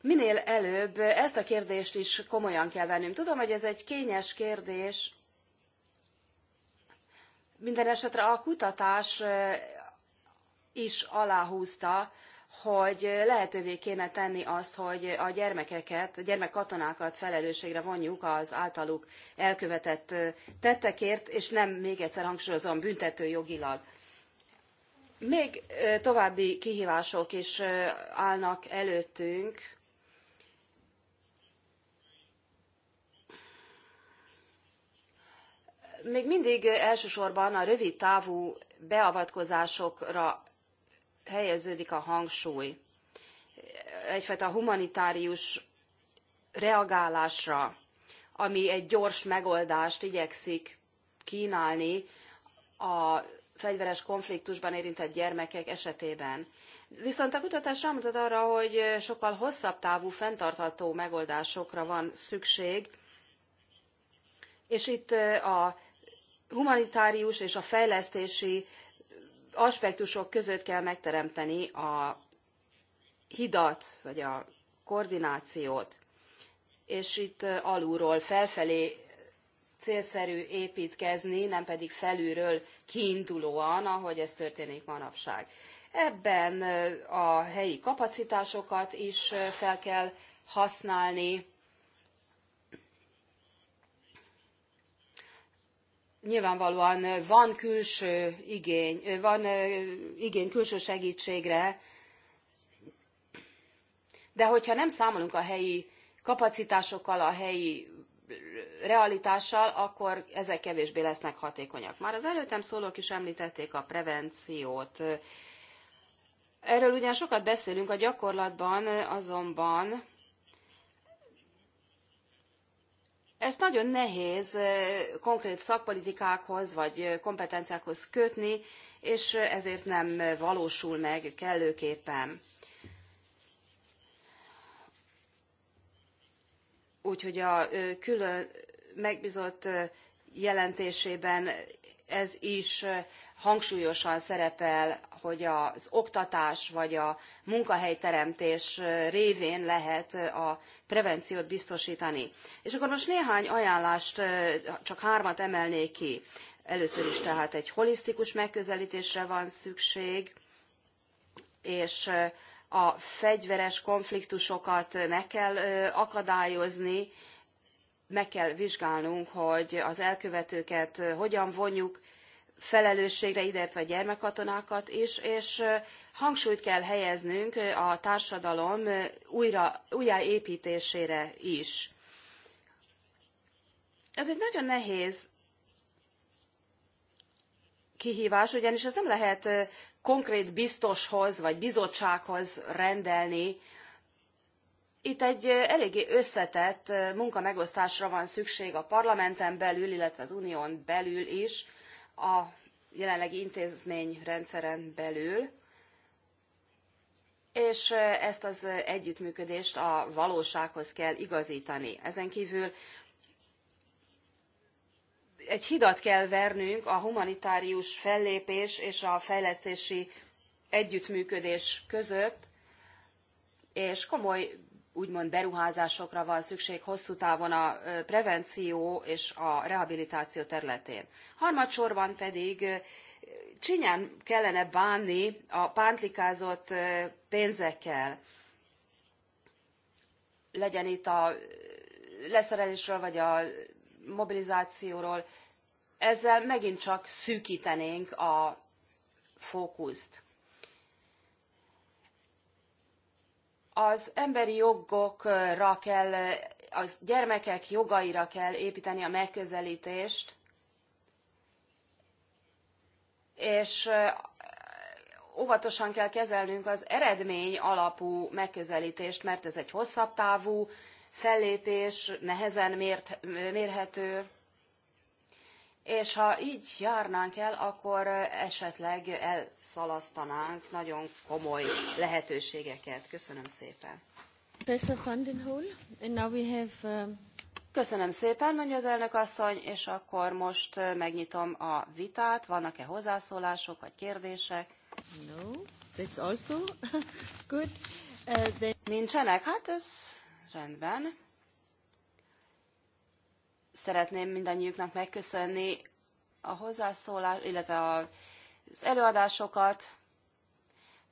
minél előbb ezt a kérdést is komolyan kell vennünk. Tudom, hogy ez egy kényes kérdés. Mindenesetre a kutatás eh, is aláhúzta, hogy lehetővé kéne tenni azt, hogy a gyermekeket, gyermekkatonákat felelősségre vonjuk az általuk elkövetett tettekért, és nem még egyszer hangsúlyozom büntető jogilag. Még további kihívások is állnak előttünk. Még mindig elsősorban a rövid távú beavatkozásokra helyeződik a hangsúly. Egyfajta humanitárius reagálásra, ami egy gyors megoldást igyekszik kínálni a fegyveres konfliktusban érintett gyermekek esetében. Viszont a kutatás rámutat arra, hogy sokkal hosszabb távú, fenntartható megoldásokra van szükség, és itt eh, a humanitárius és a fejlesztési aspektusok között kell megteremteni a hidat, vagy a koordinációt, és itt alulról felfelé célszerű építkezni, nem pedig felülről kiindulóan, ahogy ez történik manapság. Ebben a helyi kapacitásokat is fel kell használni, nyilvánvalóan van külső igény, van igény külső segítségre, de hogyha nem számolunk a helyi kapacitásokkal, a helyi realitással, akkor ezek kevésbé lesznek hatékonyak. Már az előttem szólók is említették a prevenciót. Erről ugyan sokat beszélünk a gyakorlatban, azonban Ezt nagyon nehéz konkrét szakpolitikákhoz vagy kompetenciákhoz kötni, és ezért nem valósul meg kellőképpen. Úgyhogy a külön megbízott jelentésében ez is hangsúlyosan szerepel hogy az oktatás vagy a munkahelyteremtés révén lehet a prevenciót biztosítani. És akkor most néhány ajánlást, csak hármat emelnék ki. Először is tehát egy holisztikus megközelítésre van szükség, és a fegyveres konfliktusokat meg kell akadályozni, meg kell vizsgálnunk, hogy az elkövetőket hogyan vonjuk felelősségre illetve a gyermekkatonákat is, és hangsúlyt kell helyeznünk a társadalom újra, újjáépítésére is. Ez egy nagyon nehéz kihívás, ugyanis ez nem lehet konkrét biztoshoz vagy bizottsághoz rendelni. Itt egy eléggé összetett munkamegosztásra van szükség a parlamenten belül, illetve az unión belül is, a jelenlegi intézményrendszeren belül, és ezt az együttműködést a valósághoz kell igazítani. Ezen kívül egy hidat kell vernünk a humanitárius fellépés és a fejlesztési együttműködés között, és komoly úgymond beruházásokra van szükség hosszú távon a prevenció és a rehabilitáció területén. Harmadsorban pedig csinyán kellene bánni a pántlikázott pénzekkel. Legyen itt a leszerelésről vagy a mobilizációról, ezzel megint csak szűkítenénk a fókuszt. az emberi jogokra kell, a gyermekek jogaira kell építeni a megközelítést, és óvatosan kell kezelnünk az eredmény alapú megközelítést, mert ez egy hosszabb távú fellépés, nehezen mért, mérhető és ha így járnánk el, akkor esetleg elszalasztanánk nagyon komoly lehetőségeket. Köszönöm szépen. Uh, Köszönöm szépen, mondja az elnök asszony, és akkor most uh, megnyitom a vitát. Vannak-e hozzászólások vagy kérdések? No, that's also good. Uh, Nincsenek? Hát ez rendben szeretném mindannyiuknak megköszönni a hozzászólás, illetve az előadásokat.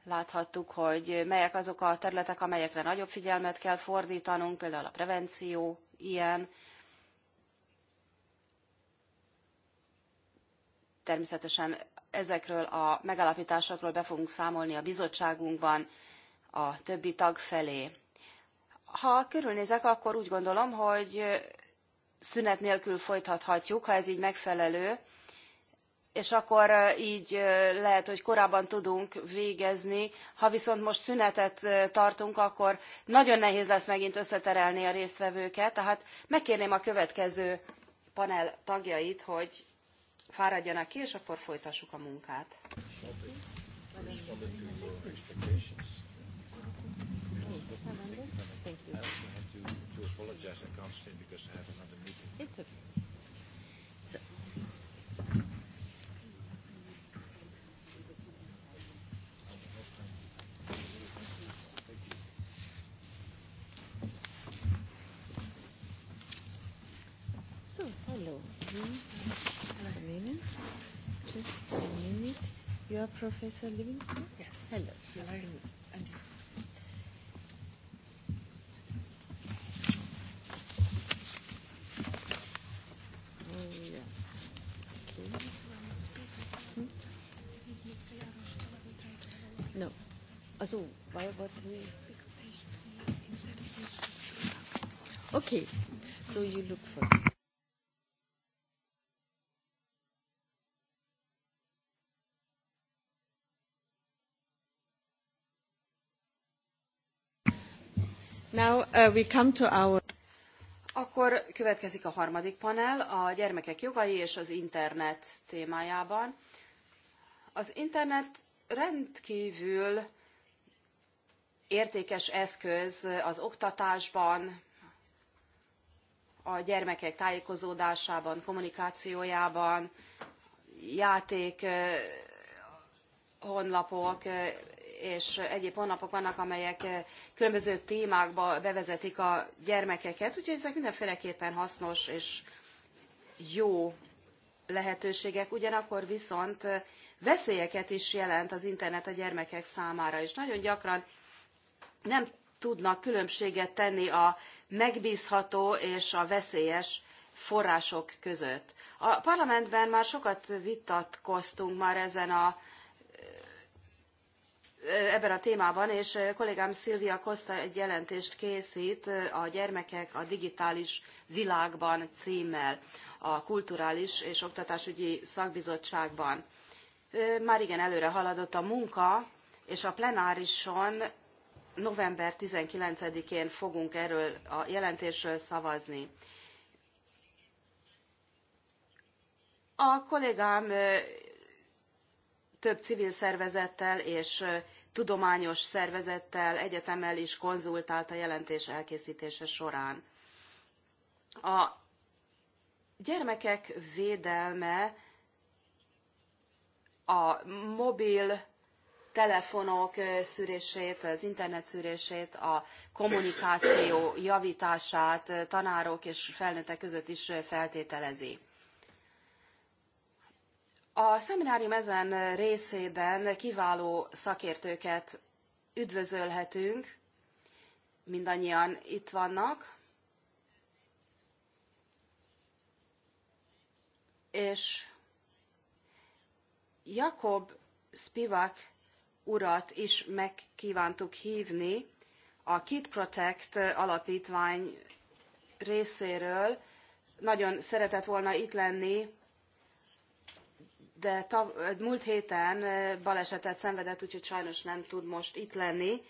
Láthattuk, hogy melyek azok a területek, amelyekre nagyobb figyelmet kell fordítanunk, például a prevenció ilyen. Természetesen ezekről a megállapításokról be fogunk számolni a bizottságunkban a többi tag felé. Ha körülnézek, akkor úgy gondolom, hogy szünet nélkül folytathatjuk, ha ez így megfelelő, és akkor így lehet, hogy korábban tudunk végezni. Ha viszont most szünetet tartunk, akkor nagyon nehéz lesz megint összeterelni a résztvevőket, tehát megkérném a következő panel tagjait, hogy fáradjanak ki, és akkor folytassuk a munkát. Köszönöm. apologize, I can't stay because I have another meeting. It's okay. So Hello. Just a minute. You are Professor Livingston? Yes. Hello. Hello. Hello. No. Also, why, what we... Okay. So you look for... Now, uh, we come to our... Akkor következik a harmadik panel, a gyermekek jogai és az internet témájában. Az internet rendkívül értékes eszköz az oktatásban, a gyermekek tájékozódásában, kommunikációjában, játék honlapok és egyéb honlapok vannak, amelyek különböző témákba bevezetik a gyermekeket, úgyhogy ezek mindenféleképpen hasznos és jó lehetőségek, ugyanakkor viszont veszélyeket is jelent az internet a gyermekek számára, és nagyon gyakran nem tudnak különbséget tenni a megbízható és a veszélyes források között. A parlamentben már sokat vitatkoztunk már ezen a ebben a témában, és kollégám Szilvia Costa egy jelentést készít a gyermekek a digitális világban címmel a kulturális és oktatásügyi szakbizottságban. Már igen előre haladott a munka, és a plenárison november 19-én fogunk erről a jelentésről szavazni. A kollégám több civil szervezettel és tudományos szervezettel, egyetemmel is konzultált a jelentés elkészítése során. A gyermekek védelme a mobil telefonok szűrését, az internet szűrését, a kommunikáció javítását tanárok és felnőttek között is feltételezi. A szeminárium ezen részében kiváló szakértőket üdvözölhetünk, mindannyian itt vannak, és Jakob Spivak urat is megkívántuk hívni a Kid Protect alapítvány részéről. Nagyon szeretett volna itt lenni, de tav- múlt héten balesetet szenvedett, úgyhogy sajnos nem tud most itt lenni.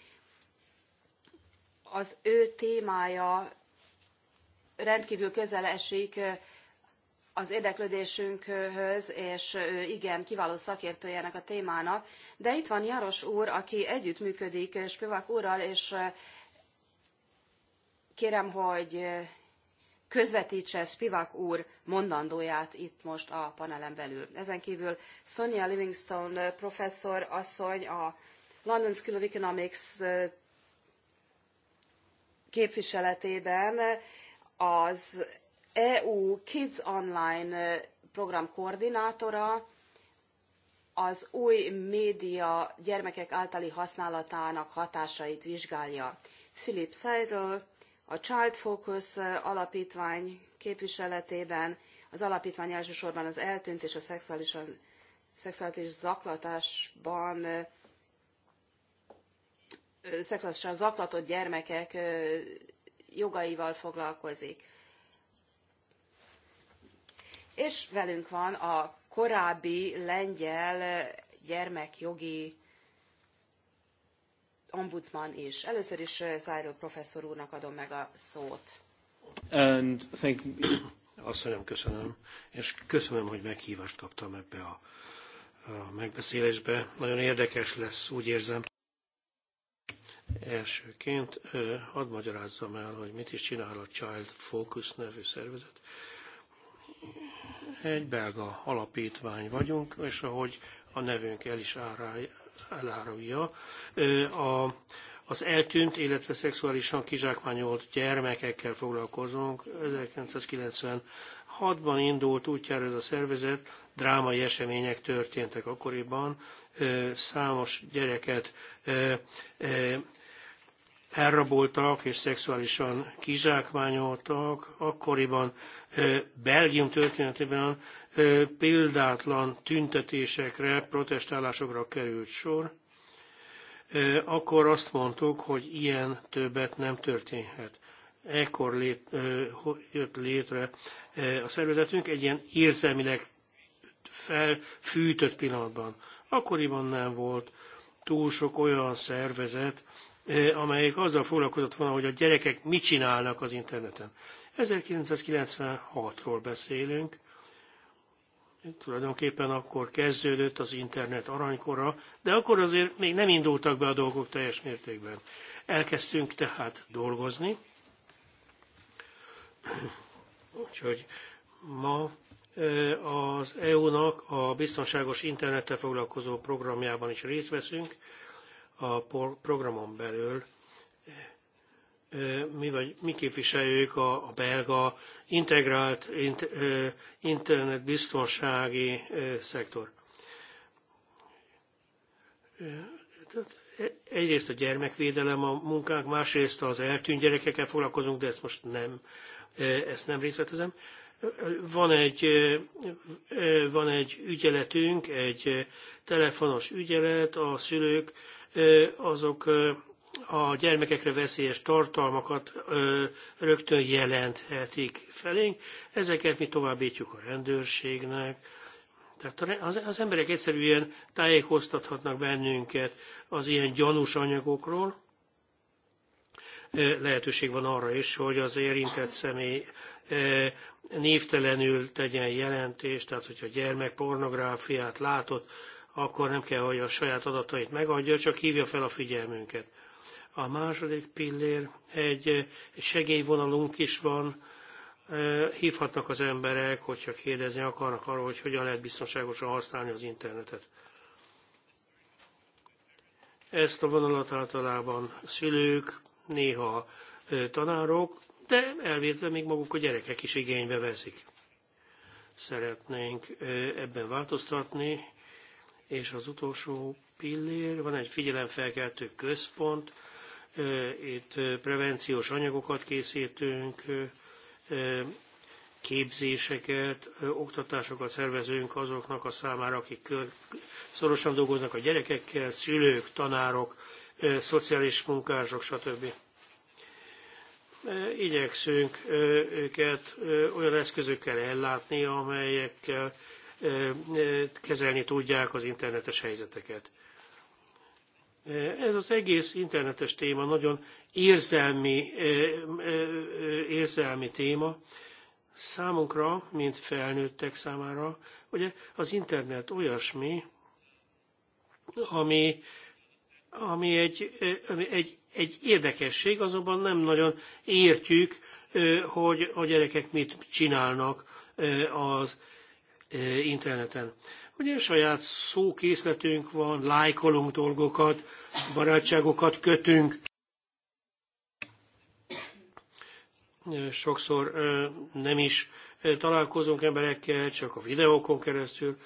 Az ő témája rendkívül közel esik az érdeklődésünkhöz, és ő igen, kiváló szakértője ennek a témának. De itt van Jaros úr, aki együttműködik Spivak úrral, és kérem, hogy közvetítse Spivak úr mondandóját itt most a panelen belül. Ezen kívül Sonia Livingstone eh, professzor asszony a London School of Economics eh, képviseletében az EU Kids Online eh, program koordinátora, az új média gyermekek általi használatának hatásait vizsgálja. Philip Seidel, a Child Focus alapítvány képviseletében az alapítvány elsősorban az eltűnt és a szexuálisan, szexuális zaklatásban szexuálisan zaklatott gyermekek jogaival foglalkozik. És velünk van a korábbi lengyel gyermekjogi ombudsman is. Először is eh, Záró professzor úrnak adom meg a szót. And thank Asszonyom, köszönöm, és köszönöm, hogy meghívást kaptam ebbe a, a megbeszélésbe. Nagyon érdekes lesz, úgy érzem. Elsőként eh, hadd magyarázzam el, hogy mit is csinál a Child Focus nevű szervezet. Egy belga alapítvány vagyunk, és ahogy a nevünk el is elárulja, a, az eltűnt, illetve szexuálisan kizsákmányolt gyermekekkel foglalkozunk. 1996-ban indult útjára ez a szervezet, drámai események történtek akkoriban, számos gyereket elraboltak és szexuálisan kizsákmányoltak. Akkoriban Belgium történetében példátlan tüntetésekre, protestálásokra került sor, akkor azt mondtuk, hogy ilyen többet nem történhet. Ekkor lép, jött létre a szervezetünk egy ilyen érzelmileg felfűtött pillanatban. Akkoriban nem volt túl sok olyan szervezet, amelyik azzal foglalkozott volna, hogy a gyerekek mit csinálnak az interneten. 1996-ról beszélünk, tulajdonképpen akkor kezdődött az internet aranykora, de akkor azért még nem indultak be a dolgok teljes mértékben. Elkezdtünk tehát dolgozni, úgyhogy ma az EU-nak a biztonságos internettel foglalkozó programjában is részt veszünk. A programon belül mi, vagy, mi képviseljük a, a belga integrált int, internetbiztonsági szektor. E, egyrészt a gyermekvédelem a munkánk, másrészt az eltűnt gyerekekkel foglalkozunk, de ezt most nem, ezt nem részletezem. Van egy, van egy ügyeletünk, egy telefonos ügyelet, a szülők azok a gyermekekre veszélyes tartalmakat ö, rögtön jelenthetik felénk. Ezeket mi továbbítjuk a rendőrségnek. Tehát az, az emberek egyszerűen tájékoztathatnak bennünket az ilyen gyanús anyagokról. Lehetőség van arra is, hogy az érintett személy névtelenül tegyen jelentést, tehát hogyha gyermek pornográfiát látott, akkor nem kell, hogy a saját adatait megadja, csak hívja fel a figyelmünket. A második pillér egy segélyvonalunk is van, e, hívhatnak az emberek, hogyha kérdezni akarnak arról, hogy hogyan lehet biztonságosan használni az internetet. Ezt a vonalat általában szülők, néha e, tanárok, de elvétve még maguk a gyerekek is igénybe veszik. Szeretnénk e, ebben változtatni, és az utolsó pillér, van egy figyelemfelkeltő központ, itt prevenciós anyagokat készítünk, képzéseket, oktatásokat szervezünk azoknak a számára, akik szorosan dolgoznak a gyerekekkel, szülők, tanárok, szociális munkások, stb. Igyekszünk őket olyan eszközökkel ellátni, amelyekkel kezelni tudják az internetes helyzeteket. Ez az egész internetes téma nagyon érzelmi, eh, eh, eh, érzelmi téma. Számunkra, mint felnőttek számára, ugye az internet olyasmi, ami, ami, egy, ami egy, egy érdekesség, azonban nem nagyon értjük, hogy a gyerekek mit csinálnak az interneten. Ugye saját szókészletünk van, lájkolunk dolgokat, barátságokat kötünk. Sokszor nem is találkozunk emberekkel, csak a videókon keresztül.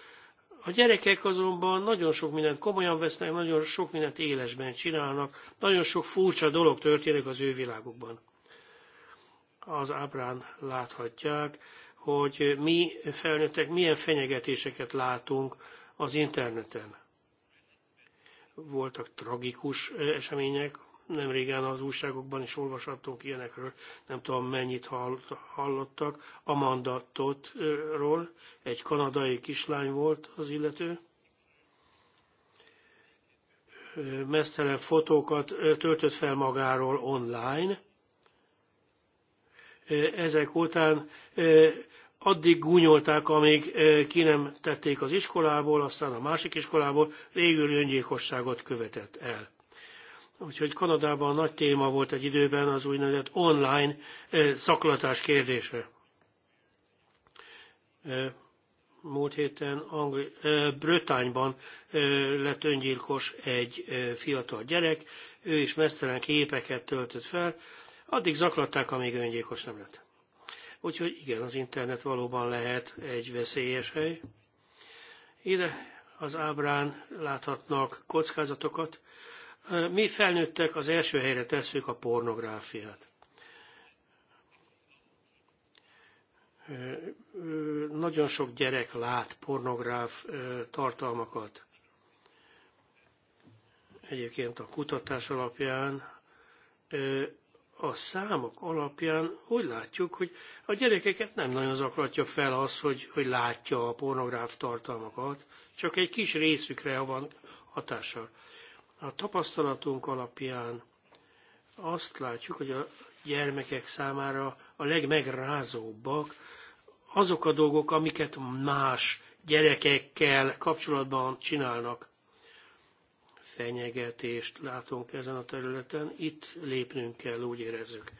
A gyerekek azonban nagyon sok mindent komolyan vesznek, nagyon sok mindent élesben csinálnak, nagyon sok furcsa dolog történik az ő világukban. Az ábrán láthatják, hogy mi felnőttek milyen fenyegetéseket látunk az interneten. Voltak tragikus események, nem régen az újságokban is olvashattunk ilyenekről, nem tudom mennyit hallottak, Amanda Tottról, egy kanadai kislány volt az illető, mesztelen fotókat töltött fel magáról online. Ezek után addig gúnyolták, amíg ki nem tették az iskolából, aztán a másik iskolából, végül öngyilkosságot követett el. Úgyhogy Kanadában nagy téma volt egy időben az úgynevezett online szaklatás kérdése. Múlt héten Angli- Brötányban lett öngyilkos egy fiatal gyerek, ő is mesztelen képeket töltött fel, addig zaklatták, amíg öngyilkos nem lett. Úgyhogy igen, az internet valóban lehet egy veszélyes hely. Ide az ábrán láthatnak kockázatokat. Mi felnőttek az első helyre tesszük a pornográfiát. Nagyon sok gyerek lát pornográf tartalmakat. Egyébként a kutatás alapján a számok alapján úgy látjuk, hogy a gyerekeket nem nagyon zaklatja fel az, hogy, hogy látja a pornográf tartalmakat, csak egy kis részükre van hatással. A tapasztalatunk alapján azt látjuk, hogy a gyermekek számára a legmegrázóbbak azok a dolgok, amiket más gyerekekkel kapcsolatban csinálnak fenyegetést látunk ezen a területen. Itt lépnünk kell, úgy érezzük.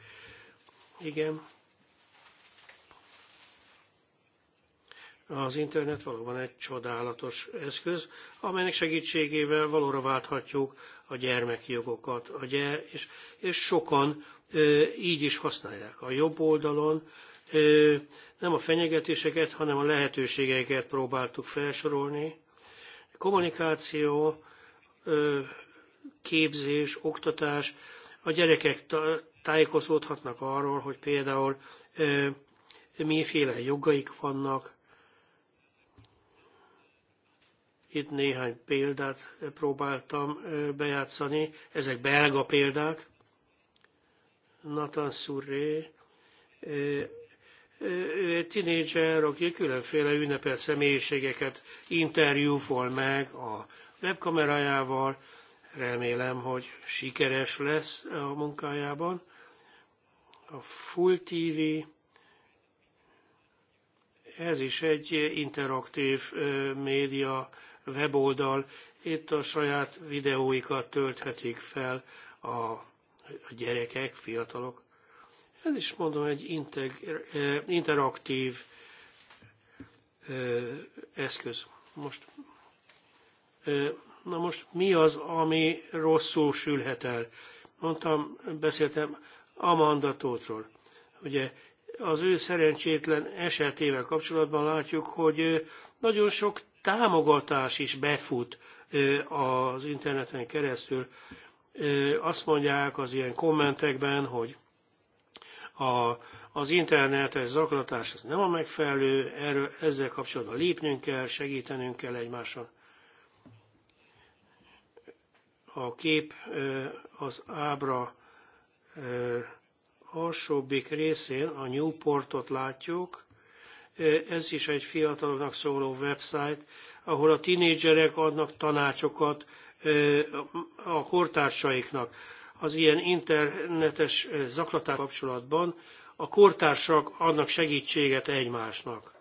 Igen. Az internet valóban egy csodálatos eszköz, amelynek segítségével valóra válthatjuk a gyermeki jogokat, a gyere, és, és sokan ö, így is használják. A jobb oldalon ö, nem a fenyegetéseket, hanem a lehetőségeket próbáltuk felsorolni. Kommunikáció, képzés, oktatás, a gyerekek tájékozódhatnak arról, hogy például miféle jogaik vannak. Itt néhány példát próbáltam bejátszani, ezek belga példák. Nathan Surré, tinédzser, aki különféle ünnepelt személyiségeket interjúfol meg a webkamerájával, remélem, hogy sikeres lesz a munkájában. A Full TV, ez is egy interaktív média weboldal, itt a saját videóikat tölthetik fel a gyerekek, fiatalok. Ez is mondom egy integ, interaktív eszköz. Most Na most mi az, ami rosszul sülhet el? Mondtam, beszéltem Amanda Tótról. Ugye az ő szerencsétlen esetével kapcsolatban látjuk, hogy nagyon sok támogatás is befut az interneten keresztül. Azt mondják az ilyen kommentekben, hogy a, az internetes zaklatás az nem a megfelelő, erről, ezzel kapcsolatban lépnünk kell, segítenünk kell egymáson. A kép az ábra alsóbbik részén a Newportot látjuk. Ez is egy fiatalnak szóló website, ahol a tinédzserek adnak tanácsokat a kortársaiknak. Az ilyen internetes zaklatás kapcsolatban a kortársak adnak segítséget egymásnak.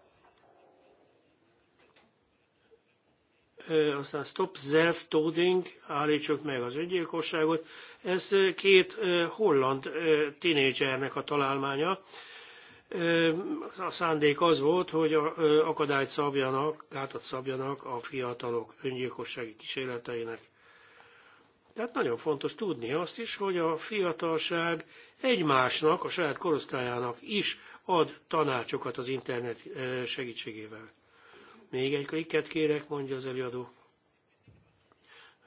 aztán Stop Self-Toding, állítsuk meg az öngyilkosságot. Ez két holland tinédzsernek a találmánya. A szándék az volt, hogy akadályt szabjanak, gátat szabjanak a fiatalok öngyilkossági kísérleteinek. Tehát nagyon fontos tudni azt is, hogy a fiatalság egymásnak, a saját korosztályának is ad tanácsokat az internet segítségével. Még egy klikket kérek, mondja az előadó.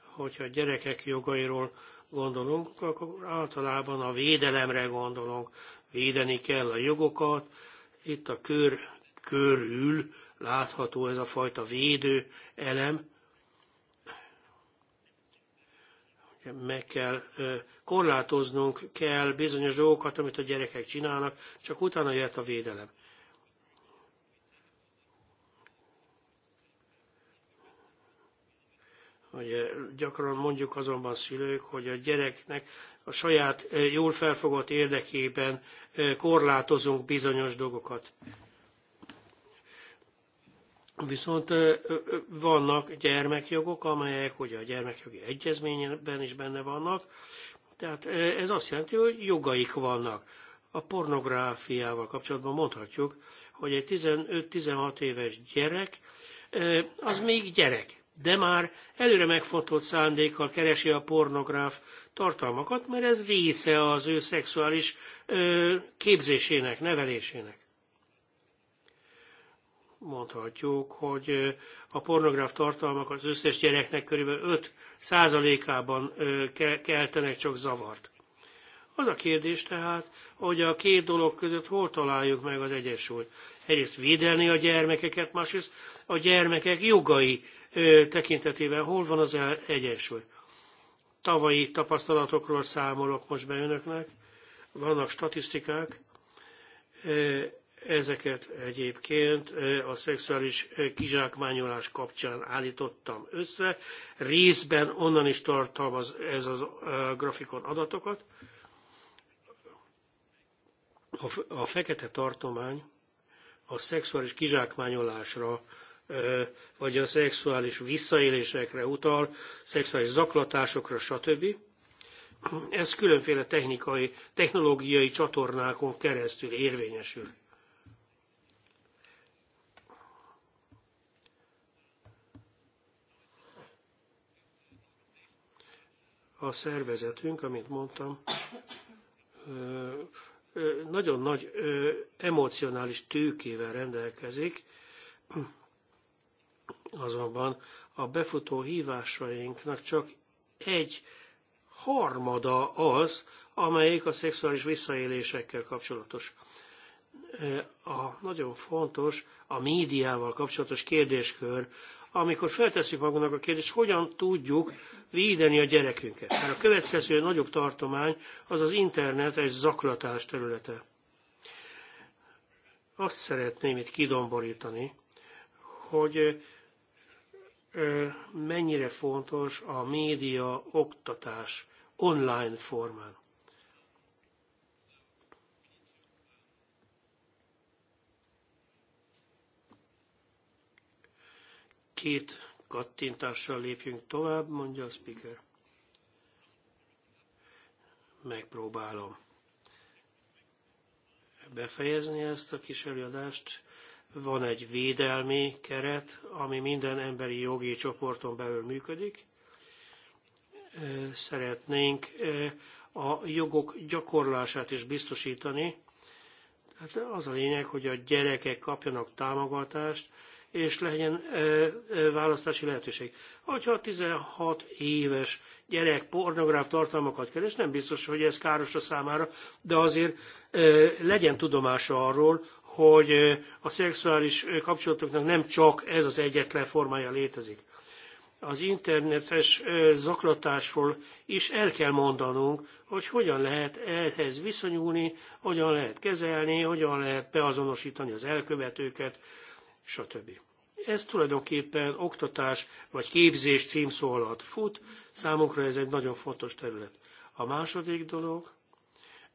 Hogyha gyerekek jogairól gondolunk, akkor általában a védelemre gondolunk. Védeni kell a jogokat. Itt a kör körül látható ez a fajta védő elem. Meg kell korlátoznunk kell bizonyos dolgokat, amit a gyerekek csinálnak, csak utána jött a védelem. Ugye gyakran mondjuk azonban szülők, hogy a gyereknek a saját jól felfogott érdekében korlátozunk bizonyos dolgokat. Viszont vannak gyermekjogok, amelyek ugye a gyermekjogi egyezményben is benne vannak, tehát ez azt jelenti, hogy jogaik vannak. A pornográfiával kapcsolatban mondhatjuk, hogy egy 15-16 éves gyerek, az még gyerek de már előre megfotott szándékkal keresi a pornográf tartalmakat, mert ez része az ő szexuális ö, képzésének, nevelésének. Mondhatjuk, hogy a pornográf tartalmak az összes gyereknek körülbelül 5 ában keltenek csak zavart. Az a kérdés tehát, hogy a két dolog között hol találjuk meg az egyensúlyt. Egyrészt védelni a gyermekeket, másrészt a gyermekek jogai tekintetében hol van az egyensúly? Tavalyi tapasztalatokról számolok most be önöknek, vannak statisztikák, ezeket egyébként a szexuális kizsákmányolás kapcsán állítottam össze. Részben onnan is tartalmaz ez az grafikon adatokat. A, fekete tartomány a szexuális kizsákmányolásra vagy a szexuális visszaélésekre utal, szexuális zaklatásokra, stb. Ez különféle technikai, technológiai csatornákon keresztül érvényesül. A szervezetünk, amint mondtam, nagyon nagy emocionális tőkével rendelkezik, Azonban a befutó hívásainknak csak egy harmada az, amelyik a szexuális visszaélésekkel kapcsolatos. A nagyon fontos a médiával kapcsolatos kérdéskör, amikor feltesszük magunknak a kérdést, hogyan tudjuk védeni a gyerekünket. Mert a következő nagyobb tartomány az az internet és zaklatás területe. Azt szeretném itt kidomborítani, hogy mennyire fontos a média oktatás online formán. Két kattintással lépjünk tovább, mondja a speaker. Megpróbálom befejezni ezt a kis előadást van egy védelmi keret, ami minden emberi jogi csoporton belül működik. Szeretnénk a jogok gyakorlását is biztosítani. Tehát az a lényeg, hogy a gyerekek kapjanak támogatást, és legyen választási lehetőség. Hogyha 16 éves gyerek pornográf tartalmakat keres, nem biztos, hogy ez káros a számára, de azért legyen tudomása arról, hogy a szexuális kapcsolatoknak nem csak ez az egyetlen formája létezik. Az internetes zaklatásról is el kell mondanunk, hogy hogyan lehet ehhez viszonyulni, hogyan lehet kezelni, hogyan lehet beazonosítani az elkövetőket, stb. Ez tulajdonképpen oktatás vagy képzés címszó alatt fut, számunkra ez egy nagyon fontos terület. A második dolog,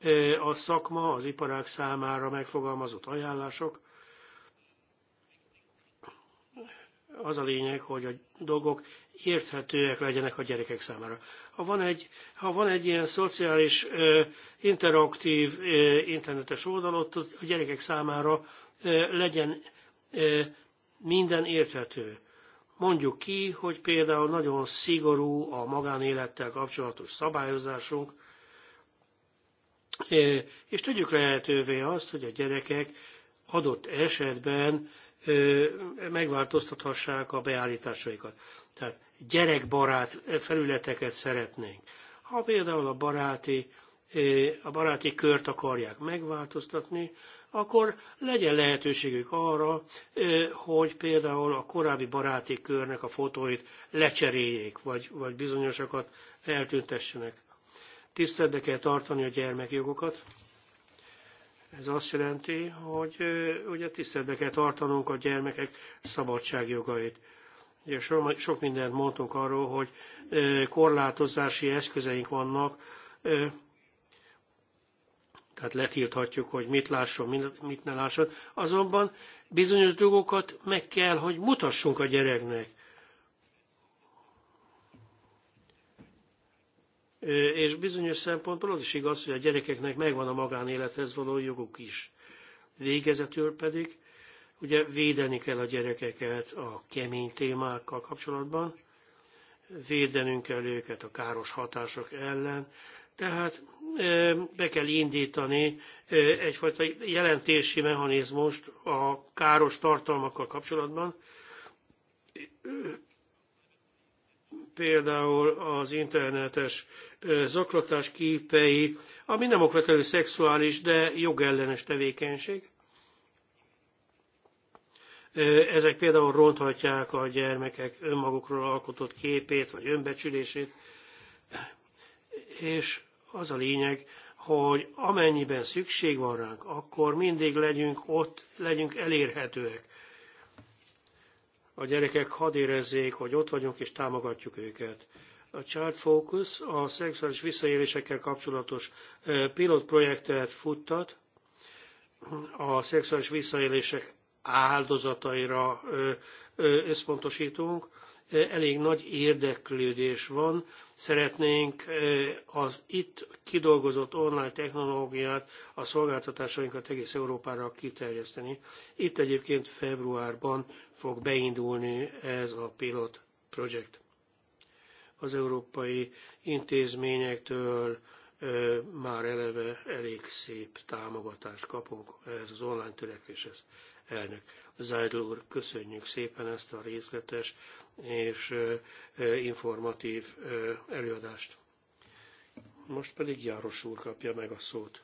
E, a szakma, az iparák számára megfogalmazott ajánlások. Az a lényeg, hogy a dolgok érthetőek legyenek a gyerekek számára. Ha van egy, ha van egy ilyen szociális, e, interaktív e, internetes oldal, ott a gyerekek számára legyen minden érthető. Mondjuk ki, hogy például nagyon szigorú a magánélettel kapcsolatos szabályozásunk, és tegyük lehetővé azt, hogy a gyerekek adott esetben megváltoztathassák a beállításaikat. Tehát gyerekbarát felületeket szeretnénk. Ha például a baráti, a baráti kört akarják megváltoztatni, akkor legyen lehetőségük arra, hogy például a korábbi baráti körnek a fotóit lecseréljék, vagy, vagy bizonyosakat eltüntessenek Tiszteletbe kell tartani a gyermekjogokat. Ez azt jelenti, hogy ugye tiszteletbe kell tartanunk a gyermekek szabadságjogait. Ugye sok mindent mondtunk arról, hogy korlátozási eszközeink vannak, tehát letilthatjuk, hogy mit lásson, mit ne lásson. Azonban bizonyos dolgokat meg kell, hogy mutassunk a gyereknek. és bizonyos szempontból az is igaz, hogy a gyerekeknek megvan a magánélethez való joguk is. Végezetül pedig ugye védeni kell a gyerekeket a kemény témákkal kapcsolatban, védenünk kell őket a káros hatások ellen, tehát be kell indítani egyfajta jelentési mechanizmust a káros tartalmakkal kapcsolatban. Például az internetes zaklatás képei, ami nem okvetelő szexuális, de jogellenes tevékenység. Ezek például ronthatják a gyermekek önmagukról alkotott képét, vagy önbecsülését, és az a lényeg, hogy amennyiben szükség van ránk, akkor mindig legyünk ott, legyünk elérhetőek. A gyerekek hadd érezzék, hogy ott vagyunk és támogatjuk őket a Child Focus a szexuális visszaélésekkel kapcsolatos pilotprojektet futtat, a szexuális visszaélések áldozataira összpontosítunk. Elég nagy érdeklődés van. Szeretnénk az itt kidolgozott online technológiát, a szolgáltatásainkat egész Európára kiterjeszteni. Itt egyébként februárban fog beindulni ez a pilot projekt az európai intézményektől már eleve elég szép támogatást kapunk ez az online törekvéshez. Elnök Zajdl úr, köszönjük szépen ezt a részletes és informatív előadást. Most pedig Járos úr kapja meg a szót.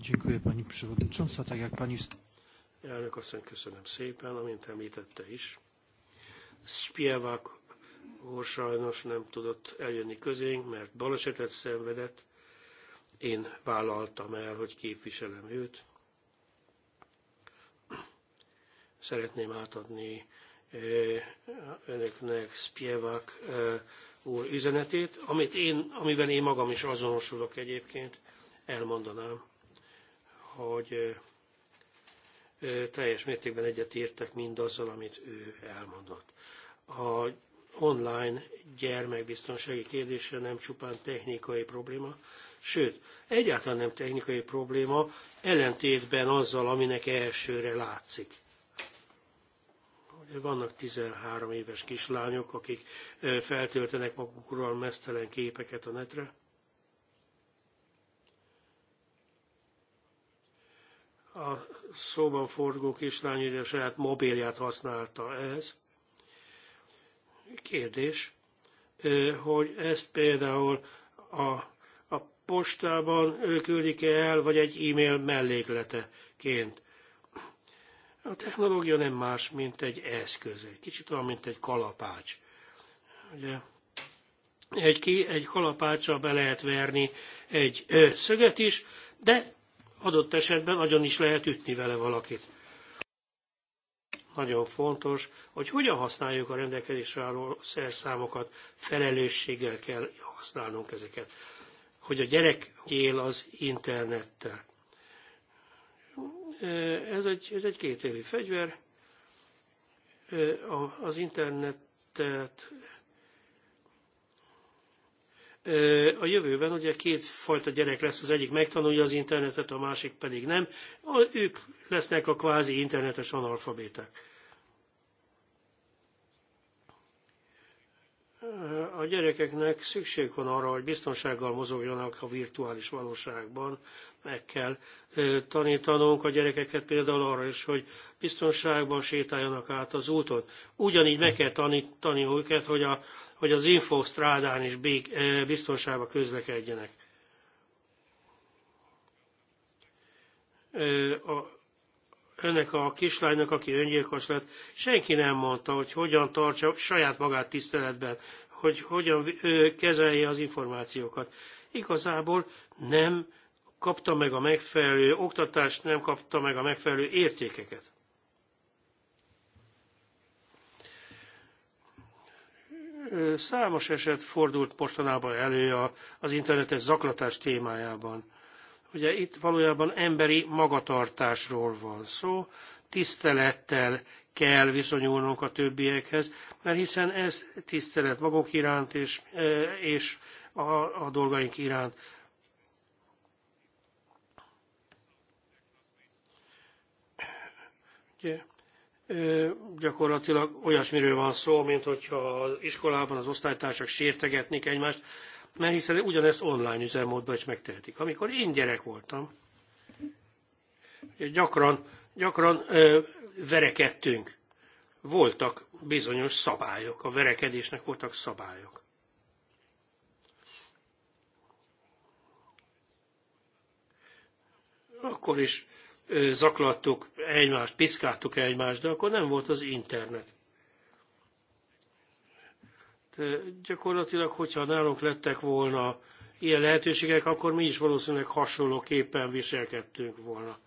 Dziękuję pani przewodnicząca, tak jak pani... Elnök asszony, köszönöm szépen, amint említette is Spjevák úr sajnos nem tudott eljönni közénk, mert balesetet szenvedett. Én vállaltam el, hogy képviselem őt. Szeretném átadni eh, önöknek Spjevák eh, úr üzenetét, amit én, amivel én magam is azonosulok egyébként, elmondanám, hogy eh, teljes mértékben egyetértek mindazzal, amit ő elmondott. A online gyermekbiztonsági kérdése nem csupán technikai probléma, sőt, egyáltalán nem technikai probléma, ellentétben azzal, aminek elsőre látszik. Vannak 13 éves kislányok, akik feltöltenek magukról mesztelen képeket a netre. A szóban forgó kislány, hogy a saját mobilját használta ez. Kérdés, hogy ezt például a, a postában küldik -e el, vagy egy e-mail mellékleteként. A technológia nem más, mint egy eszköz, kicsit olyan, mint egy kalapács. Ugye? Egy, ki, egy kalapáccsal be lehet verni egy ö, szöget is, de adott esetben nagyon is lehet ütni vele valakit. Nagyon fontos, hogy hogyan használjuk a rendelkezésre álló szerszámokat, felelősséggel kell használnunk ezeket. Hogy a gyerek él az internettel. Ez egy, ez egy két évi fegyver. Az internetet a jövőben ugye két fajta gyerek lesz, az egyik megtanulja az internetet, a másik pedig nem. Ők lesznek a kvázi internetes analfabéták. A gyerekeknek szükség van arra, hogy biztonsággal mozogjanak a virtuális valóságban. Meg kell tanítanunk a gyerekeket például arra is, hogy biztonságban sétáljanak át az úton. Ugyanígy meg kell tanítani őket, hogy a, hogy az infostrádán is biztonságban közlekedjenek. A, önnek a kislánynak, aki öngyilkos lett, senki nem mondta, hogy hogyan tartsa saját magát tiszteletben, hogy hogyan kezelje az információkat. Igazából nem kapta meg a megfelelő oktatást, nem kapta meg a megfelelő értékeket. számos eset fordult mostanában elő az internetes zaklatás témájában. Ugye itt valójában emberi magatartásról van szó, tisztelettel kell viszonyulnunk a többiekhez, mert hiszen ez tisztelet magunk iránt és, és a, a dolgaink iránt. Ugye, gyakorlatilag olyasmiről van szó, mint hogyha az iskolában az osztálytársak sértegetnék egymást, mert hiszen ugyanezt online üzemmódban is megtehetik. Amikor én gyerek voltam, gyakran, gyakran ö, verekedtünk. Voltak bizonyos szabályok, a verekedésnek voltak szabályok. Akkor is zaklattuk egymást, piszkáltuk egymást, de akkor nem volt az internet. De gyakorlatilag, hogyha nálunk lettek volna ilyen lehetőségek, akkor mi is valószínűleg hasonlóképpen viselkedtünk volna.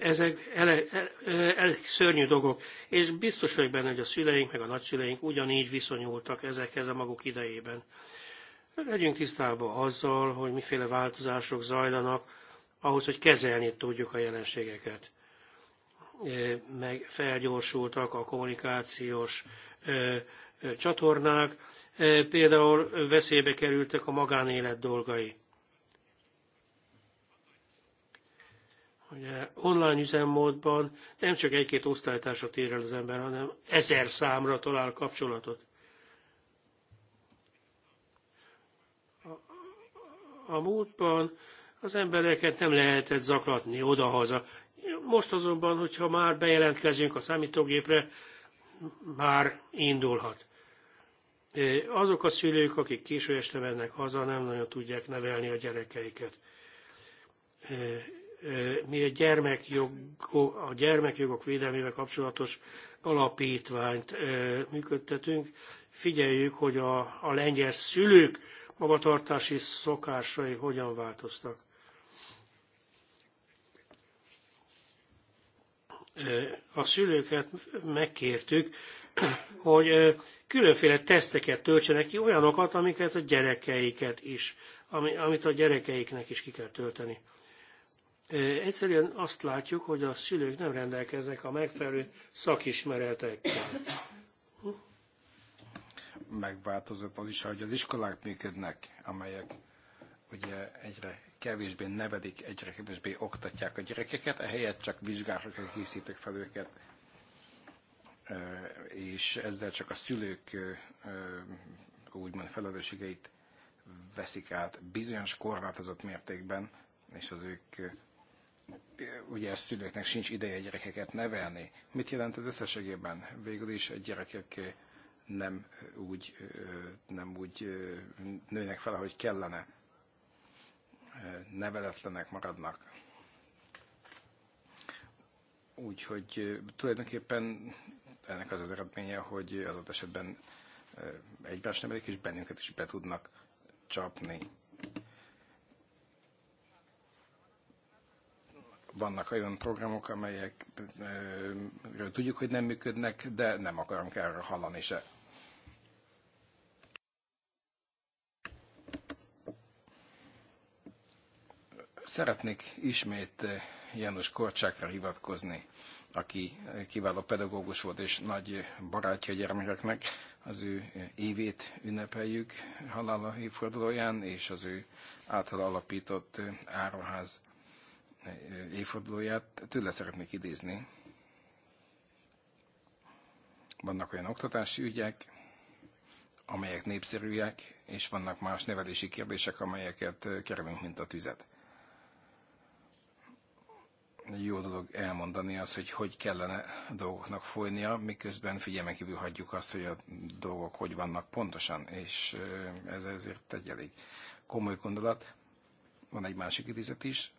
Ezek e, e, elég ele, ele, szörnyű dolgok, és biztos vagyok benne, hogy a szüleink meg a nagyszüleink ugyanígy viszonyultak ezekhez a maguk idejében. Hát legyünk tisztában azzal, hogy miféle változások zajlanak, ahhoz, hogy kezelni tudjuk a jelenségeket. E, meg felgyorsultak a kommunikációs e, e, csatornák, például veszélybe kerültek a magánélet dolgai. Ugye online üzemmódban nem csak egy-két osztálytársat ér el az ember, hanem ezer számra talál kapcsolatot. A múltban az embereket nem lehetett zaklatni odahaza. Most azonban, hogyha már bejelentkezünk a számítógépre, már indulhat. Azok a szülők, akik késő este mennek haza, nem nagyon tudják nevelni a gyerekeiket. Mi a, gyermekjog, a gyermekjogok védelmével kapcsolatos alapítványt működtetünk. Figyeljük, hogy a, a lengyel szülők magatartási szokásai hogyan változtak. A szülőket megkértük, hogy különféle teszteket töltsenek ki, olyanokat, amiket a gyerekeiket is, amit a gyerekeiknek is ki kell tölteni. Egyszerűen azt látjuk, hogy a szülők nem rendelkeznek a megfelelő szakismeretekkel megváltozott az is, hogy az iskolák működnek, amelyek ugye egyre kevésbé nevedik, egyre kevésbé oktatják a gyerekeket, ehelyett csak vizsgálatokat készítik fel őket, és ezzel csak a szülők úgymond felelősségeit veszik át bizonyos korlátozott mértékben, és az ők ugye a szülőknek sincs ideje gyerekeket nevelni. Mit jelent ez összességében? Végül is a gyerekek nem úgy, nem úgy nőnek fel, ahogy kellene. Neveletlenek maradnak. Úgyhogy tulajdonképpen ennek az az eredménye, hogy adott esetben egymás nevelik, és bennünket is be tudnak csapni. vannak olyan programok, amelyekről tudjuk, hogy nem működnek, de nem akarunk erről hallani se. Szeretnék ismét János Korcsákra hivatkozni, aki kiváló pedagógus volt és nagy barátja a gyermekeknek. Az ő évét ünnepeljük halála évfordulóján, és az ő által alapított áruház Eh, évfordulóját, tőle szeretnék idézni. Vannak olyan oktatási ügyek, amelyek népszerűek, és vannak más nevelési kérdések, amelyeket eh, kerülünk, mint a tüzet. Jó dolog elmondani az, hogy hogy kellene dolgoknak folynia, miközben figyelmen kívül hagyjuk azt, hogy a dolgok hogy vannak pontosan, és eh, ez ezért egy elég komoly gondolat. Van egy másik idézet is,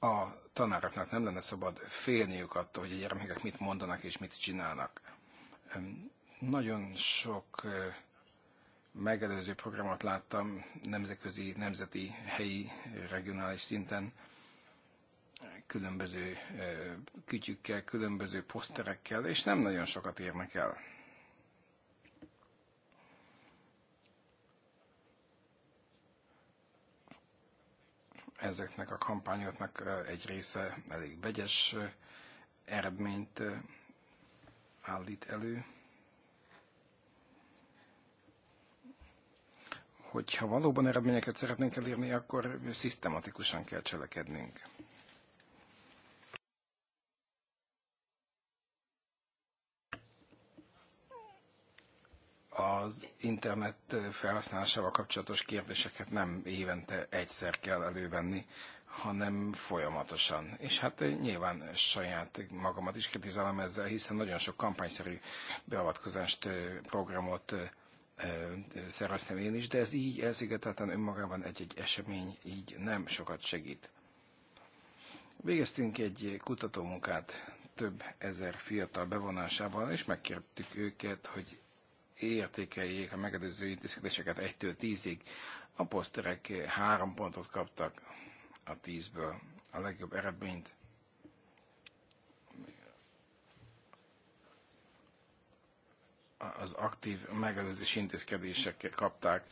a tanároknak nem lenne szabad félniük attól, hogy a gyermekek mit mondanak és mit csinálnak. Nagyon sok megelőző programot láttam nemzetközi, nemzeti, helyi, regionális szinten, különböző kütyükkel, különböző poszterekkel, és nem nagyon sokat érnek el. ezeknek a kampányoknak egy része elég vegyes eredményt állít elő. Hogyha valóban eredményeket szeretnénk elérni, akkor szisztematikusan kell cselekednünk. az internet felhasználásával kapcsolatos kérdéseket nem évente egyszer kell elővenni, hanem folyamatosan. És hát nyilván saját magamat is kritizálom ezzel, hiszen nagyon sok kampányszerű beavatkozást, programot szerveztem én is, de ez így elszigetelten önmagában egy-egy esemény így nem sokat segít. Végeztünk egy kutatómunkát több ezer fiatal bevonásával, és megkértük őket, hogy értékeljék a megelőző intézkedéseket 1-től 10-ig. A poszterek 3 pontot kaptak a 10-ből, a legjobb eredményt. az aktív megelőzés intézkedések kapták,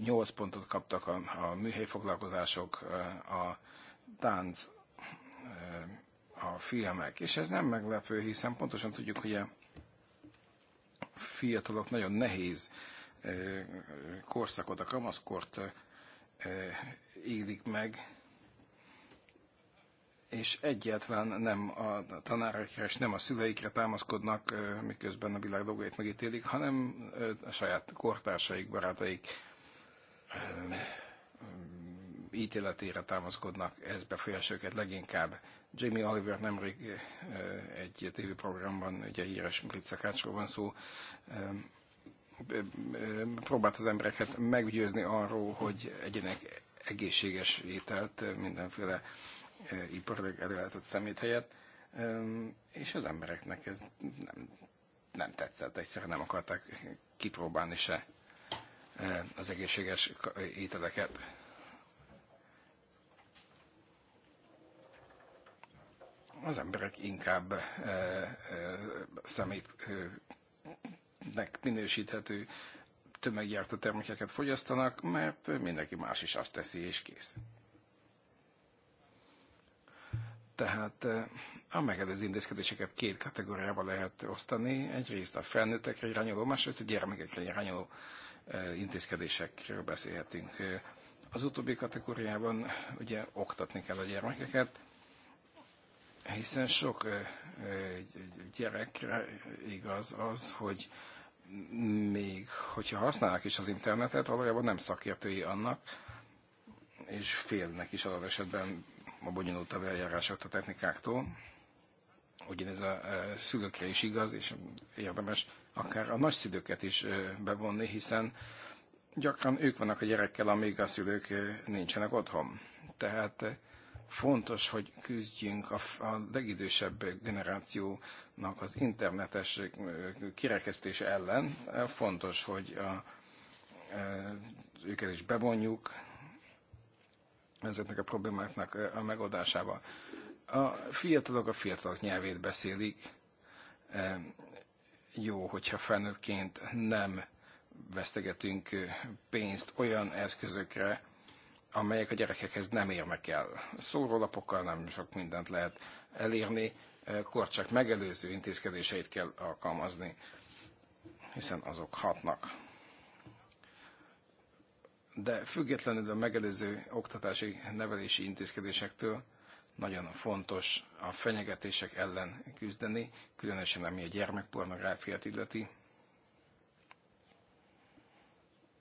8 pontot kaptak a, a műhelyfoglalkozások, a tánc, a filmek. És ez nem meglepő, hiszen pontosan tudjuk, hogy a fiatalok nagyon nehéz korszakot, a kamaszkort élik meg, és egyáltalán nem a tanárokra és nem a szüleikre támaszkodnak, miközben a világ dolgait megítélik, hanem a saját kortársaik, barátaik ítéletére támaszkodnak, ez befolyásolja őket leginkább. Jamie Oliver nemrég eh, egy tévéprogramban, ugye híres brit szakácsról van szó, próbált az embereket meggyőzni arról, hogy egyenek egészséges ételt, mindenféle eh, iparilag előállított szemét helyett, és az embereknek ez nem, nem tetszett, egyszerűen nem akarták kipróbálni se eh, az egészséges ételeket. az emberek inkább eh, eh, szemétnek minősíthető tömeggyártó termékeket fogyasztanak, mert mindenki más is azt teszi, és kész. Tehát eh, a megelőző intézkedéseket két kategóriába lehet osztani. Egyrészt a felnőttekre irányuló, másrészt a gyermekekre irányuló intézkedésekről beszélhetünk. Az utóbbi kategóriában ugye oktatni kell a gyermekeket, hiszen sok gyerekre igaz az, hogy még hogyha használnak is az internetet, valójában nem szakértői annak, és félnek is az esetben a bonyolultabb eljárásoktól, a technikáktól. Ugyanez a szülőkre is igaz, és érdemes akár a nagyszülőket is bevonni, hiszen gyakran ők vannak a gyerekkel, amíg a szülők nincsenek otthon. Tehát Fontos, hogy küzdjünk a, a legidősebb generációnak az internetes kirekesztése ellen. Fontos, hogy a, őket is bevonjuk ezeknek a problémáknak a megoldásába. A fiatalok a fiatalok nyelvét beszélik. Jó, hogyha felnőttként nem vesztegetünk pénzt olyan eszközökre, amelyek a gyerekekhez nem érnek el. Szórólapokkal nem sok mindent lehet elérni, eh, korcsak megelőző intézkedéseit kell alkalmazni, hiszen azok hatnak. De függetlenül a megelőző oktatási nevelési intézkedésektől nagyon fontos a fenyegetések ellen küzdeni, különösen ami a gyermekpornográfiát illeti.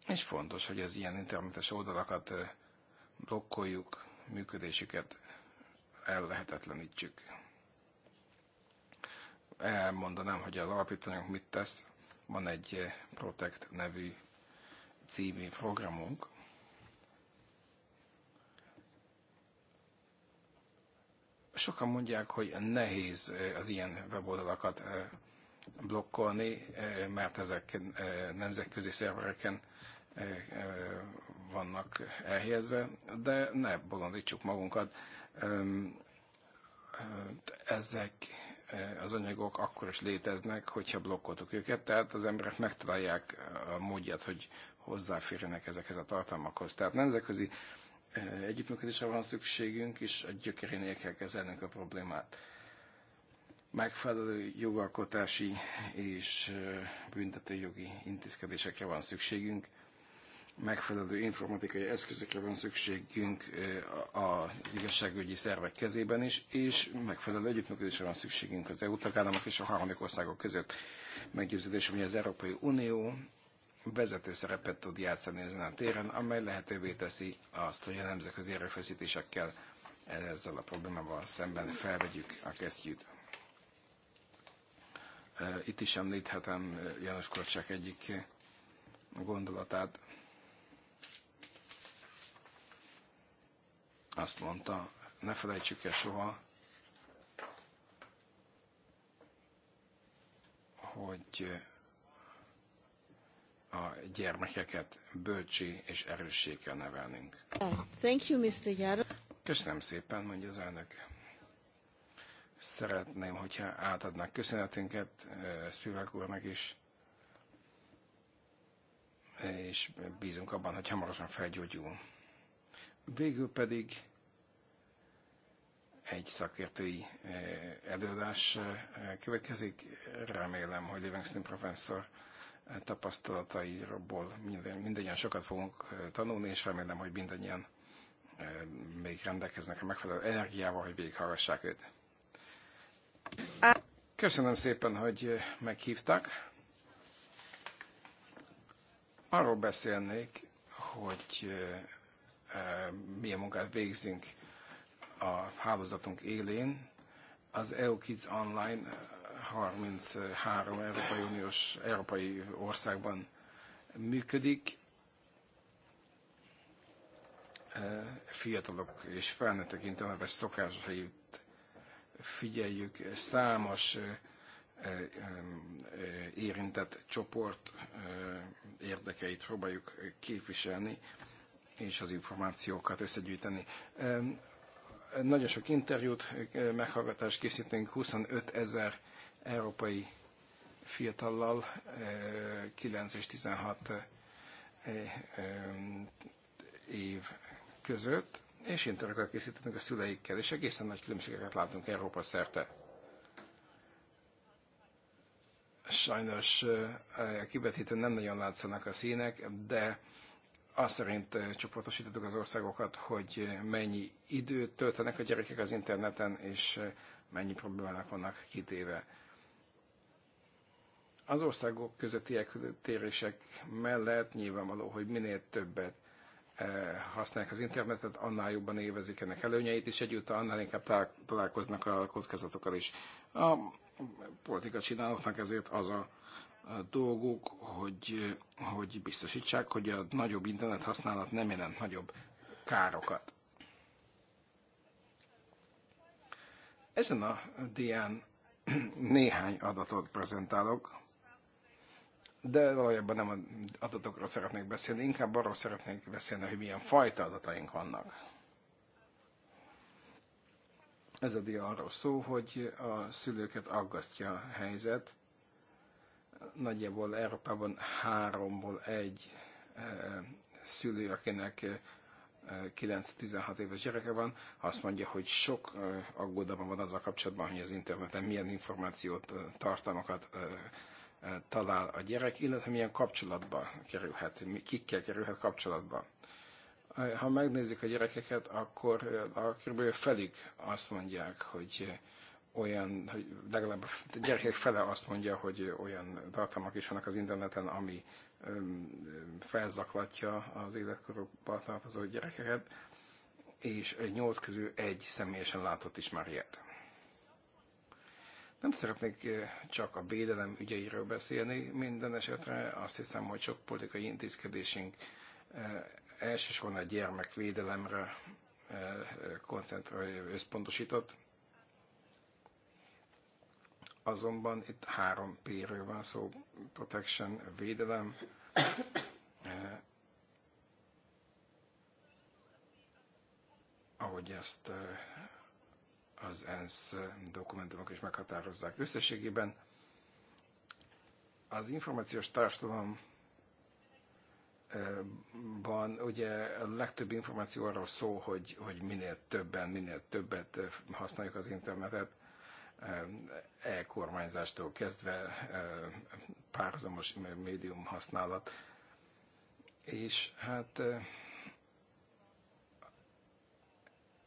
És fontos, hogy az ilyen internetes oldalakat eh, blokkoljuk, működésüket ellehetetlenítsük. Elmondanám, hogy az alapítványunk mit tesz. Van egy eh, Protect nevű című programunk, sokan mondják, hogy nehéz eh, az ilyen weboldalakat eh, blokkolni, mert ezek nemzetközi szervereken vannak elhelyezve, de ne bolondítsuk magunkat. Ezek az anyagok akkor is léteznek, hogyha blokkoltuk őket, tehát az emberek megtalálják a módját, hogy hozzáférjenek ezekhez a tartalmakhoz. Tehát nemzetközi együttműködésre van szükségünk, és a gyökerénél kell kezelnünk a problémát. Megfelelő jogalkotási és büntetőjogi intézkedésekre van szükségünk, megfelelő informatikai eszközökre van szükségünk eh, a igazságügyi szervek kezében is, és megfelelő együttműködésre van szükségünk az EU tagállamok és a harmadik országok között. Meggyőződésem, hogy az Európai Unió vezető szerepet tud játszani ezen a téren, amely lehetővé teszi azt, hogy a nemzetközi erőfeszítésekkel ezzel a problémával szemben felvegyük a kesztyűt. Eh, itt is említhetem eh, János Korcsák egyik gondolatát, azt mondta, ne felejtsük el soha, hogy a gyermekeket bölcsi és erősséggel nevelnünk. Thank you, Mr. Jaro. Köszönöm szépen, mondja az elnök. Szeretném, hogyha átadnák köszönetünket eh, Spivak úrnak is, és bízunk abban, hogy hamarosan felgyógyul. Végül pedig egy szakértői eh, előadás eh, következik. Remélem, hogy Livingston professzor eh, tapasztalatairól mindannyian sokat fogunk tanulni, és remélem, hogy mindannyian még rendelkeznek a megfelelő energiával, hogy végighallgassák őt. Köszönöm szépen, hogy meghívtak. Arról beszélnék, hogy Eh, milyen munkát végzünk a hálózatunk élén. Az EU Kids Online 33 eh, Európai Uniós, Európai országban működik. Eh, fiatalok és felnőttek internetes szokásait figyeljük. Számos érintett csoport érdekeit próbáljuk képviselni és az információkat összegyűjteni. Nagyon sok interjút, e, meghallgatást készítünk 25 ezer európai fiatallal, 9 e, és 16 e, év között, és interjúkat készítettünk a szüleikkel, és egészen nagy különbségeket látunk Európa szerte. Sajnos a kivetítőn nem nagyon látszanak a színek, de azt szerint eh, csoportosítottuk az országokat, hogy eh, mennyi időt töltenek a gyerekek az interneten, és eh, mennyi problémának vannak kitéve. Az országok közötti eltérések mellett nyilvánvaló, hogy minél többet használják az internetet, annál jobban élvezik ennek előnyeit, és egyúttal annál inkább találkoznak a kockázatokkal is. A politika csinálóknak ezért az a dolguk, hogy, hogy biztosítsák, hogy a nagyobb internet használat nem jelent nagyobb károkat. Ezen a dián néhány adatot prezentálok, de valójában nem az adatokról szeretnék beszélni, inkább arról szeretnék beszélni, hogy milyen fajta adataink vannak. Ez a dia arról szó, hogy a szülőket aggasztja a helyzet, nagyjából Európában háromból egy eh, szülő, akinek 9-16 eh, éves gyereke van, azt mondja, hogy sok eh, aggódalma van azzal kapcsolatban, hogy az interneten milyen információt, tartalmakat talál a gyerek, illetve milyen kapcsolatba kerülhet, kikkel kerülhet kapcsolatba. Ha megnézzük a gyerekeket, akkor a kb. felig azt mondják, hogy olyan, hogy legalább a gyerekek fele azt mondja, hogy olyan tartalmak is vannak az interneten, ami felzaklatja az életkorokba tartozó gyerekeket, és nyolc közül egy személyesen látott is már ilyet. Nem szeretnék csak a védelem ügyeiről beszélni, minden esetre azt hiszem, hogy sok politikai intézkedésünk elsősorban a gyermekvédelemre koncentrálja, összpontosított, azonban itt három P-ről van szó, protection, védelem, eh, ahogy ezt eh, az ENSZ dokumentumok is meghatározzák. Összességében az információs társadalom eh, ban ugye a legtöbb információ arról szól, hogy, hogy minél többen, minél többet használjuk az internetet, e-kormányzástól kezdve e, párhuzamos médium használat. És hát e,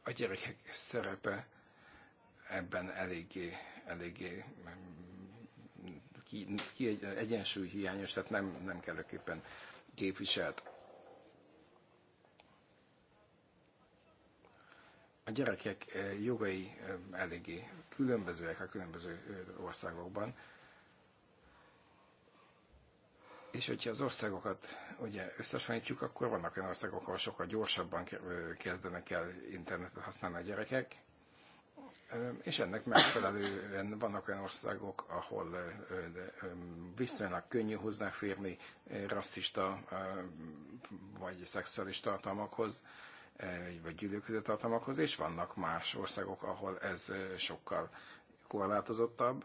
a gyerekek szerepe ebben eléggé, eléggé ki, ki egy, hiányos, tehát nem, nem kellőképpen képviselt. A gyerekek eh, jogai eh, eléggé különbözőek a különböző eh, országokban, és hogyha az országokat ugye összehasonlítjuk, akkor vannak olyan országok, ahol sokkal gyorsabban kezdenek el internetet használni a gyerekek, ehm, és ennek megfelelően vannak olyan országok, ahol ehm, viszonylag könnyű hozzáférni rasszista ehm, vagy szexuális tartalmakhoz, E, vagy gyűlölködő tartalmakhoz, és vannak más országok, ahol ez e, sokkal korlátozottabb.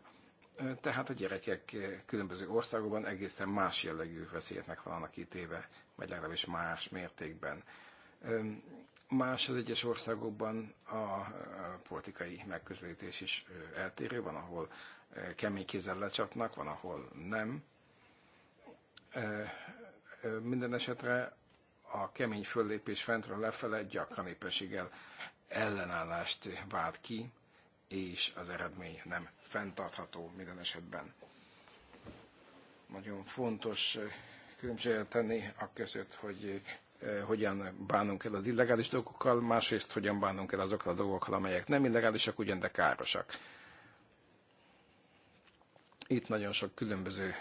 E, tehát a gyerekek különböző országokban egészen más jellegű veszélyeknek vannak kitéve, vagy legalábbis más mértékben. Más az egyes országokban a politikai megközelítés is eltérő, van, ahol kemény kézzel lecsapnak, van, ahol nem. Minden esetre a kemény föllépés fentről lefele gyakran éppenséggel ellenállást vált ki, és az eredmény nem fenntartható minden esetben. Nagyon fontos különbséget tenni a között, hogy hogyan bánunk el az illegális dolgokkal, másrészt hogyan bánunk el azokkal a dolgokkal, amelyek nem illegálisak, ugyan de károsak. Itt nagyon sok különböző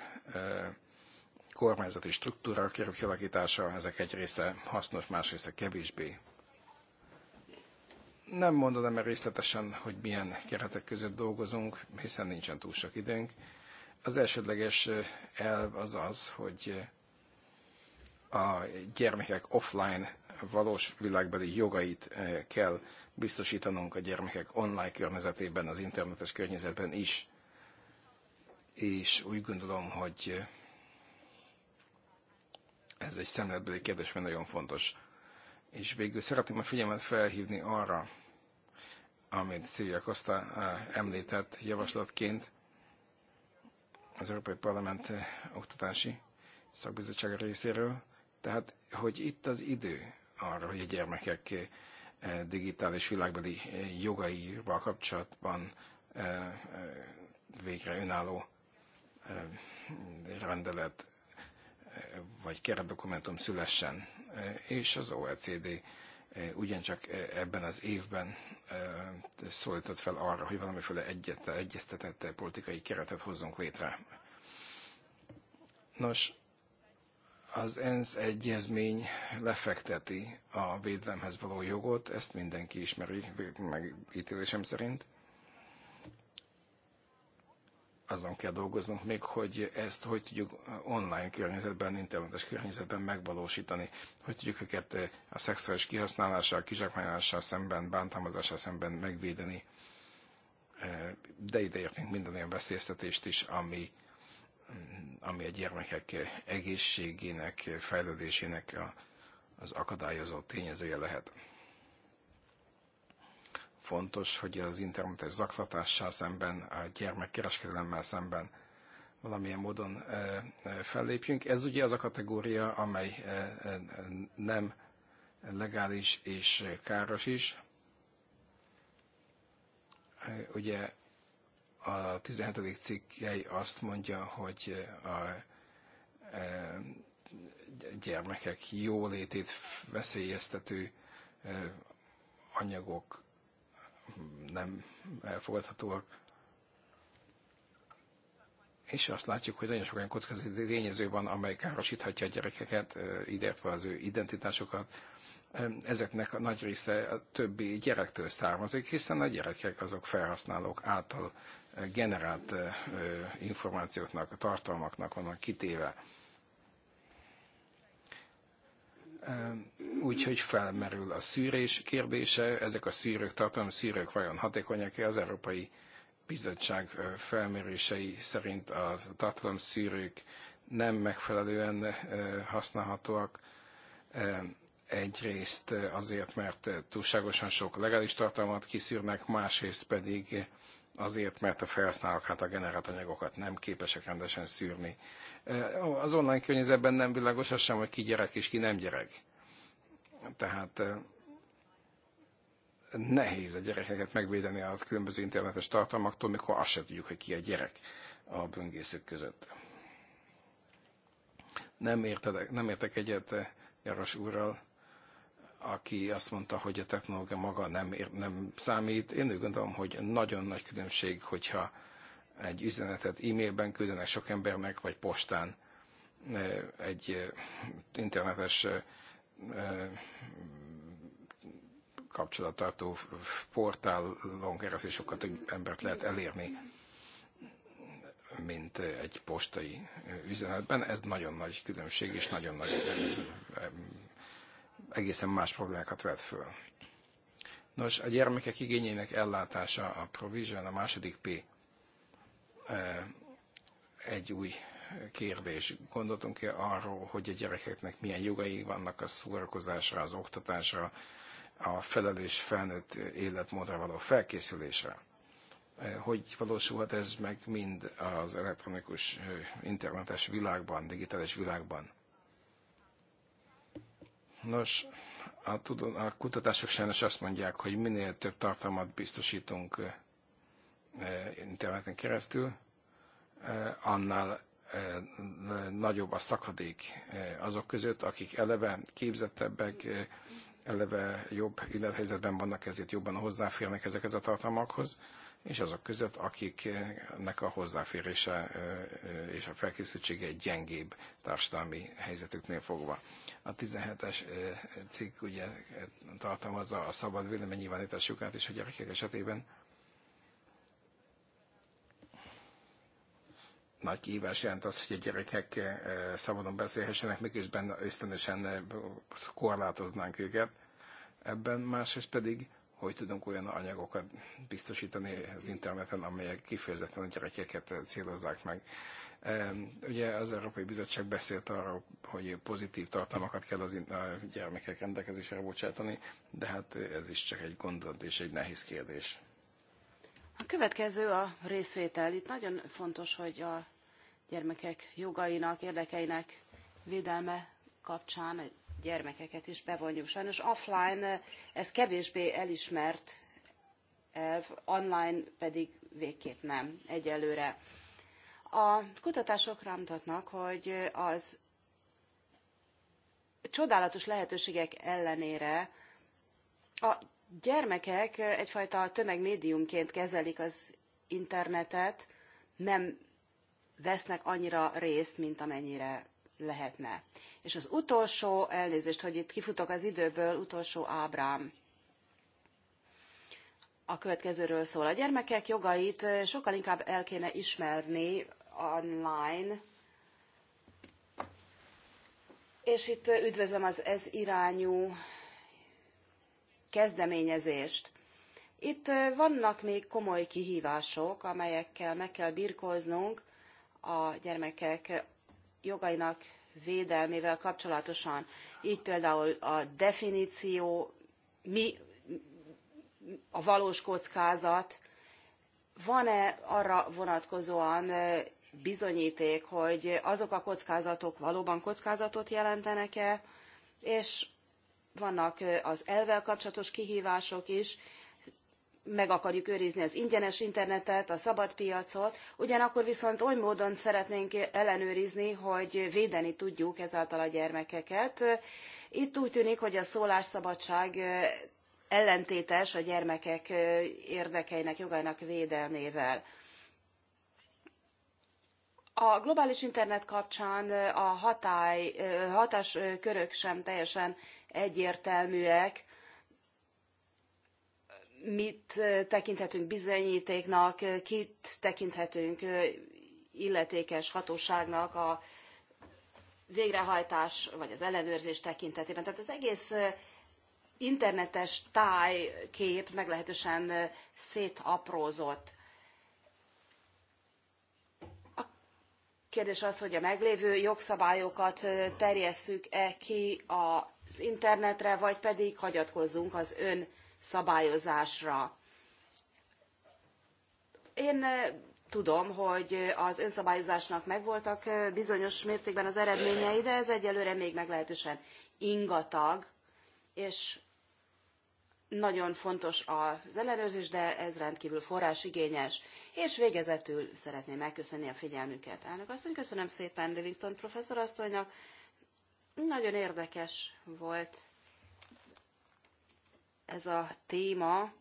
kormányzati struktúra kerül kialakítása, ezek egy része hasznos, más része kevésbé. Nem mondanám el részletesen, hogy milyen keretek között dolgozunk, hiszen nincsen túl sok időnk. Az elsődleges eh, elv az az, hogy eh, a gyermekek offline valós világbeli jogait eh, kell biztosítanunk a gyermekek online környezetében, az internetes környezetben is. És úgy gondolom, hogy ez egy szemletbeli kérdés, mert nagyon fontos. És végül szeretném a figyelmet felhívni arra, amit Szilvia Costa eh, említett javaslatként az Európai Parlament eh, oktatási szakbizottság részéről. Tehát, hogy itt az idő arra, hogy a gyermekek eh, digitális világbeli jogaival kapcsolatban végre önálló rendelet vagy keretdokumentum szülessen, e, és az OECD e, ugyancsak e, ebben az évben szólított fel arra, hogy valamiféle egyet, egyeztetett politikai keretet hozzunk létre. Nos, az ENSZ egyezmény lefekteti a védelemhez való jogot, ezt mindenki ismeri megítélésem szerint azon kell dolgoznunk még, hogy ezt hogy tudjuk online környezetben, internetes környezetben megvalósítani, hogy tudjuk őket a szexuális kihasználással, kizsákmányolással szemben, bántalmazással szemben megvédeni. De ide értünk minden olyan veszélyeztetést is, ami, ami a gyermekek egészségének, fejlődésének az akadályozó tényezője lehet. Fontos, hogy az internetes zaklatással szemben, a gyermekkereskedelemmel szemben valamilyen módon e, e, fellépjünk. Ez ugye az a kategória, amely e, nem legális és káros is. Ugye a 17. cikkei azt mondja, hogy a gyermekek jólétét veszélyeztető anyagok nem elfogadhatóak. És azt látjuk, hogy nagyon sok olyan kockázati tényező van, amely károsíthatja a gyerekeket, ideértve az ő identitásokat. Ezeknek a nagy része a többi gyerektől származik, hiszen a gyerekek azok felhasználók által generált információknak, tartalmaknak vannak kitéve úgyhogy felmerül a szűrés kérdése, ezek a szűrők, tartalmi szűrők vajon hatékonyak-e az Európai Bizottság felmérései szerint a tartalom szűrők nem megfelelően használhatóak. Egyrészt azért, mert túlságosan sok legális tartalmat kiszűrnek, másrészt pedig azért, mert a felhasználók hát a generált anyagokat nem képesek rendesen szűrni. Az online környezetben nem világos az sem, hogy ki gyerek és ki nem gyerek. Tehát nehéz a gyerekeket megvédeni a különböző internetes tartalmaktól, mikor azt sem tudjuk, hogy ki a gyerek a böngészők között. Nem, értedek, nem értek egyet Jaros úrral, aki azt mondta, hogy a technológia maga nem, ér, nem számít. Én úgy gondolom, hogy nagyon nagy különbség, hogyha egy üzenetet e-mailben küldenek sok embernek, vagy postán egy internetes kapcsolattartó portálon keresztül sokkal több embert lehet elérni, mint egy postai üzenetben. Ez nagyon nagy különbség, és nagyon nagy, egészen más problémákat vet föl. Nos, a gyermekek igényének ellátása a provision, a második P Eh, egy új kérdés. Gondoltunk-e arról, hogy a gyerekeknek milyen jogai vannak a szórakozásra, az oktatásra, a felelős felnőtt életmódra való felkészülésre? Eh, hogy valósulhat ez meg mind az elektronikus, eh, internetes világban, digitális világban? Nos, a, a kutatások sajnos azt mondják, hogy minél több tartalmat biztosítunk interneten keresztül, annál nagyobb a szakadék azok között, akik eleve képzettebbek, eleve jobb élethelyzetben vannak, ezért jobban hozzáférnek ezekhez a tartalmakhoz, és azok között, akiknek a hozzáférése és a felkészültsége egy gyengébb társadalmi helyzetüknél fogva. A 17-es cikk ugye tartalmazza a szabad véleménynyilvánítás jogát is a gyerekek esetében, nagy kihívás jelent az, hogy a gyerekek eh, szabadon beszélhessenek, miközben ösztönösen eh, korlátoznánk őket. Ebben másrészt pedig, hogy tudunk olyan anyagokat biztosítani az interneten, amelyek kifejezetten a gyerekeket eh, célozzák meg. Ugye az Európai Bizottság beszélt arról, hogy pozitív tartalmakat kell az a gyermekek rendelkezésre bocsátani, de hát ez is csak egy gondolat és egy nehéz kérdés. A következő a részvétel. Itt nagyon fontos, hogy a gyermekek jogainak, érdekeinek védelme kapcsán a gyermekeket is bevonjuk. Sajnos offline eh, ez kevésbé elismert elv, online pedig végképp nem egyelőre. A kutatások rámutatnak, hogy az csodálatos lehetőségek ellenére a gyermekek egyfajta tömegmédiumként kezelik az internetet, nem vesznek annyira részt, mint amennyire lehetne. És az utolsó, elnézést, hogy itt kifutok az időből, utolsó Ábrám a következőről szól. A gyermekek jogait sokkal inkább el kéne ismerni online, és itt üdvözlöm az ez irányú kezdeményezést. Itt vannak még komoly kihívások, amelyekkel meg kell birkóznunk a gyermekek jogainak védelmével kapcsolatosan. Így például a definíció, mi a valós kockázat, van-e arra vonatkozóan bizonyíték, hogy azok a kockázatok valóban kockázatot jelentenek-e, és vannak az elvvel kapcsolatos kihívások is, meg akarjuk őrizni az ingyenes internetet, a szabad piacot, ugyanakkor viszont oly módon szeretnénk ellenőrizni, hogy védeni tudjuk ezáltal a gyermekeket. Itt úgy tűnik, hogy a szólásszabadság ellentétes a gyermekek érdekeinek, jogainak védelmével. A globális internet kapcsán a hatály, hatáskörök sem teljesen egyértelműek, mit tekinthetünk bizonyítéknak, kit tekinthetünk illetékes hatóságnak a végrehajtás vagy az ellenőrzés tekintetében. Tehát az egész internetes tájkép meglehetősen szétaprózott. Kérdés az, hogy a meglévő jogszabályokat terjesszük-e ki az internetre, vagy pedig hagyatkozzunk az ön szabályozásra. Én tudom, hogy az önszabályozásnak megvoltak bizonyos mértékben az eredményei, de ez egyelőre még meglehetősen ingatag, és nagyon fontos az ellenőrzés, de ez rendkívül forrásigényes és végezetül szeretném megköszönni a figyelmüket. Elnök asszony, köszönöm szépen Livingston professzor asszonynak. Nagyon érdekes volt ez a téma,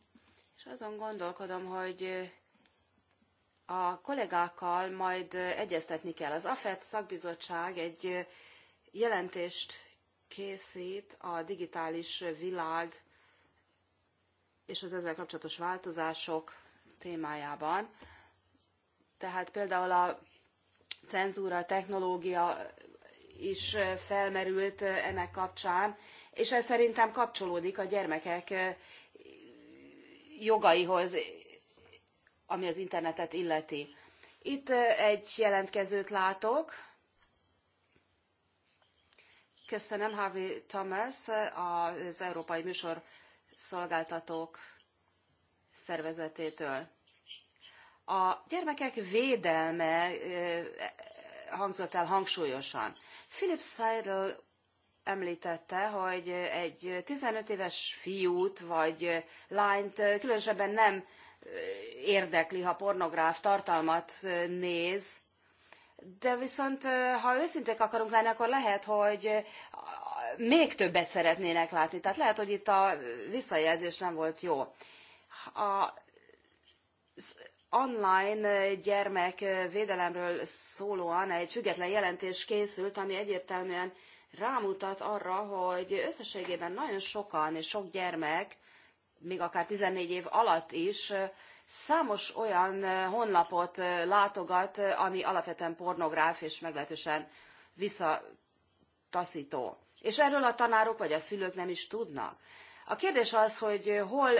és azon gondolkodom, hogy a kollégákkal majd egyeztetni kell. Az AFET szakbizottság egy jelentést készít a digitális világ és az ezzel kapcsolatos változások témájában. Tehát például a cenzúra, technológia is felmerült ennek kapcsán, és ez szerintem kapcsolódik a gyermekek jogaihoz, ami az internetet illeti. Itt egy jelentkezőt látok. Köszönöm, Harvey Thomas, az Európai Műsor Szolgáltatók szervezetétől. A gyermekek védelme hangzott el hangsúlyosan. Philip Seidel említette, hogy egy 15 éves fiút vagy lányt különösebben nem érdekli, ha pornográf tartalmat néz, de viszont, ha őszinték akarunk lenni, akkor lehet, hogy még többet szeretnének látni. Tehát lehet, hogy itt a visszajelzés nem volt jó az online gyermekvédelemről szólóan egy független jelentés készült, ami egyértelműen rámutat arra, hogy összességében nagyon sokan és sok gyermek, még akár 14 év alatt is, számos olyan honlapot látogat, ami alapvetően pornográf és meglehetősen visszatasztó És erről a tanárok vagy a szülők nem is tudnak. A kérdés az, hogy hol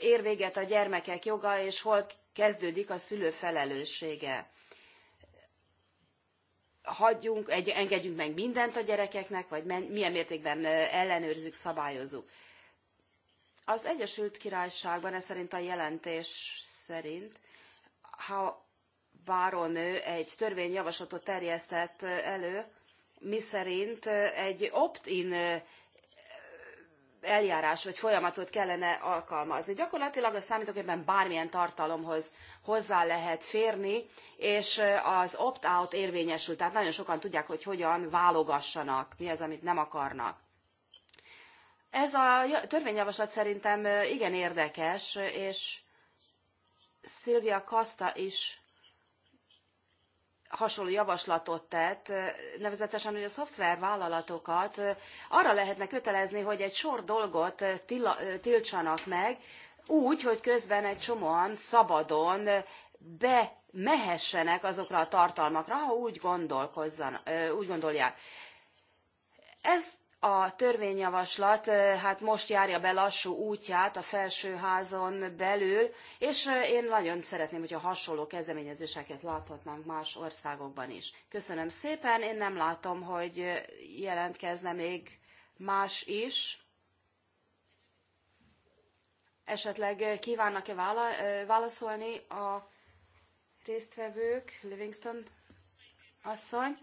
ér véget a gyermekek joga, és hol kezdődik a szülő felelőssége. Hagyjunk, engedjünk meg mindent a gyerekeknek, vagy milyen mértékben ellenőrizzük, szabályozunk. Az Egyesült Királyságban, ez szerint a jelentés szerint, ha báronő egy törvényjavaslatot terjesztett elő, miszerint egy opt-in eljárás vagy folyamatot kellene alkalmazni. Gyakorlatilag a számítógépen bármilyen tartalomhoz hozzá lehet férni, és az opt-out érvényesül, tehát nagyon sokan tudják, hogy hogyan válogassanak, mi az, amit nem akarnak. Ez a törvényjavaslat szerintem igen érdekes, és Szilvia Kasta is hasonló javaslatot tett, nevezetesen, hogy a szoftvervállalatokat arra lehetne kötelezni, hogy egy sor dolgot tiltsanak meg, úgy, hogy közben egy csomóan szabadon bemehessenek azokra a tartalmakra, ha úgy, úgy gondolják. Ez a törvényjavaslat hát most járja be lassú útját a felsőházon belül, és én nagyon szeretném, hogyha hasonló kezdeményezéseket láthatnánk más országokban is. Köszönöm szépen, én nem látom, hogy jelentkezne még más is. Esetleg kívánnak-e válaszolni a résztvevők, Livingston asszony?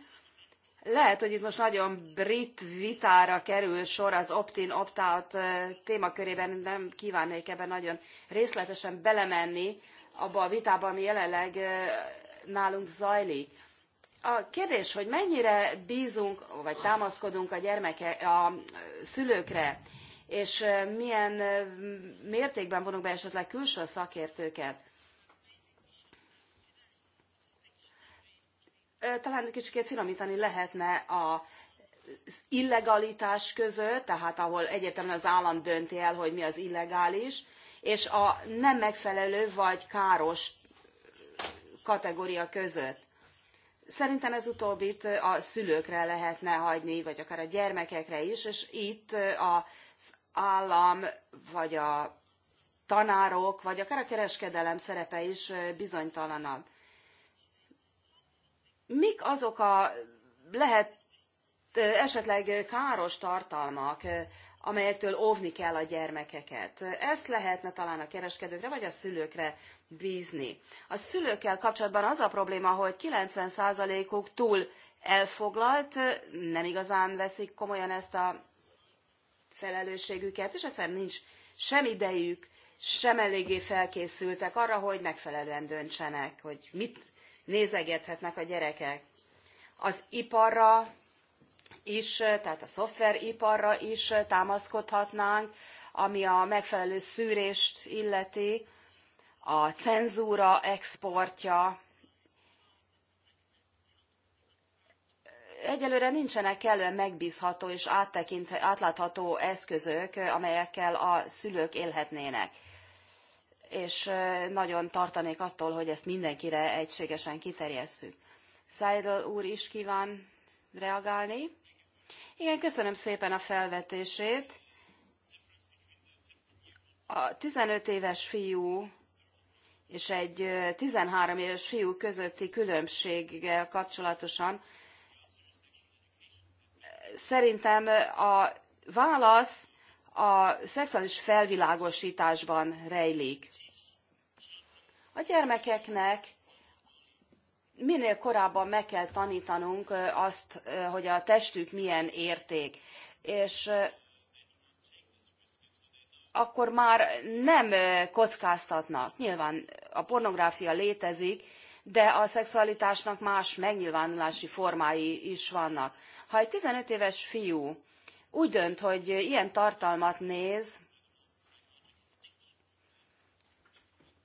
Lehet, hogy itt most nagyon brit vitára kerül sor az opt-in, opt-out témakörében, nem kívánnék ebben nagyon részletesen belemenni abba a vitába, ami jelenleg nálunk zajlik. A kérdés, hogy mennyire bízunk, vagy támaszkodunk a gyermeke, a szülőkre, és milyen mértékben vonunk be esetleg külső szakértőket. talán kicsikét finomítani lehetne a az illegalitás között, tehát ahol egyértelműen az állam dönti el, hogy mi az illegális, és a nem megfelelő vagy káros kategória között. Szerintem ez utóbbit a szülőkre lehetne hagyni, vagy akár a gyermekekre is, és itt az állam, vagy a tanárok, vagy akár a kereskedelem szerepe is bizonytalanabb mik azok a lehet esetleg káros tartalmak, amelyektől óvni kell a gyermekeket. Ezt lehetne talán a kereskedőkre vagy a szülőkre bízni. A szülőkkel kapcsolatban az a probléma, hogy 90%-uk túl elfoglalt, nem igazán veszik komolyan ezt a felelősségüket, és egyszerűen nincs sem idejük, sem eléggé felkészültek arra, hogy megfelelően döntsenek, hogy mit nézegethetnek a gyerekek. Az iparra is, tehát a szoftveriparra is támaszkodhatnánk, ami a megfelelő szűrést illeti, a cenzúra exportja. Egyelőre nincsenek kellően megbízható és átlátható eszközök, amelyekkel a szülők élhetnének és nagyon tartanék attól, hogy ezt mindenkire egységesen kiterjesszük. Szájdal úr is kíván reagálni. Igen, köszönöm szépen a felvetését. A 15 éves fiú és egy 13 éves fiú közötti különbséggel kapcsolatosan szerintem a válasz a szexuális felvilágosításban rejlik. A gyermekeknek minél korábban meg kell tanítanunk azt, hogy a testük milyen érték, és akkor már nem kockáztatnak. Nyilván a pornográfia létezik, de a szexualitásnak más megnyilvánulási formái is vannak. Ha egy 15 éves fiú úgy dönt, hogy ilyen tartalmat néz,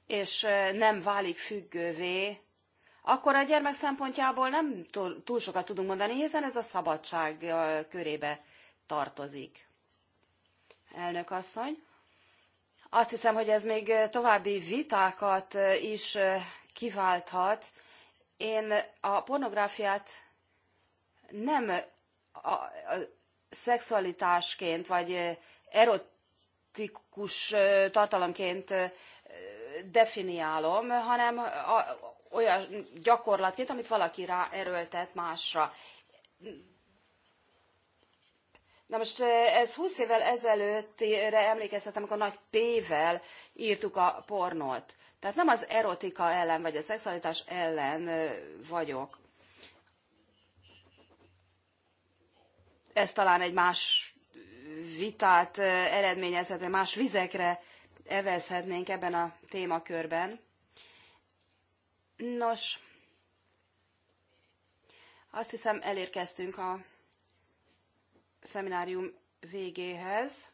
és nem válik függővé, akkor a gyermek szempontjából nem túl sokat tudunk mondani, hiszen ez a szabadság körébe tartozik. Elnök asszony, azt hiszem, hogy ez még további vitákat is kiválthat. Én a pornográfiát nem szexualitásként vagy erotikus tartalomként definiálom, hanem olyan gyakorlatként, amit valaki ráerőltet másra. Na most ez 20 évvel ezelőttre emlékeztetem, amikor nagy P-vel írtuk a pornót. Tehát nem az erotika ellen, vagy a szexualitás ellen vagyok. ez talán egy más vitát eredményezhetne, más vizekre evezhetnénk ebben a témakörben. Nos, azt hiszem elérkeztünk a szeminárium végéhez.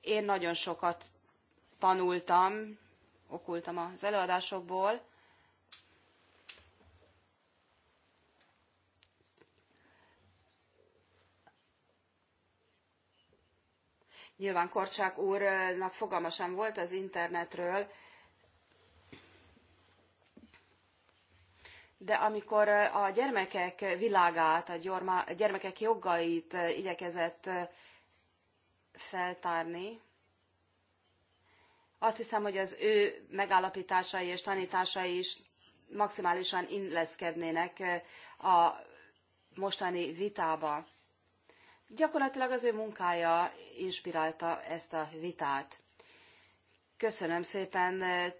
Én nagyon sokat tanultam, okultam az előadásokból, Nyilván Korcsák úrnak fogalma sem volt az internetről, de amikor a gyermekek világát, a gyermekek jogait igyekezett feltárni, azt hiszem, hogy az ő megállapításai és tanításai is maximálisan illeszkednének a mostani vitába. Gyakorlatilag az ő munkája inspirálta ezt a vitát. Köszönöm szépen eh,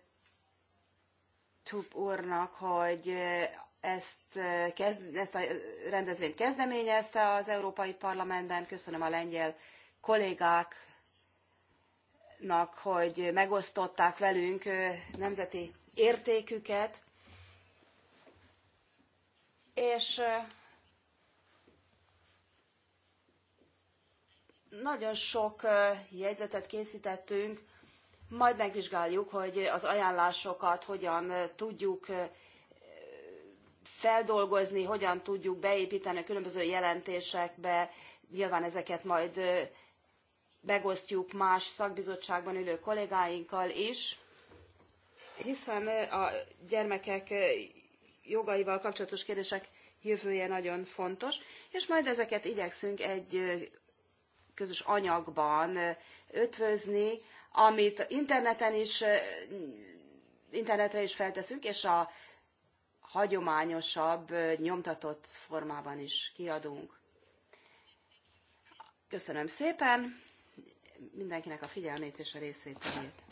Tup úrnak, hogy eh, ezt, eh, ezt a rendezvényt kezdeményezte az Európai Parlamentben. Köszönöm a lengyel kollégáknak, hogy megosztották velünk nemzeti értéküket. És Nagyon sok jegyzetet készítettünk, majd megvizsgáljuk, hogy az ajánlásokat hogyan tudjuk feldolgozni, hogyan tudjuk beépíteni a különböző jelentésekbe. Nyilván ezeket majd megosztjuk más szakbizottságban ülő kollégáinkkal is, hiszen a gyermekek jogaival kapcsolatos kérdések jövője nagyon fontos, és majd ezeket igyekszünk egy közös anyagban ötvözni, amit interneten is, internetre is felteszünk, és a hagyományosabb, nyomtatott formában is kiadunk. Köszönöm szépen mindenkinek a figyelmét és a részvételét.